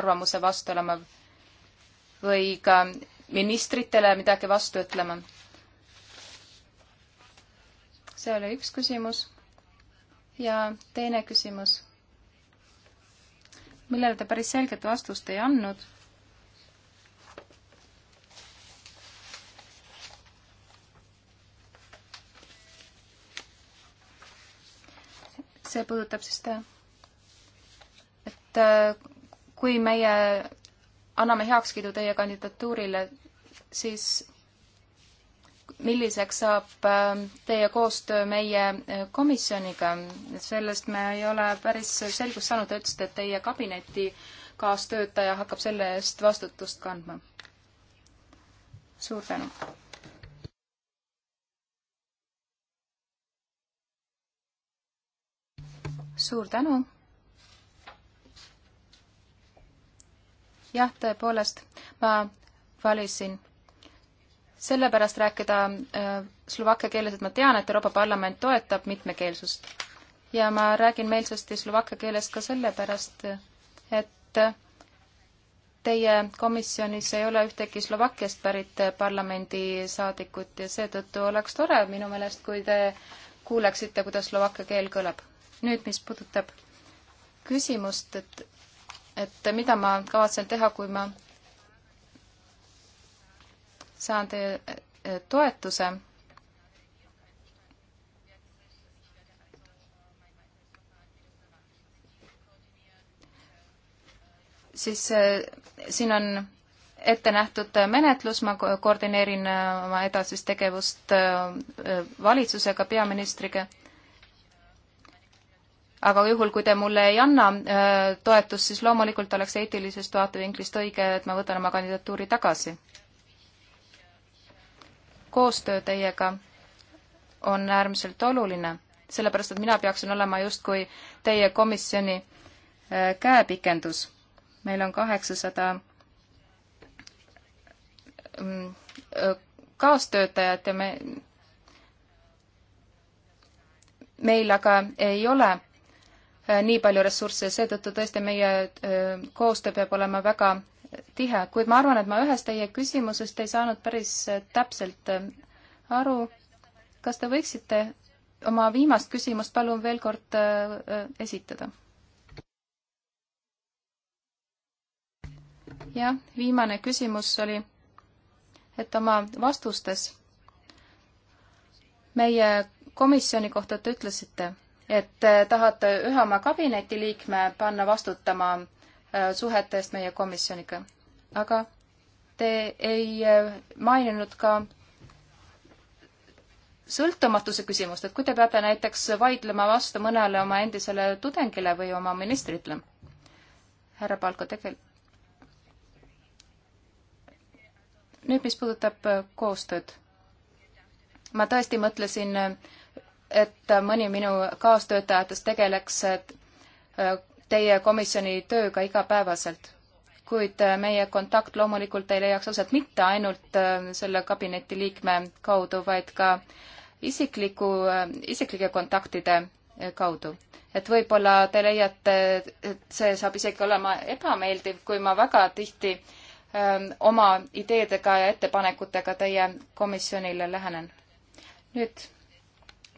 arvamuse vastu olema või ka ministritele midagi vastu ütlema? see oli üks küsimus. ja teine küsimus, millele te päris selget vastust ei andnud see puudutab siis seda, et äh, kui meie anname heakskiidu teie kandidatuurile, siis milliseks saab äh, teie koostöö meie äh, komisjoniga, sellest me ei ole päris selgust saanud, te ütlesite, et teie kabineti kaastöötaja hakkab selle eest vastutust kandma. suur tänu! suur tänu. jah, tõepoolest, ma valisin sellepärast rääkida äh, slovakkia keeles, et ma tean, et Euroopa Parlament toetab mitmekeelsust. ja ma räägin meelsasti slovakkia keeles ka sellepärast, et teie komisjonis ei ole ühtegi Slovakkiast pärit parlamendisaadikut ja seetõttu oleks tore minu meelest, kui te kuuleksite, kuidas slovakkia keel kõlab nüüd, mis puudutab küsimust, et, et mida ma kavatsen teha, kui ma saan teie eh, toetuse. siis eh, siin on ette nähtud menetlus, ma koordineerin eh, oma edasist tegevust valitsusega, peaministriga aga juhul, kui te mulle ei anna äh, toetust, siis loomulikult oleks eetilisest vaatevinklist õige, et ma võtan oma kandidatuuri tagasi. koostöö teiega on äärmiselt oluline, sellepärast et mina peaksin olema justkui teie komisjoni äh, käepikendus. meil on kaheksasada mm, äh, kaastöötajat ja me, meil aga ei ole Äh, nii palju ressursse ja seetõttu tõesti meie äh, koostöö peab olema väga tihe, kuid ma arvan, et ma ühest teie küsimusest ei saanud päris äh, täpselt aru. kas te võiksite oma viimast küsimust palun veel kord esitada? jah, viimane küsimus oli, et oma vastustes meie komisjoni kohta te ütlesite et eh, tahate ühe oma kabineti liikme panna vastutama eh, suhete eest meie komisjoniga. aga te ei eh, maininud ka sõltumatuse küsimust, et kui te peate näiteks vaidlema vastu mõnele oma endisele tudengile või oma ministritele. härra Palko, tegelikult nüüd, mis puudutab koostööd. ma tõesti mõtlesin äh, et mõni minu kaastöötajatest tegeleks äh, teie komisjoni tööga igapäevaselt. kuid äh, meie kontakt loomulikult ei leiaks aset mitte ainult äh, selle kabineti liikme kaudu, vaid ka isikliku, isiklike kontaktide kaudu. et võib-olla te leiate, et see saab isegi olema ebameeldiv, kui ma väga tihti öö, ähm, oma ideedega ja ettepanekutega teie komisjonile lähenen. nüüd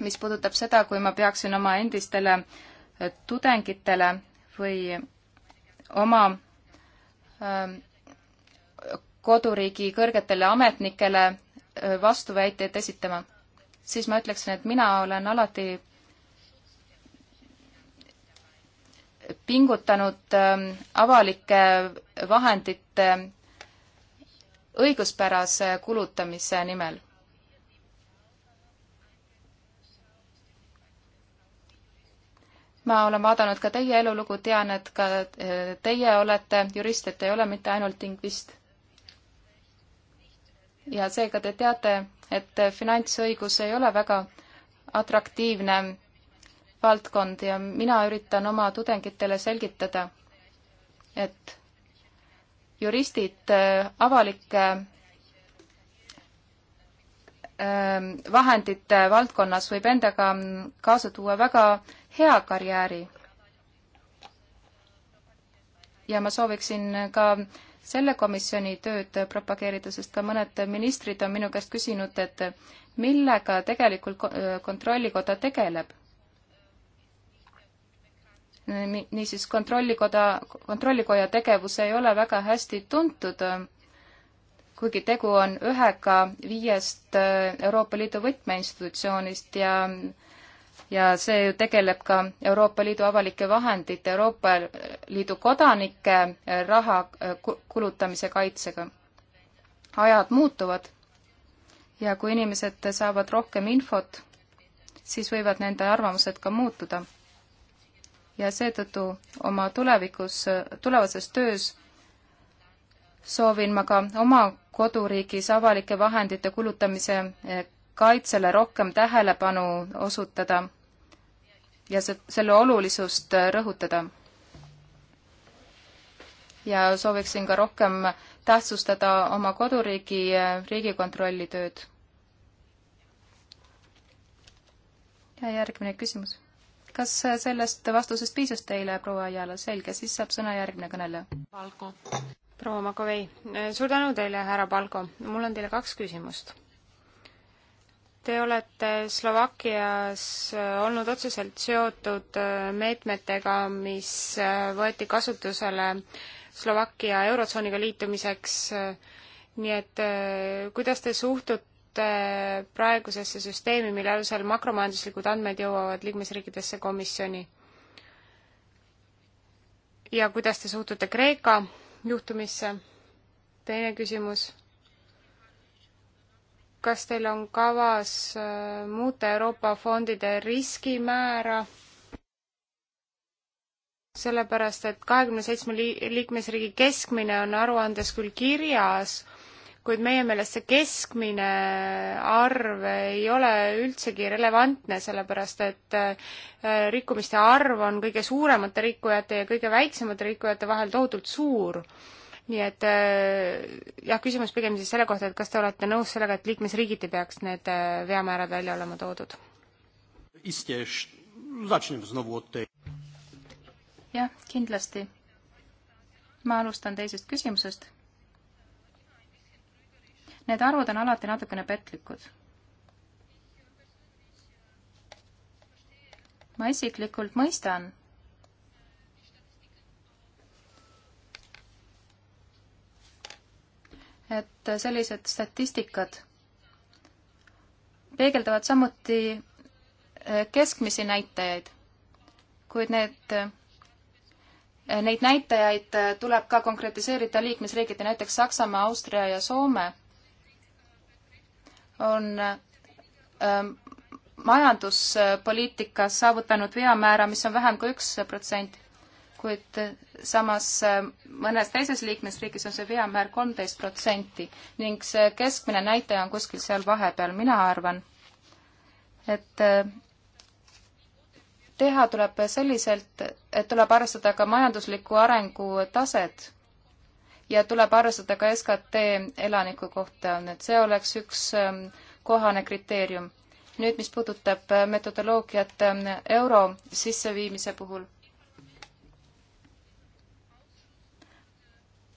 mis puudutab seda, kui ma peaksin oma endistele äh, tudengitele või oma ähm, koduriigi kõrgetele ametnikele äh, vastuväiteid esitama, siis ma ütleksin, et mina olen alati pingutanud ähm, avalike vahendite õiguspärase kulutamise nimel ma olen vaadanud ka teie elulugu, tean, et ka eh, teie olete jurist, et ei ole mitte ainult lingvist. ja seega te teate, et finantsõigus ei ole väga atraktiivne valdkond ja mina üritan oma tudengitele selgitada, et juristid eh, avalike eh, vahendite valdkonnas võib endaga kaasa tuua väga äh, hea karjääri. ja ma sooviksin ka selle komisjoni tööd propageerida, sest ka mõned ministrid on minu käest küsinud, et millega tegelikult Kontrollikoda tegeleb. niisiis, Kontrollikoda, Kontrollikoja tegevus ei ole väga hästi tuntud, kuigi tegu on ühega viiest Euroopa Liidu võtmeinstitutsioonist ja ja see ju tegeleb ka Euroopa Liidu avalike vahendite, Euroopa Liidu kodanike eh, raha eh, kulutamise kaitsega. ajad muutuvad ja kui inimesed saavad rohkem infot, siis võivad nende arvamused ka muutuda. ja seetõttu oma tulevikus, eh, tulevases töös soovin ma ka oma koduriigis avalike vahendite kulutamise kaitsele rohkem tähelepanu osutada ja se-, selle olulisust äh, rõhutada. ja sooviksin ka rohkem tähtsustada oma koduriigi äh, riigikontrolli tööd. ja järgmine küsimus. kas äh, sellest vastusest piisas teile, proua Ajala? selge, siis saab sõna järgmine kõneleja. proua Makovei, suur tänu teile, härra Palko. mul on teile kaks küsimust Te olete Slovakkias äh, olnud otseselt seotud äh, meetmetega, mis äh, võeti kasutusele Slovakkia Eurotsooniga liitumiseks. nii et kuidas te suhtute praegusesse süsteemi, mille alusel makromajanduslikud andmed jõuavad liikmesriikidesse komisjoni? ja kuidas te suhtute Kreeka juhtumisse? teine küsimus kas teil on kavas äh, muuta Euroopa fondide riskimäära? sellepärast, et kahekümne seitsme liikmesriigi keskmine on aruandes küll kirjas, kuid meie meelest see keskmine arv ei ole üldsegi relevantne, sellepärast et äh, rikkumiste arv on kõige suuremate rikkujate ja kõige väiksemate rikkujate vahel tohutult suur nii et äh, jah, küsimus pigem siis selle kohta, et kas te olete nõus sellega, et liikmesriigiti peaks need äh, veamäärad välja olema toodud? jah, kindlasti. ma alustan teisest küsimusest. Need arvud on alati natukene petlikud. ma isiklikult mõistan et sellised statistikad peegeldavad samuti eh, keskmisi näitajaid, kuid need, eh, neid näitajaid eh, tuleb ka konkretiseerida liikmesriigiti, näiteks Saksamaa, Austria ja Soome on ähm, majanduspoliitikas saavutanud veamäära, mis on vähem kui üks protsent kuid samas äh, mõnes teises liikmesriigis on see veamäär kolmteist protsenti ning see keskmine näitaja on kuskil seal vahepeal. mina arvan, et äh, teha tuleb selliselt, et tuleb arvestada ka majandusliku arengu taset ja tuleb arvestada ka SKT elaniku kohta, et see oleks üks ähm, kohane kriteerium. nüüd, mis puudutab äh, metodoloogiat ähm, euro sisseviimise puhul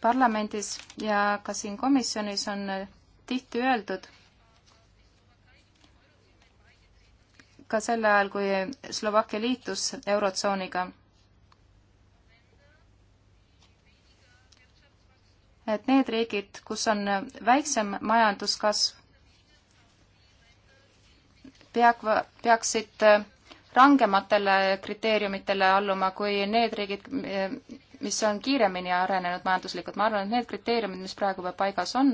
parlamendis ja ka siin komisjonis on tihti öeldud, ka sel ajal, kui Slovakkia liitus Eurotsooniga, et need riigid, kus on väiksem majanduskasv, peak-, peaksid rangematele kriteeriumitele alluma kui need riigid, mis on kiiremini arenenud majanduslikult. ma arvan, et need kriteeriumid, mis praegu paigas on,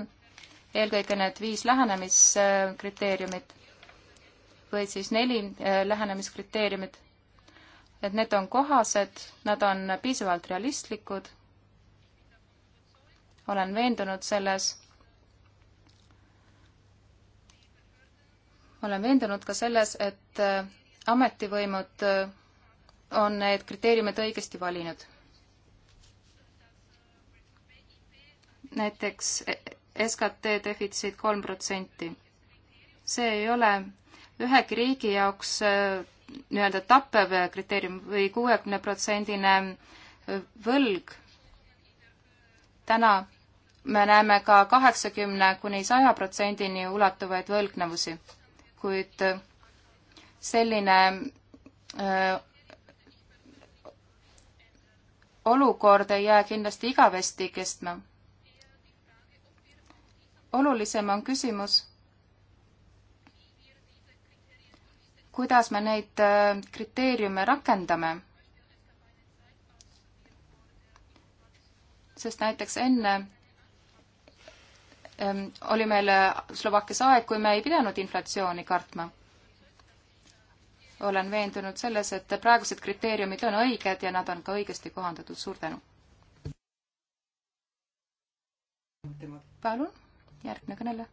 eelkõige need viis lähenemiskriteeriumit või siis neli eh, lähenemiskriteeriumit, et need on kohased, nad on piisavalt realistlikud. olen veendunud selles. olen veendunud ka selles, et eh, ametivõimud eh, on need kriteeriumid õigesti valinud näiteks SKT defitsiit kolm protsenti. see ei ole ühegi riigi jaoks äh, nii-öelda tappev kriteerium või kuuekümne protsendine äh, võlg. täna me näeme ka kaheksakümne kuni saja protsendini ulatuvaid võlgnevusi, kuid äh, selline öö, olukord ei jää kindlasti igavesti kestma olulisem on küsimus, kuidas me neid äh, kriteeriume rakendame. sest näiteks enne ähm, oli meil äh, Slovakkias aeg, kui me ei pidanud inflatsiooni kartma. olen veendunud selles, et praegused kriteeriumid on õiged ja nad on ka õigesti kohandatud. suur tänu! palun järgmine kõneleja.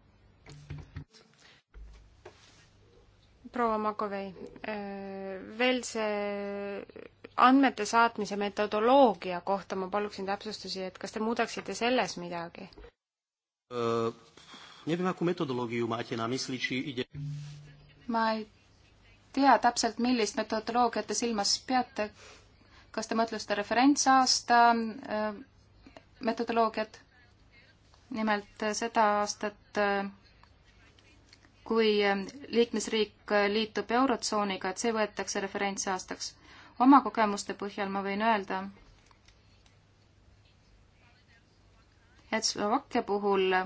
proua Makovei, äh, veel see andmete saatmise metodoloogia kohta ma paluksin täpsustusi, et kas te muudaksite selles midagi uh,? Neviem, akú metodológiu máte na mysli, či ide... Ma ei tea täpselt, millist metodoloogiat te silmas peate. Kas te mõtlesite referentsaasta äh, metodoloogiat? nimelt seda aastat, kui liikmesriik liitub Eurotsooniga, et see võetakse referentsaastaks. oma kogemuste põhjal ma võin öelda, et Slovakkia puhul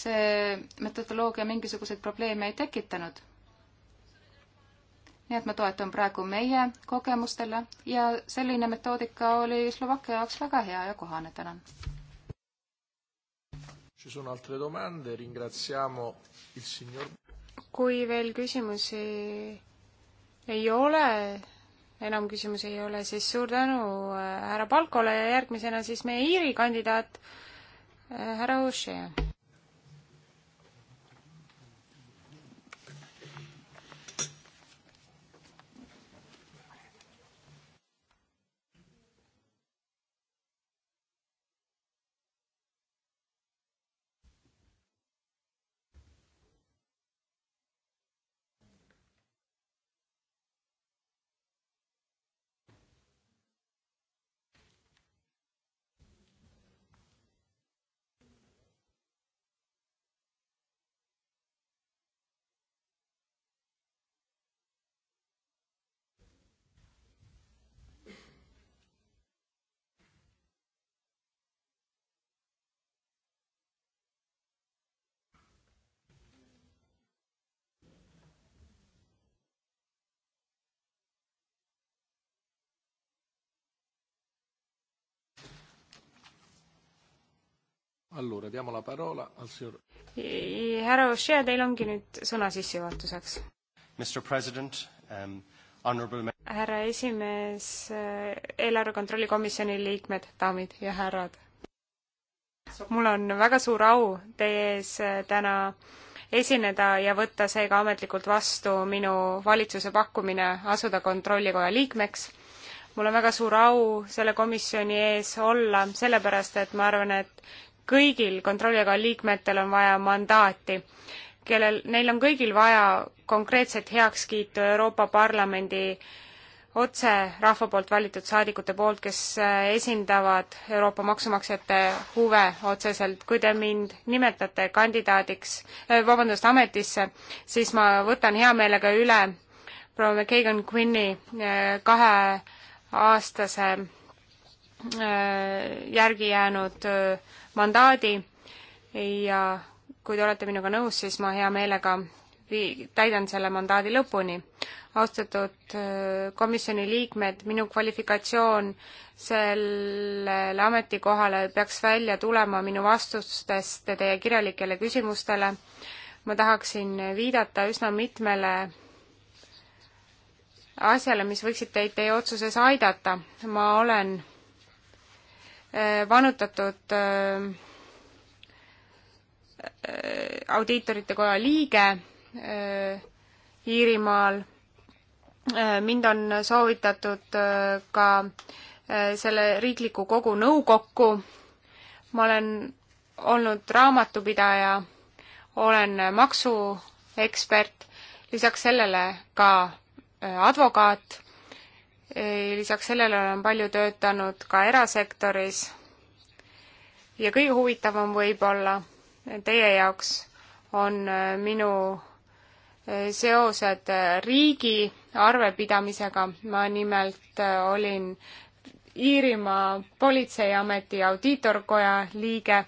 see metodoloogia mingisuguseid probleeme ei tekitanud. nii et ma toetun praegu meie kogemustele ja selline metoodika oli Slovakkia jaoks väga hea ja kohane, tänan kui veel küsimusi ei ole, enam küsimusi ei ole, siis suur tänu äh, härra Palkole ja järgmisena siis meie Iiri kandidaat, äh, härra O'Shea. Allora, diamo la parola al signor... E, härra Oshia, teil ongi nüüd sõna sissejuhatuseks. Mr President um,, honorable härra esimees, eh, eelarve kontrolli komisjoni liikmed, daamid ja härrad. mul on väga suur au teie ees eh, täna esineda ja võtta seega ametlikult vastu minu valitsuse pakkumine asuda kontrollikoja liikmeks mul on väga suur au selle komisjoni ees olla, sellepärast et ma arvan, et kõigil kontrolliga liikmetel on vaja mandaati, kellel, neil on kõigil vaja konkreetset heakskiitu Euroopa Parlamendi otse rahva poolt valitud saadikute poolt, kes eh, esindavad Euroopa maksumaksjate huve otseselt. kui te mind nimetate kandidaadiks, eh, vabandust, ametisse, siis ma võtan hea meelega üle proua McKagan Quinni eh, kaheaastase Äh, järgi jäänud äh, mandaadi ja kui te olete minuga nõus, siis ma hea meelega vii-, täidan selle mandaadi lõpuni. austatud äh, komisjoni liikmed, minu kvalifikatsioon sellele ametikohale peaks välja tulema minu vastustest teie kirjalikele küsimustele. ma tahaksin viidata üsna mitmele asjale, mis võiksid teid teie otsuses aidata. ma olen Äh, vanutatud äh, audiitorite koja liige äh, Iirimaal. mind on soovitatud ka selle riikliku kogu nõukokku. ma olen olnud raamatupidaja, olen maksuekspert, lisaks sellele ka advokaat lisaks sellele olen palju töötanud ka erasektoris ja kõige huvitavam võib-olla teie jaoks on äh, minu äh, seosed äh, riigi arvepidamisega, ma nimelt olin Iirimaa politseiameti audiitorkoja liige,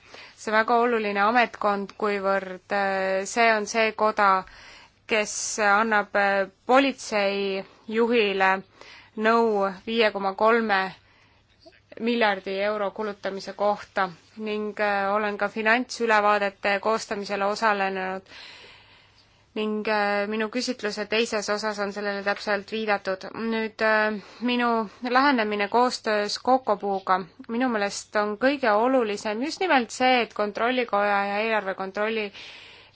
see on väga oluline ametkond, kuivõrd see on see koda, kes annab politseijuhile nõu viie koma kolme miljardi euro kulutamise kohta ning äh, olen ka finantsülevaadete koostamisel osalenud ning äh, minu küsitluse teises osas on sellele täpselt viidatud. nüüd äh, minu lähenemine koostöös Kokopuuga. minu meelest on kõige olulisem just nimelt see, et Kontrollikoja ja eelarve kontrolli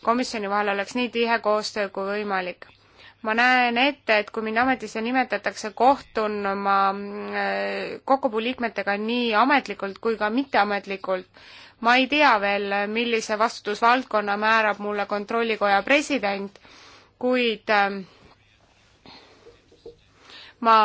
komisjoni vahel oleks nii tihe koostöö kui võimalik ma näen ette, et kui mind ametisse nimetatakse, kohtun ma äh, Kokobu liikmetega nii ametlikult kui ka mitteametlikult. ma ei tea veel, millise vastutusvaldkonna määrab mulle Kontrollikoja president, kuid äh, ma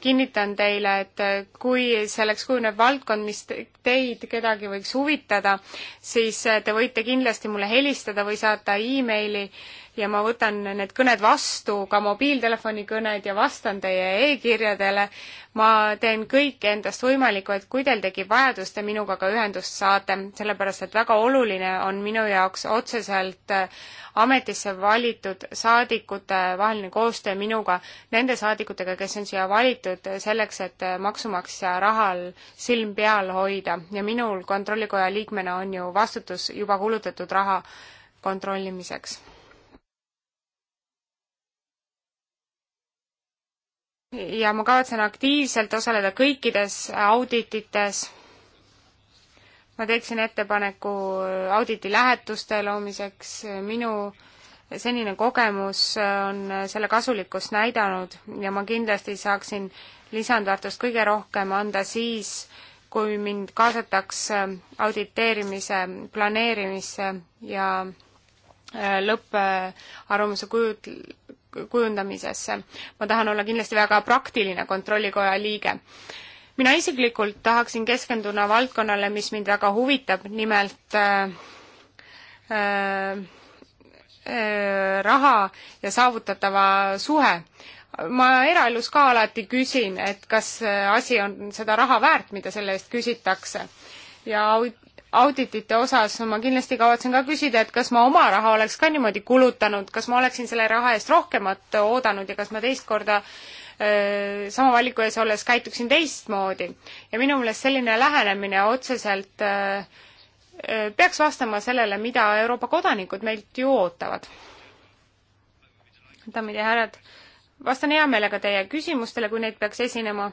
kinnitan teile, et äh, kui selleks kujuneb valdkond, mis teid, kedagi võiks huvitada, siis te võite kindlasti mulle helistada või saata emaili äh, ja ma võtan need kõned vastu, ka mobiiltelefoni kõned ja vastan teie e-kirjadele. ma teen kõik endast võimalikku, et kui teil tekib vajadus, te minuga ka ühendust saate, sellepärast et väga oluline on minu jaoks otseselt äh, ametisse valitud saadikute vaheline koostöö minuga, nende saadikutega, kes on siia valitud selleks, et äh, maksumaksja rahal silm peal hoida ja minul kontrollikoja liikmena on ju vastutus juba kulutatud raha kontrollimiseks ja ma kavatsen aktiivselt osaleda kõikides auditites. ma teeksin ettepaneku auditi lähetuste loomiseks, minu senine kogemus on selle kasulikkust näidanud ja ma kindlasti saaksin lisandväärtust kõige rohkem anda siis, kui mind kaasatakse auditeerimise planeerimisse ja äh, lõpparvamuse kujut-, kujundamisesse. ma tahan olla kindlasti väga praktiline kontrollikoja liige. mina isiklikult tahaksin keskenduda valdkonnale, mis mind väga huvitab, nimelt äh, äh, äh, raha ja saavutatava suhe. ma eraelus ka alati küsin, et kas asi on seda raha väärt, mida selle eest küsitakse ja aud-, auditite osas ma kindlasti kavatsen ka küsida, et kas ma oma raha oleks ka niimoodi kulutanud, kas ma oleksin selle raha eest rohkemat oodanud ja kas ma teist korda öö, sama valiku ees olles käituksin teistmoodi. ja minu meelest selline lähenemine otseselt öö, peaks vastama sellele, mida Euroopa kodanikud meilt ju ootavad. daamid ja härrad, vastan hea meelega teie küsimustele, kui neid peaks esinema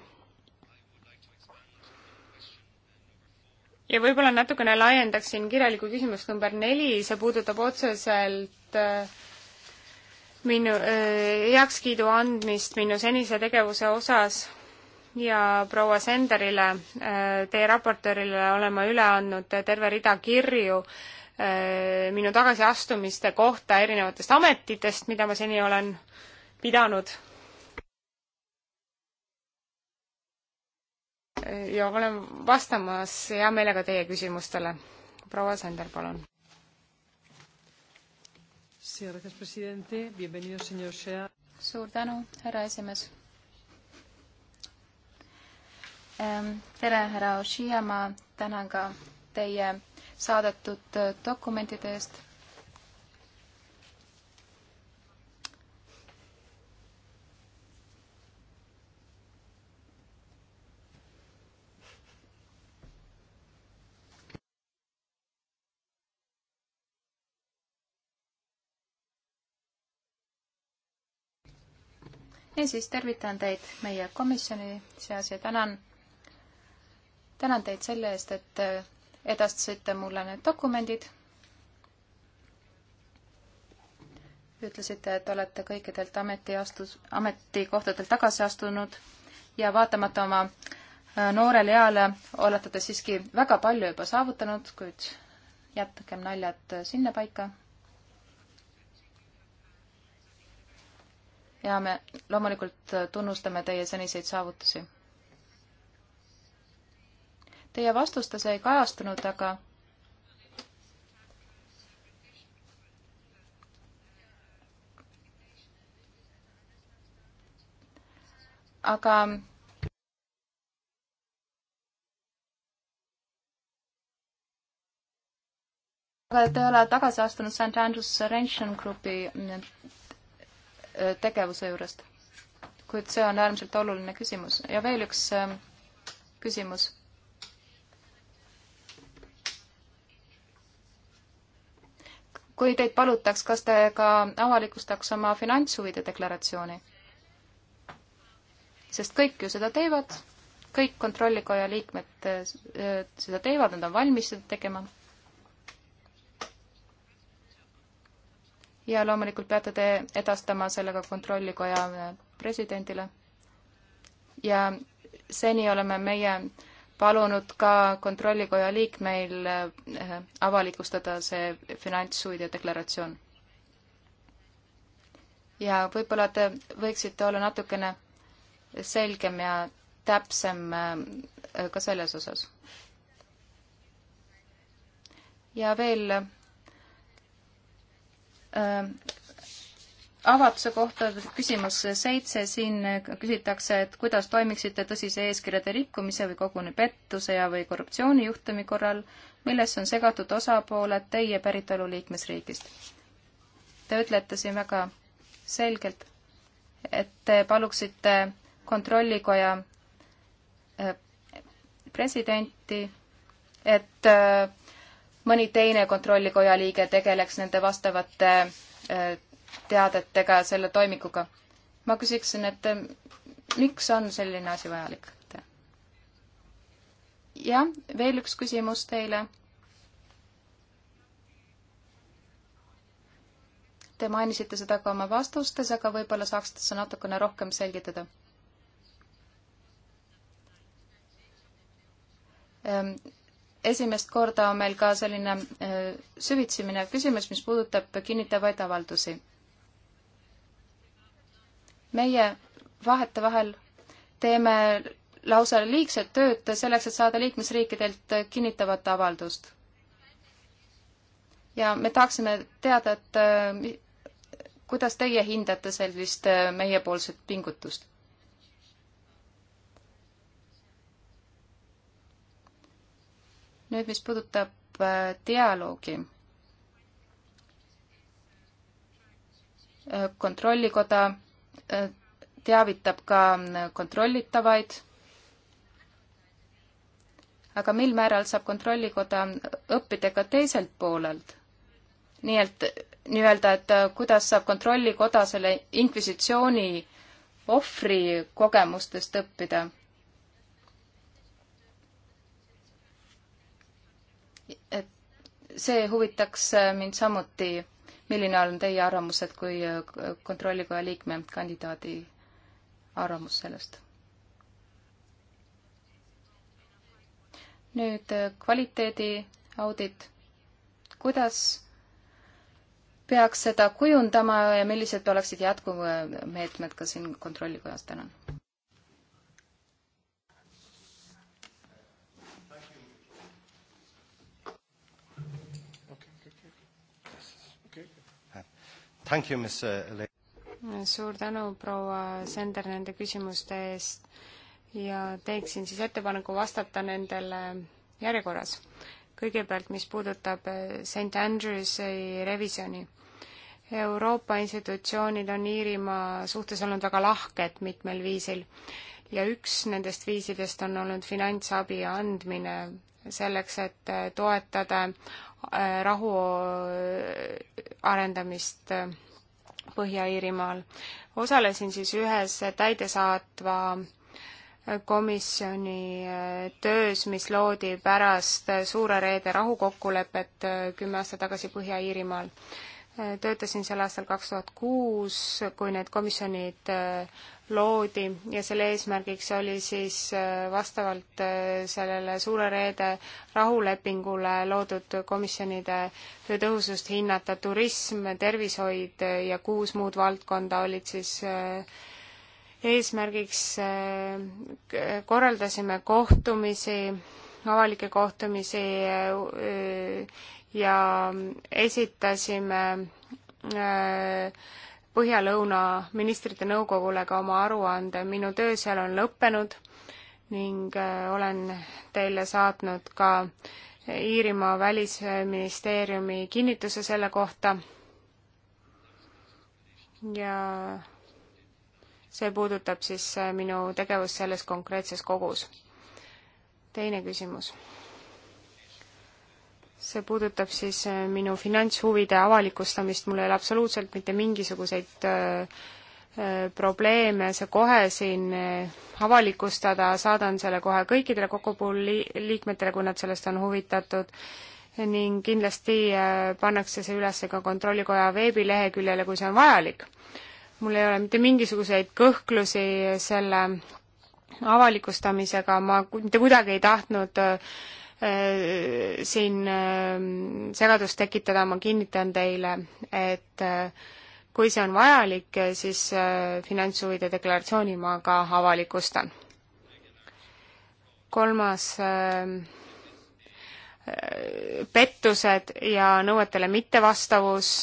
ja võib-olla natukene laiendaksin kirjalikku küsimust number neli, see puudutab otseselt äh, minu äh, heakskiidu andmist minu senise tegevuse osas ja proua Senderile, äh, teie raportöörile olen ma üle andnud terve rida kirju minu tagasiastumiste kohta erinevatest ametitest, mida ma seni olen pidanud ja olen vastamas hea meelega teie küsimustele. proua Sander, palun. suur tänu, härra esimees. Ehm, tere, härra Oshia, ma tänan ka teie saadetud dokumentide eest niisiis, tervitan teid meie komisjoni seas ja tänan, tänan teid selle eest, et edastasite mulle need dokumendid. ütlesite, et olete kõikidelt ametiastus, ametikohtadelt tagasi astunud ja vaatamata oma äh, noorele eale olete te siiski väga palju juba saavutanud, kuid jätkem naljad äh, sinnapaika ja me loomulikult tunnustame teie seniseid saavutusi. Teie vastustes ei kajastunud aga aga aga te olete tagasi astunud St Andrews Ransion Groupi tegevuse juurest. kuid see on äärmiselt oluline küsimus ja veel üks ähm, küsimus. kui teid palutaks, kas te ka avalikustaks oma finantshuvide deklaratsiooni? sest kõik ju seda teevad, kõik kontrollikoja liikmed äh, seda teevad, nad on valmis seda tegema ja loomulikult peate te edastama selle ka Kontrollikoja presidendile. ja seni oleme meie palunud ka Kontrollikoja liikmeil eh, avalikustada see finantshuvide deklaratsioon. ja võib-olla te võiksite olla natukene selgem ja täpsem eh, ka selles osas. ja veel Äh, avalduse kohta küsimus seitse, siin küsitakse, et kuidas toimiksite tõsise eeskirjade rikkumise või koguni pettuse ja või korruptsioonijuhtumi korral, millesse on segatud osapooled teie päritolu liikmesriigist. Te ütlete siin väga selgelt, et te paluksite kontrollikoja äh, presidenti, et äh, mõni teine kontrollikoja liige tegeleks nende vastavate äh, teadetega ja selle toimikuga. ma küsiksin, et äh, miks on selline asi vajalik? jah, veel üks küsimus teile. Te mainisite seda ka oma vastustes, aga võib-olla saaksite seda natukene rohkem selgitada ähm, esimest korda on meil ka selline äh, süvitsi minev küsimus, mis puudutab kinnitavaid avaldusi. meie vahetevahel teeme lausa liigset tööd selleks, et saada liikmesriikidelt kinnitavat avaldust. ja me tahaksime teada, et äh, kuidas teie hindate sellist äh, meiepoolset pingutust? nüüd, mis puudutab äh, dialoogi. Äh, kontrollikoda äh, teavitab ka kontrollitavaid, aga mil määral saab kontrollikoda õppida ka teiselt poolelt? nii et nii-öelda, et kuidas saab kontrollikoda selle inkvisitsiooni ohvri kogemustest õppida see huvitaks äh, mind samuti, milline on teie arvamused kui äh, kontrollikoja liikme kandidaadi arvamus sellest? nüüd äh, kvaliteediaudit, kuidas peaks seda kujundama ja millised oleksid jätkumeetmed ka siin kontrollikojas, tänan Thank you, Miss uh, Le-. suur tänu, proua Sender, nende küsimuste eest ja teeksin siis ettepaneku vastata nendele järjekorras. kõigepealt, mis puudutab eh, St Andrewsi revisjoni. Euroopa institutsioonid on Iirimaa suhtes olnud väga lahked mitmel viisil ja üks nendest viisidest on olnud finantsabi andmine selleks, et äh, toetada äh, rahu äh, arendamist Põhja-Iirimaal. osalesin siis ühes täidesaatva komisjoni töös, mis loodi pärast Suure Reede rahukokkulepet kümme aastat tagasi Põhja-Iirimaal. töötasin seal aastal kaks tuhat kuus, kui need komisjonid loodi ja selle eesmärgiks oli siis äh, vastavalt äh, sellele Suure Reede rahulepingule loodud komisjonide töö tõhusust hinnata turism, tervishoid äh, ja kuus muud valdkonda olid siis eesmärgiks, korraldasime kohtumisi, avalikke kohtumisi ja esitasime Põhja-Lõuna ministrite nõukogule ka oma aruande, minu töö seal on lõppenud ning äh, olen teile saatnud ka Iirimaa välisministeeriumi kinnituse selle kohta ja see puudutab siis äh, minu tegevust selles konkreetses kogus. teine küsimus see puudutab siis äh, minu finantshuvide avalikustamist, mul ei ole absoluutselt mitte mingisuguseid äh, äh, probleeme see kohe siin avalikustada, saadan selle kohe kõikidele kogupool liikmetele, kui nad sellest on huvitatud ning kindlasti pannakse see üles ka Kontrollikoja veebileheküljele, kui see on vajalik. mul ei ole mitte mingisuguseid kõhklusi selle avalikustamisega, ma mitte kuidagi ei tahtnud äh, Äh, siin äh, segadust tekitada, ma kinnitan teile, et äh, kui see on vajalik, siis finantshuvide deklaratsiooni ma ka avalikustan. kolmas pettused ja nõuetele mittevastavus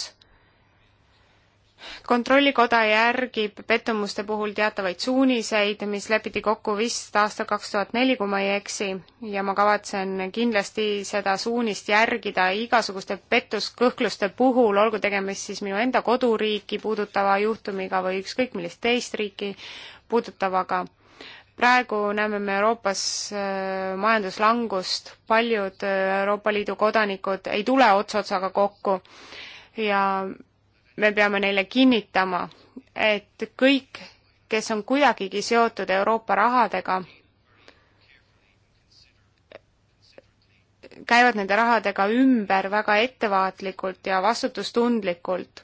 kontrollikoda järgib pettumuste puhul teatavaid suuniseid, mis lepiti kokku vist aastal kaks tuhat neli, kui ma ei eksi, ja ma kavatsen kindlasti seda suunist järgida igasuguste pettuskõhkluste puhul, olgu tegemist siis minu enda koduriiki puudutava juhtumiga või ükskõik millist teist riiki puudutavaga. praegu näeme me Euroopas äh, majanduslangust, paljud äh, Euroopa Liidu kodanikud ei tule ots otsaga kokku ja me peame neile kinnitama, et kõik, kes on kuidagigi seotud Euroopa rahadega, käivad nende rahadega ümber väga ettevaatlikult ja vastutustundlikult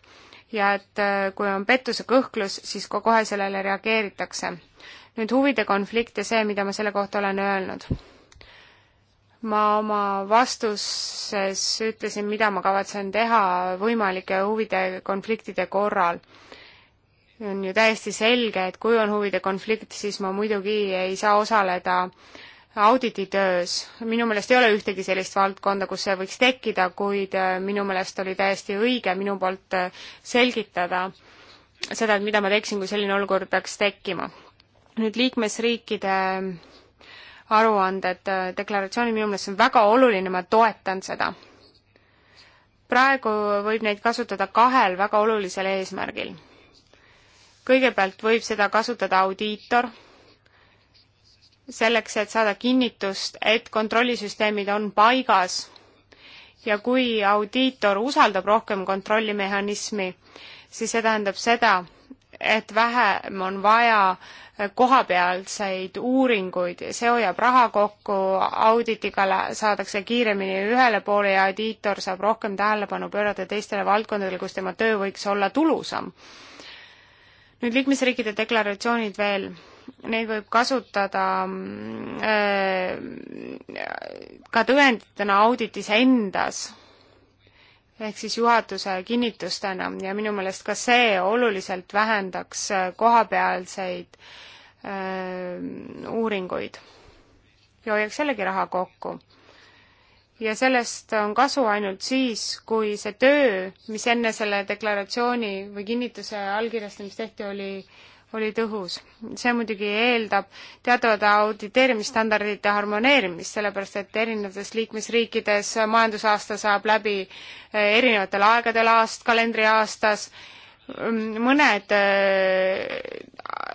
ja et äh, kui on pettuse kõhklus, siis ka kohe sellele reageeritakse. nüüd huvide konflikt ja see, mida ma selle kohta olen öelnud ma oma vastuses ütlesin, mida ma kavatsen teha võimalike huvide konfliktide korral. on ju täiesti selge, et kui on huvide konflikt, siis ma muidugi ei saa osaleda audititöös. minu meelest ei ole ühtegi sellist valdkonda, kus see võiks tekkida, kuid äh, minu meelest oli täiesti õige minu poolt äh, selgitada seda, et mida ma teeksin, kui selline olukord peaks tekkima. nüüd liikmesriikide aruanded, äh, deklaratsioonid, minu meelest see on väga oluline, ma toetan seda. praegu võib neid kasutada kahel väga olulisel eesmärgil. kõigepealt võib seda kasutada audiitor, selleks, et saada kinnitust, et kontrollisüsteemid on paigas ja kui audiitor usaldab rohkem kontrollimehhanismi, siis see tähendab seda, et vähem on vaja kohapealseid uuringuid, see hoiab raha kokku, auditiga saadakse kiiremini ühele poole ja audiitor saab rohkem tähelepanu pöörata teistele valdkondadele, kus tema töö võiks olla tulusam. nüüd liikmesriikide deklaratsioonid veel neid võib kasutada mm, äh, ka tõenditena auditis endas ehk siis juhatuse kinnitustena ja minu meelest ka see oluliselt vähendaks äh, kohapealseid öö, äh, uuringuid ja hoiaks jällegi raha kokku. ja sellest on kasu ainult siis, kui see töö, mis enne selle deklaratsiooni või kinnituse allkirjastamist tehti, oli öö, oli tõhus. see muidugi eeldab teatavate auditeerimisstandardite harmoneerimist, sellepärast et erinevates liikmesriikides majandusaasta saab läbi eh, erinevatel aegadel aast-, kalendriaastas, mm, mõned eh,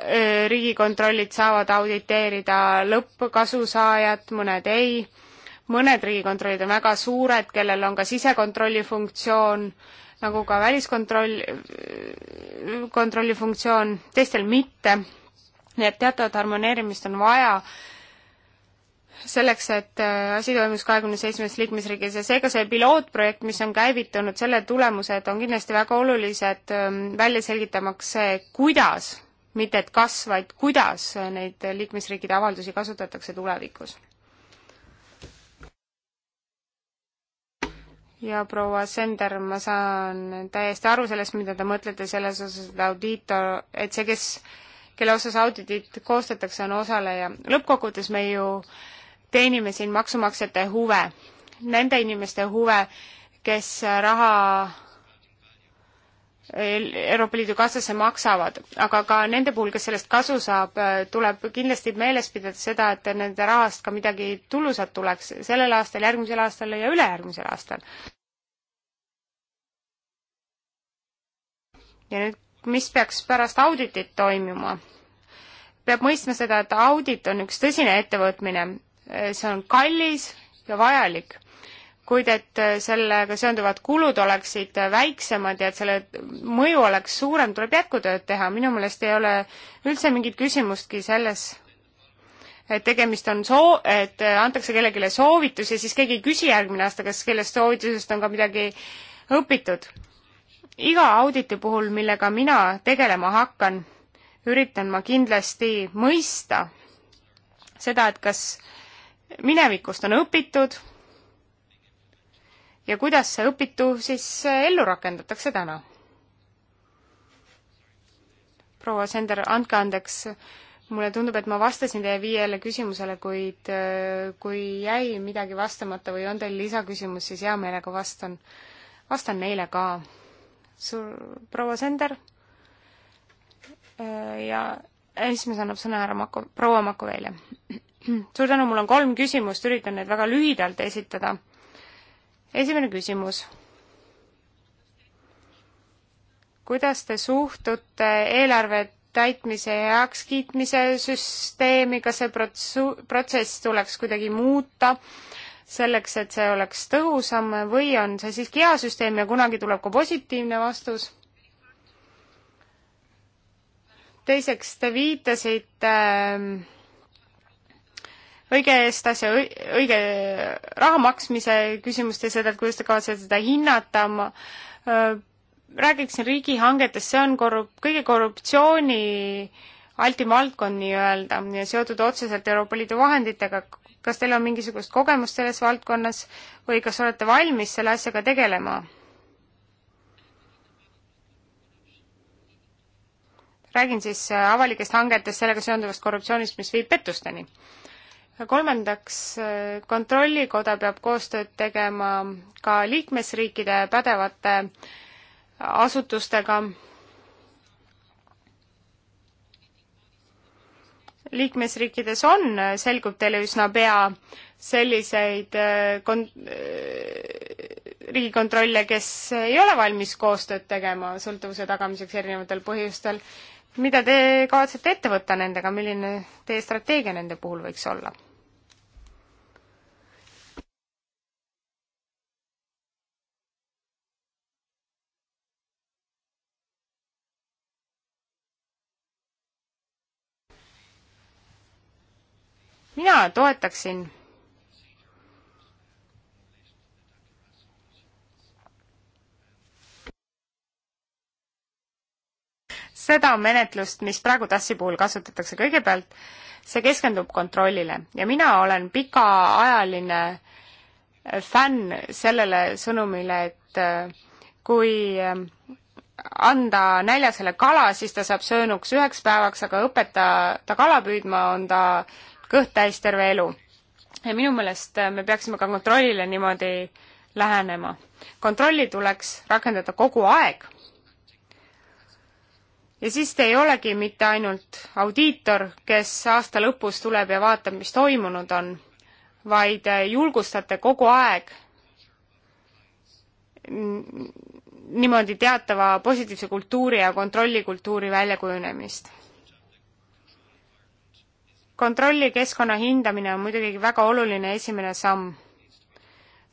eh, riigikontrollid saavad auditeerida lõppkasusaajat, mõned ei, mõned riigikontrollid on väga suured, kellel on ka sisekontrolli funktsioon, nagu ka väliskontroll, kontrolli funktsioon, teistel mitte. nii et teatavat harmoneerimist on vaja selleks, et äh, asi toimus kahekümne seitsmes liikmesriigis ja seega see pilootprojekt, mis on käivitunud, selle tulemused on kindlasti väga olulised ähm, välja selgitamaks see, kuidas, mitte et kas, vaid kuidas neid liikmesriikide avaldusi kasutatakse tulevikus. ja proua Sender, ma saan täiesti aru sellest, mida te mõtlete selles osas, et audiitor, et see, kes, kelle osas auditit koostatakse, on osaleja. lõppkokkuvõttes me ju teenime siin maksumaksjate huve, nende inimeste huve, kes raha Euroopa Liidu kassasse maksavad, aga ka nende puhul, kes sellest kasu saab, äh, tuleb kindlasti meeles pidada seda, et nende rahast ka midagi tulusat tuleks sellel aastal, järgmisel aastal ja ülejärgmisel aastal. ja nüüd, mis peaks pärast auditit toimuma? peab mõistma seda, et audit on üks tõsine ettevõtmine, äh, see on kallis ja vajalik kuid et äh, sellega seonduvad kulud oleksid äh, väiksemad ja et selle mõju oleks suurem, tuleb jätkutööd teha, minu meelest ei ole üldse mingit küsimustki selles, et tegemist on soo-, et äh, antakse kellelegi soovitus ja siis keegi ei küsi järgmine aasta, kas sellest soovitusest on ka midagi õpitud. iga auditi puhul, millega mina tegelema hakkan, üritan ma kindlasti mõista seda, et kas minevikust on õpitud ja kuidas see õpitu siis äh, ellu rakendatakse täna? proua Sender, andke andeks, mulle tundub, et ma vastasin teie viiele küsimusele, kuid äh, kui jäi midagi vastamata või on teil lisaküsimus, siis hea meelega vastan, vastan neile ka. suur, proua Sender äh, ja esimese annab sõna härra Mako, proua Makoveile. suur tänu, mul on kolm küsimust, üritan need väga lühidalt esitada esimene küsimus. kuidas te suhtute eelarve täitmise ja heakskiitmise süsteemi, kas see protsu-, protsess tuleks kuidagi muuta selleks, et see oleks tõhusam või on see siiski hea süsteem ja kunagi tuleb ka positiivne vastus? teiseks, te viitasite äh, õige eest asja, õige raha maksmise küsimust ja seda, et kuidas te kavatsete seda hinnata, ma räägiksin riigihangetest, see on korrup-, kõige korruptsiooni altim valdkond nii-öelda ja seotud otseselt Euroopa Liidu vahenditega. kas teil on mingisugust kogemust selles valdkonnas või kas olete valmis selle asjaga tegelema? räägin siis avalikest hangetest, sellega seonduvast korruptsioonist, mis viib pettusteni kolmandaks, Kontrollikoda peab koostööd tegema ka liikmesriikide pädevate asutustega. liikmesriikides on, selgub teile üsna pea, selliseid äh, kon-, äh, riigikontrolle, kes ei ole valmis koostööd tegema sõltuvuse tagamiseks erinevatel põhjustel. mida te kavatsete ette võtta nendega, milline teie strateegia nende puhul võiks olla? mina toetaksin seda menetlust, mis praegu TASi puhul kasutatakse, kõigepealt see keskendub kontrollile ja mina olen pikaajaline fänn sellele sõnumile, et äh, kui äh, anda näljasele kala, siis ta saab söönuks üheks päevaks, aga õpeta ta kala püüdma, on ta kõht täis terve elu. ja minu meelest äh, me peaksime ka kontrollile niimoodi lähenema. kontrolli tuleks rakendada kogu aeg. ja siis te ei olegi mitte ainult audiitor, kes aasta lõpus tuleb ja vaatab, mis toimunud on, vaid äh, julgustate kogu aeg niimoodi teatava positiivse kultuuri ja kontrollikultuuri väljakujunemist kontrollikeskkonna hindamine on muidugi väga oluline esimene samm.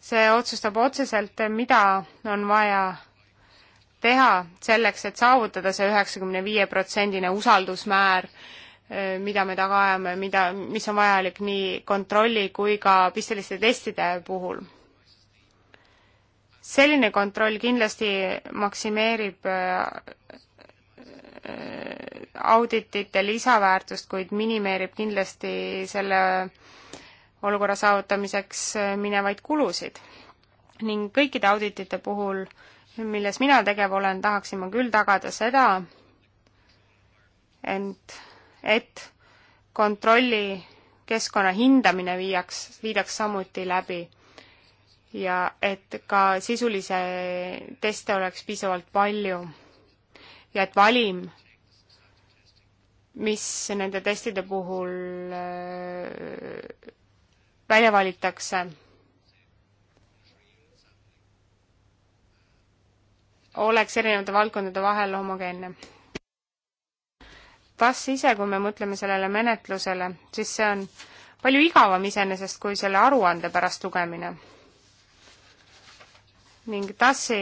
see otsustab otseselt, mida on vaja teha selleks, et saavutada see üheksakümne viie protsendine usaldusmäär, eh, mida me taga ajame, mida, mis on vajalik nii kontrolli kui ka pisteliste testide puhul. selline kontroll kindlasti maksimeerib eh, eh, auditite lisaväärtust, kuid minimeerib kindlasti selle olukorra saavutamiseks minevaid kulusid. ning kõikide auditite puhul, milles mina tegev olen, tahaksin ma küll tagada seda, ent et kontrolli keskkonna hindamine viiaks, viidaks samuti läbi ja et ka sisulisi teste oleks piisavalt palju ja et valim mis nende testide puhul äh, välja valitakse, oleks erinevate valdkondade vahel homogeenne. kas ise, kui me mõtleme sellele menetlusele, siis see on palju igavam iseenesest kui selle aruande pärast lugemine. ning TASi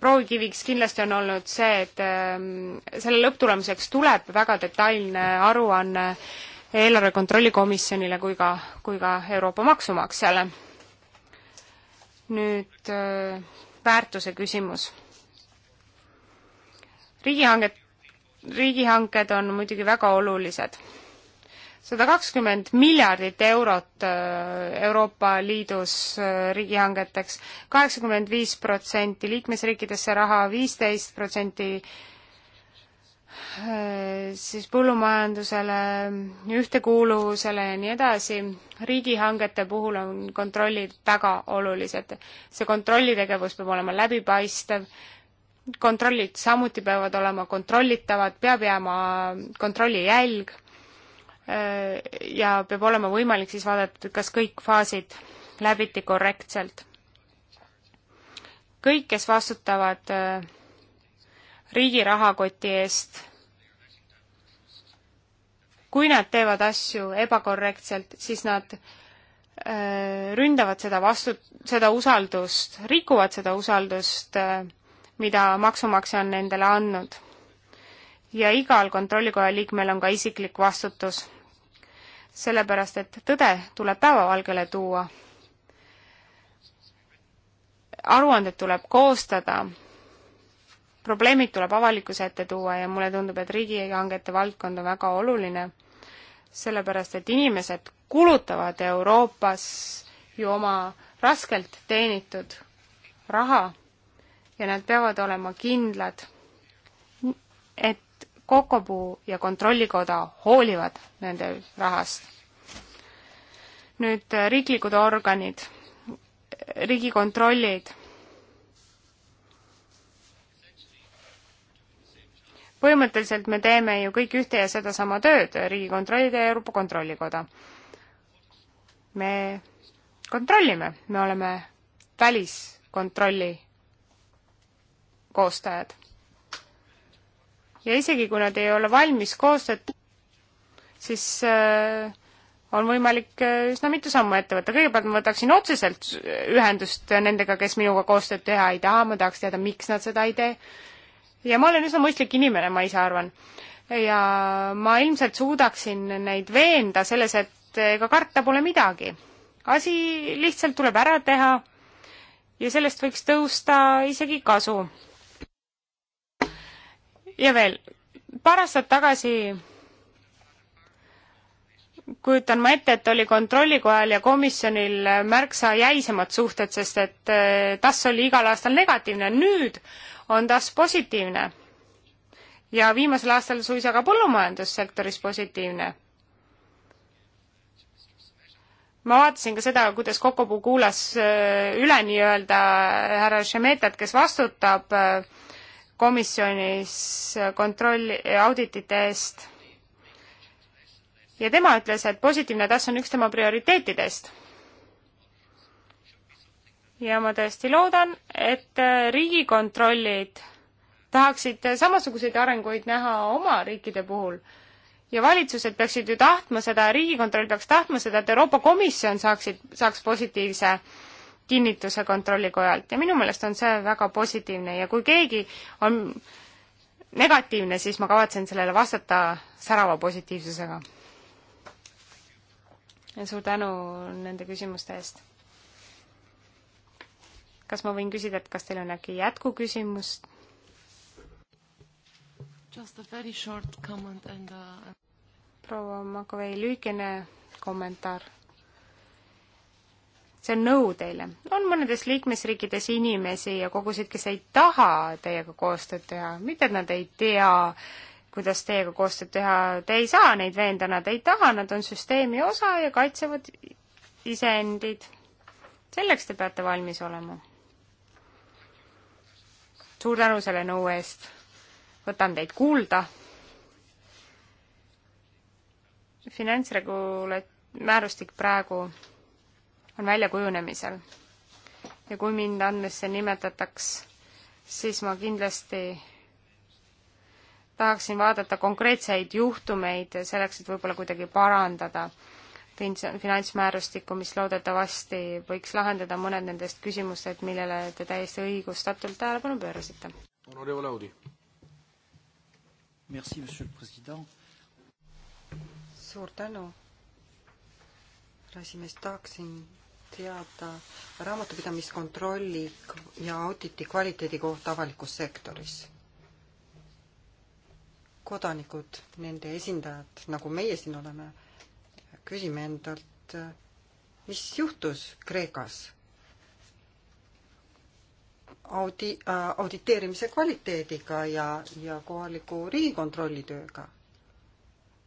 proovikiviks kindlasti on olnud see, et ähm, selle lõpptulemuseks tuleb väga detailne aruanne eelarve kontrolli komisjonile kui ka, kui ka Euroopa maksumaksjale. nüüd äh, väärtuse küsimus. riigihanget, riigihanked on muidugi väga olulised sada kakskümmend miljardit eurot äh, Euroopa Liidus äh, riigihangeteks, kaheksakümmend viis protsenti liikmesriikidesse raha, viisteist protsenti äh, siis põllumajandusele, ühtekuuluvusele ja nii edasi, riigihangete puhul on kontrollid väga olulised. see kontrollitegevus peab olema läbipaistev, kontrollid samuti peavad olema kontrollitavad, peab jääma kontrolli jälg ja peab olema võimalik siis vaadata, kas kõik faasid läbiti korrektselt. kõik, kes vastutavad äh, riigi rahakoti eest, kui nad teevad asju ebakorrektselt, siis nad äh, ründavad seda vastu, seda usaldust, rikuvad seda usaldust, äh, mida maksumaksja on nendele andnud. ja igal kontrollikoja liikmel on ka isiklik vastutus sellepärast et tõde tuleb päevavalgele tuua. aruanded tuleb koostada, probleemid tuleb avalikkuse ette tuua ja mulle tundub, et riigihangete valdkond on väga oluline, sellepärast et inimesed kulutavad Euroopas ju oma raskelt teenitud raha ja nad peavad olema kindlad, et Kokopuu ja Kontrollikoda hoolivad nende rahast. nüüd äh, riiklikud organid, riigikontrollid. põhimõtteliselt me teeme ju kõik ühte ja sedasama tööd, Riigikontrollid ja Euroopa Kontrollikoda. me kontrollime, me oleme väliskontrolli koostajad ja isegi kui nad ei ole valmis koostööd, siis äh, on võimalik äh, üsna mitu sammu ette võtta. kõigepealt ma võtaksin otseselt ühendust nendega, kes minuga koostööd teha ei taha, ma tahaks teada, miks nad seda ei tee. ja ma olen üsna mõistlik inimene, ma ise arvan. ja ma ilmselt suudaksin neid veenda selles, et ega karta pole midagi. asi lihtsalt tuleb ära teha ja sellest võiks tõusta isegi kasu ja veel, paar aastat tagasi kujutan ma ette, et oli kontrollikojal ja komisjonil märksa jäisemad suhted, sest et eh, TAS oli igal aastal negatiivne, nüüd on TAS positiivne. ja viimasel aastal suisa ka põllumajandussektoris positiivne. ma vaatasin ka seda, kuidas Kokopuu kuulas eh, üle nii-öelda härra Šemetat, kes vastutab äh, komisjonis kontrolli, auditite eest. ja tema ütles, et positiivne tasu on üks tema prioriteetidest. ja ma tõesti loodan, et äh, riigikontrollid tahaksid äh, samasuguseid arenguid näha oma riikide puhul. ja valitsused peaksid ju tahtma seda, Riigikontroll peaks tahtma seda, et Euroopa Komisjon saaksid, saaks positiivse äh, kinnituse kontrollikojalt ja minu meelest on see väga positiivne ja kui keegi on negatiivne, siis ma kavatsen sellele vastata särava positiivsusega. ja suur tänu nende küsimuste eest. kas ma võin küsida, et kas teil on äkki jätkuküsimus? Uh, proua Makovei lühikene kommentaar see on nõu teile. on mõnedes liikmesriikides inimesi ja kogusid, kes ei taha teiega koostööd teha, mitte et nad ei tea, kuidas teiega koostööd teha, te ei saa neid veenda, nad ei taha, nad on süsteemi osa ja kaitsevad iseendid. selleks te peate valmis olema. suur tänu selle nõu eest. võtan teid kuulda. finantsregula-, määrustik praegu on väljakujunemisel. ja kui mind andmesse nimetataks, siis ma kindlasti tahaksin vaadata konkreetseid juhtumeid selleks, et võib-olla kuidagi parandada finantsmäärustikku, mis loodetavasti võiks lahendada mõned nendest küsimustest, millele te täiesti õigustatult tähelepanu pöörasite. suur tänu, härra esimees, tahaksin teada raamatupidamiskontrolli ja auditi kvaliteedi kohta avalikus sektoris. kodanikud, nende esindajad, nagu meie siin oleme, küsime endalt, mis juhtus Kreekas audi-, äh, auditeerimise kvaliteediga ja, ja kohaliku riigikontrolli tööga.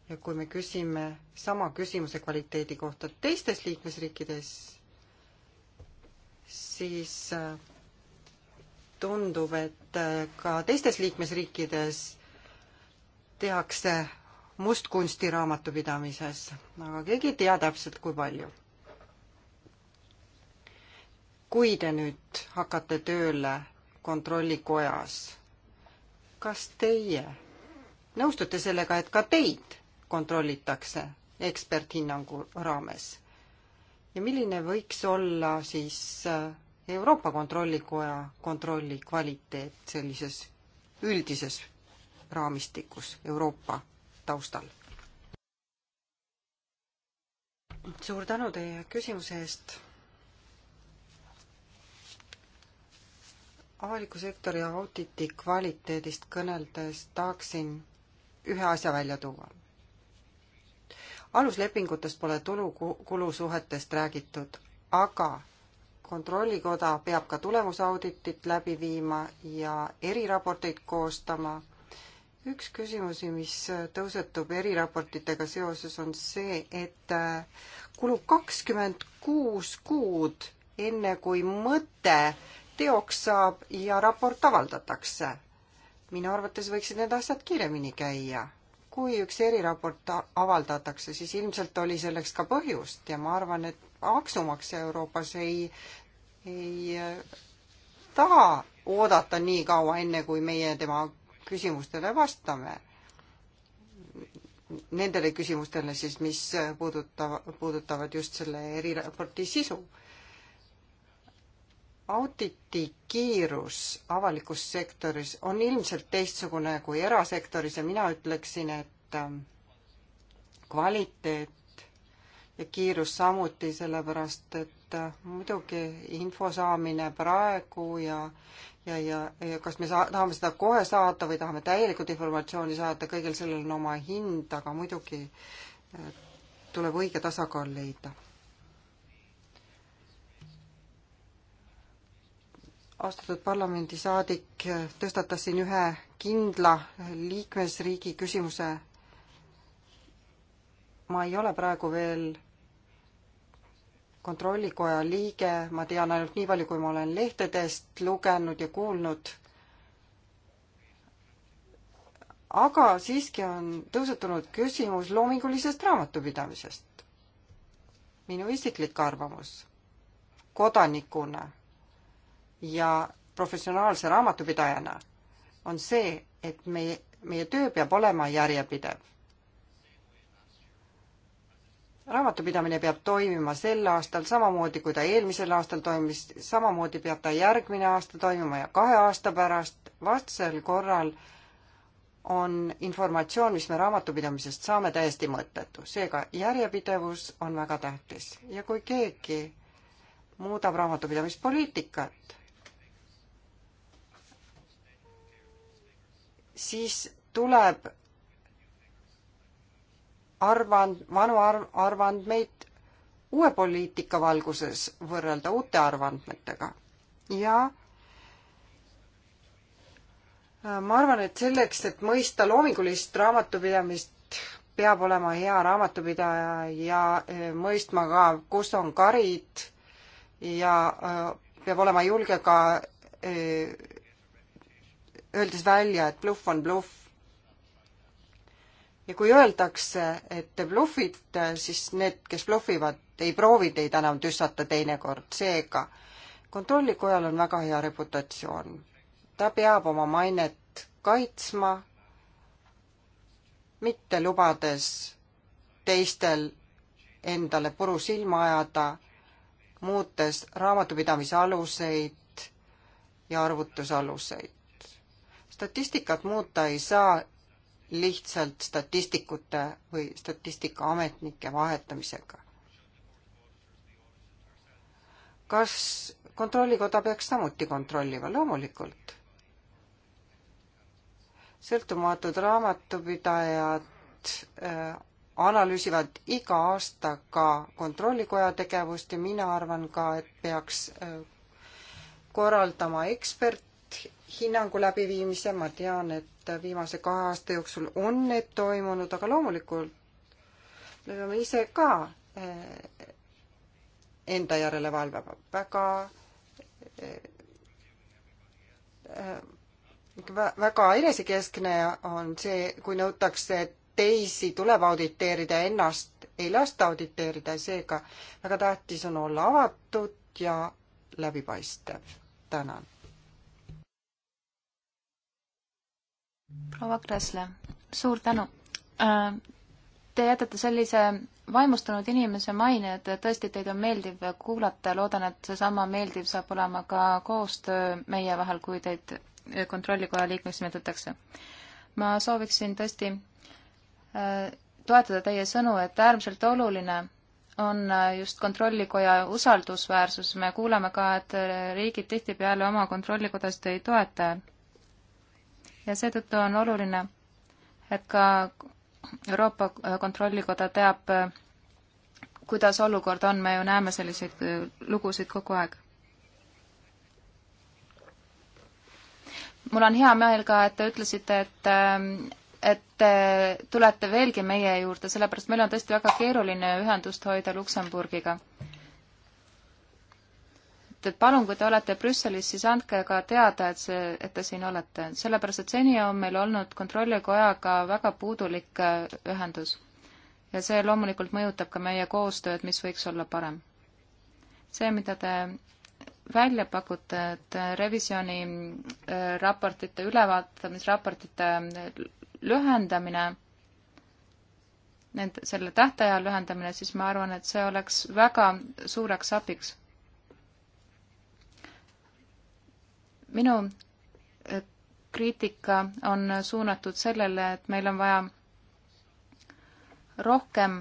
ja kui me küsime sama küsimuse kvaliteedi kohta teistes liikmesriikides, siis äh, tundub, et äh, ka teistes liikmesriikides tehakse mustkunsti raamatupidamises, aga keegi ei tea täpselt, kui palju. kui te nüüd hakkate tööle kontrollikojas, kas teie nõustute sellega, et ka teid kontrollitakse eksperthinnangu raames? ja milline võiks olla siis äh, Euroopa Kontrollikoja kontrolli kvaliteet sellises üldises raamistikus Euroopa taustal? suur tänu teie küsimuse eest. avaliku sektori auditi kvaliteedist kõneldes tahaksin ühe asja välja tuua aluslepingutest pole tulu-kulusuhetest räägitud, aga kontrollikoda peab ka tulemusauditit läbi viima ja eriraporteid koostama. üks küsimusi, mis tõusetub eriraportitega seoses, on see, et äh, kulub kakskümmend kuus kuud, enne kui mõte teoks saab ja raport avaldatakse. minu arvates võiksid need asjad kiiremini käia kui üks eriraport avaldatakse, siis ilmselt oli selleks ka põhjust ja ma arvan, et maksumaksja Euroopas ei, ei äh, taha oodata nii kaua, enne kui meie tema küsimustele vastame. Nendele küsimustele siis, mis puuduta, puudutavad just selle eriraporti sisu auditi kiirus avalikus sektoris on ilmselt teistsugune kui erasektoris ja mina ütleksin, et ähm, kvaliteet ja kiirus samuti, sellepärast et äh, muidugi info saamine praegu ja ja, ja, ja kas me saa-, tahame seda kohe saata või tahame täielikult informatsiooni saata, kõigil sellel on oma hind, aga muidugi äh, tuleb õige tasakaal leida austatud parlamendisaadik tõstatas siin ühe kindla liikmesriigi küsimuse. ma ei ole praegu veel kontrollikoja liige, ma tean ainult nii palju, kui ma olen lehtedest lugenud ja kuulnud. aga siiski on tõusetunud küsimus loomingulisest raamatupidamisest. minu isiklik arvamus kodanikuna ja professionaalse raamatupidajana on see, et meie, meie töö peab olema järjepidev. raamatupidamine peab toimima sel aastal samamoodi, kui ta eelmisel aastal toimis, samamoodi peab ta järgmine aasta toimima ja kahe aasta pärast, vastasel korral on informatsioon, mis me raamatupidamisest saame, täiesti mõttetu. seega järjepidevus on väga tähtis ja kui keegi muudab raamatupidamispoliitikat, siis tuleb arvand, vanu arv, arvandmeid uue poliitika valguses võrrelda uute arvandmetega. ja ma arvan, et selleks, et mõista loomingulist raamatupidamist, peab olema hea raamatupidaja ja eh, mõistma ka, kus on karid ja eh, peab olema julge ka eh, öeldes välja, et bluff on bluff. ja kui öeldakse, et te bluffite, siis need, kes blufivad, ei proovi teid enam tüssata teinekord, seega kontrollikojal on väga hea reputatsioon. ta peab oma mainet kaitsma, mitte lubades teistel endale puru silma ajada, muutes raamatupidamise aluseid ja arvutusaluseid statistikat muuta ei saa lihtsalt statistikute või statistikaametnike vahetamisega. kas kontrollikoda peaks samuti kontrollima? loomulikult. sõltumatud raamatupidajad äh, analüüsivad iga aasta ka kontrollikoja tegevust ja mina arvan ka, et peaks äh, korraldama ekspert hinnangu läbiviimise, ma tean, et viimase kahe aasta jooksul on need toimunud, aga loomulikult me peame ise ka eh, enda järele valvama. väga eh, eh, väga enesekeskne on see, kui nõutakse teisi tuleb auditeerida, ennast ei lasta auditeerida, seega väga tähtis on olla avatud ja läbipaistev. tänan proua Kressle, suur tänu äh,. Te jätate sellise vaimustunud inimese maine, et tõesti teid on meeldiv kuulata, loodan, et seesama meeldiv saab olema ka koostöö meie vahel, kui teid kontrollikoja liikmeks nimetatakse. ma sooviksin tõesti äh, toetada teie sõnu, et äärmiselt oluline on just kontrollikoja usaldusväärsus, me kuuleme ka, et riigid tihtipeale oma kontrollikodasid ei toeta ja seetõttu on oluline, et ka Euroopa Kontrollikoda teab, kuidas olukord on, me ju näeme selliseid lugusid kogu aeg. mul on hea meel ka, et te ütlesite, et et tulete veelgi meie juurde, sellepärast meil on tõesti väga keeruline ühendust hoida Luksemburgiga et, et palun, kui te olete Brüsselis, siis andke ka teada, et see, et te siin olete, sellepärast et seni on meil olnud kontrollikojaga väga puudulik äh, ühendus. ja see loomulikult mõjutab ka meie koostööd, mis võiks olla parem. see, mida te välja pakute, et revisjoni äh, raportite, ülevaatamisraportite äh, lühendamine, nende, selle tähtaja lühendamine, siis ma arvan, et see oleks väga suureks abiks minu äh, kriitika on suunatud sellele, et meil on vaja rohkem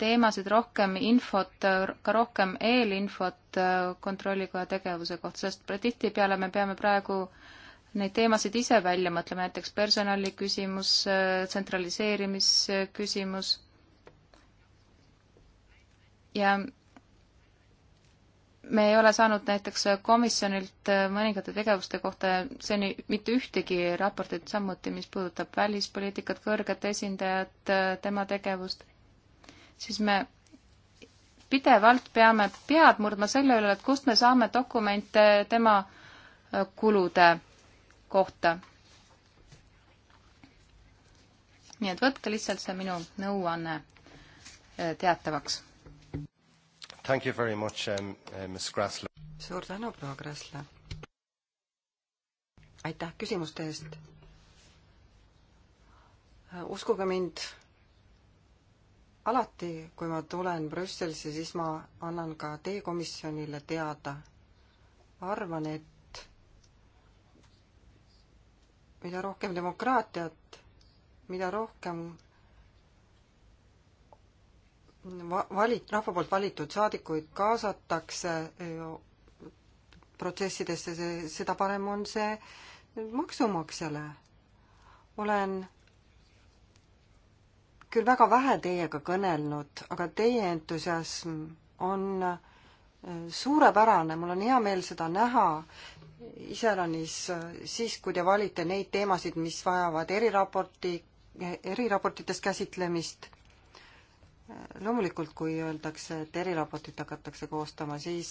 teemasid, rohkem infot, ka rohkem eelinfot äh, kontrollikoja tegevuse kohta, sest tihtipeale me peame praegu neid teemasid ise välja mõtlema, näiteks personali küsimus, äh, tsentraliseerimis küsimus. ja me ei ole saanud näiteks komisjonilt mõningate tegevuste kohta seni mitte ühtegi raportit samuti, mis puudutab välispoliitikat, kõrget esindajat, tema tegevust, siis me pidevalt peame pead murdma selle üle, et kust me saame dokumente tema kulude kohta. nii et võtke lihtsalt see minu nõuanne eh, teatavaks Thank you very much um,, uh, Miss Grassle. suur tänu, proua Grassle. aitäh küsimuste eest. Äh, uskuge mind, alati, kui ma tulen Brüsselisse, siis ma annan ka teie komisjonile teada. arvan, et mida rohkem demokraatiat, mida rohkem valit-, rahva poolt valitud saadikuid kaasatakse eh, protsessidesse, see, seda parem on see maksumaksjale. olen küll väga vähe teiega kõnelnud, aga teie entusiasm on eh, suurepärane, mul on hea meel seda näha, iseäranis eh, siis, kui te valite neid teemasid, mis vajavad eriraporti, eriraportites käsitlemist loomulikult, kui öeldakse, et erirobotit hakatakse koostama, siis,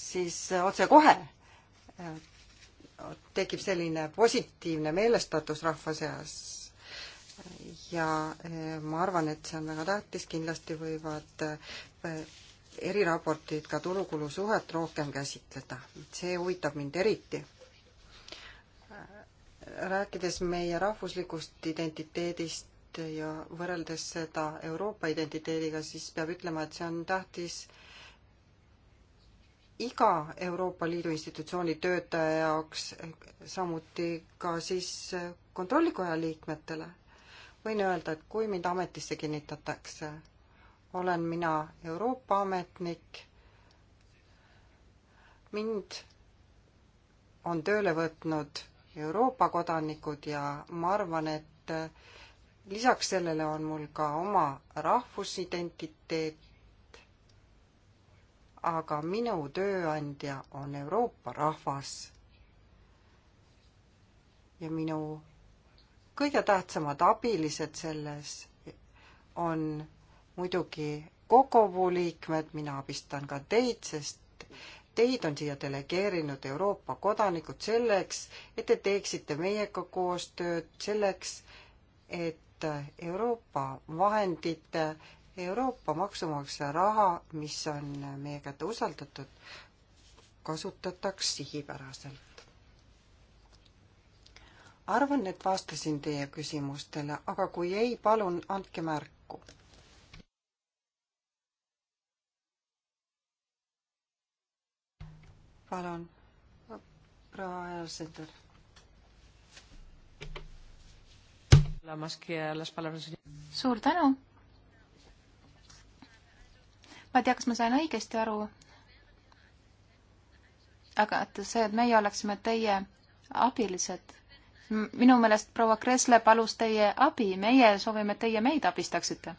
siis otsekohe tekib selline positiivne meelestatus rahva seas. ja eh, ma arvan, et see on väga tähtis, kindlasti võivad eh, eriraportid ka tulukulu suhet rohkem käsitleda, see huvitab mind eriti rääkides meie rahvuslikust identiteedist, identiteet ja võrreldes seda Euroopa identiteediga, siis peab ütlema, et see on tähtis iga Euroopa Liidu institutsiooni töötaja jaoks, samuti ka siis kontrollikoja liikmetele. võin öelda, et kui mind ametisse kinnitatakse, olen mina Euroopa ametnik, mind on tööle võtnud Euroopa kodanikud ja ma arvan, et lisaks sellele on mul ka oma rahvusidentiteet, aga minu tööandja on Euroopa rahvas. ja minu kõige tähtsamad abilised selles on muidugi Kokovu liikmed, mina abistan ka teid, sest teid on siia delegeerinud Euroopa kodanikud selleks, et te teeksite meiega koostööd, selleks, et Euroopa vahendite, Euroopa maksumaksja raha, mis on meie kätte usaldatud, kasutataks sihipäraselt. arvan, et vastasin teie küsimustele, aga kui ei, palun andke märku. palun, proua Ajal-Sender suur tänu. ma ei tea, kas ma sain õigesti aru, aga et see, et meie oleksime teie abilised, minu meelest proua Kresle palus teie abi, meie soovime, et teie meid abistaksite.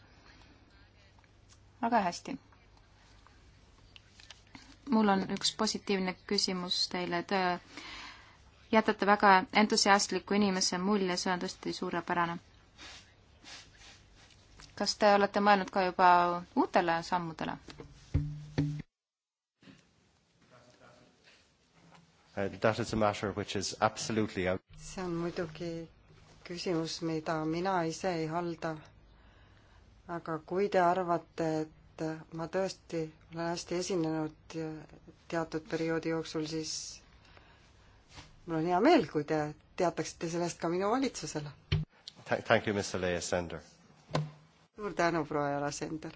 väga hästi. mul on üks positiivne küsimus teile, et jätate väga entusiastliku inimese mulje, see on tõesti suurepärane. kas te olete mõelnud ka juba uutele sammudele? Uh, see on muidugi küsimus, mida mina ise ei halda. aga kui te arvate, et ma tõesti olen hästi esinenud teatud perioodi jooksul, siis mul on hea meel, kui te teataksite sellest ka minu valitsusele. Thank you, Mr Leia Sender. suur tänu, proua Jala Sender.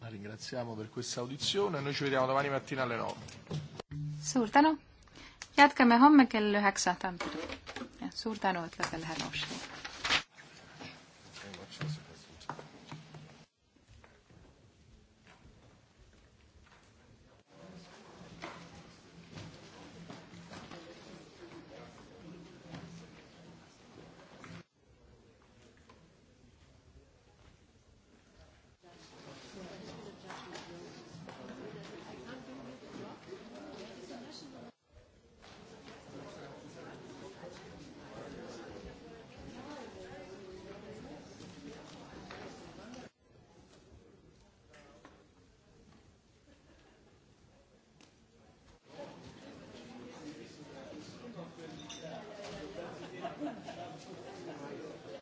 La ringraziamo per questa audizione, noi ci vediamo domani mattina alle nove. suur tänu, jätkame homme kell üheksa. suur tänu, ütleb veel härra Ošin.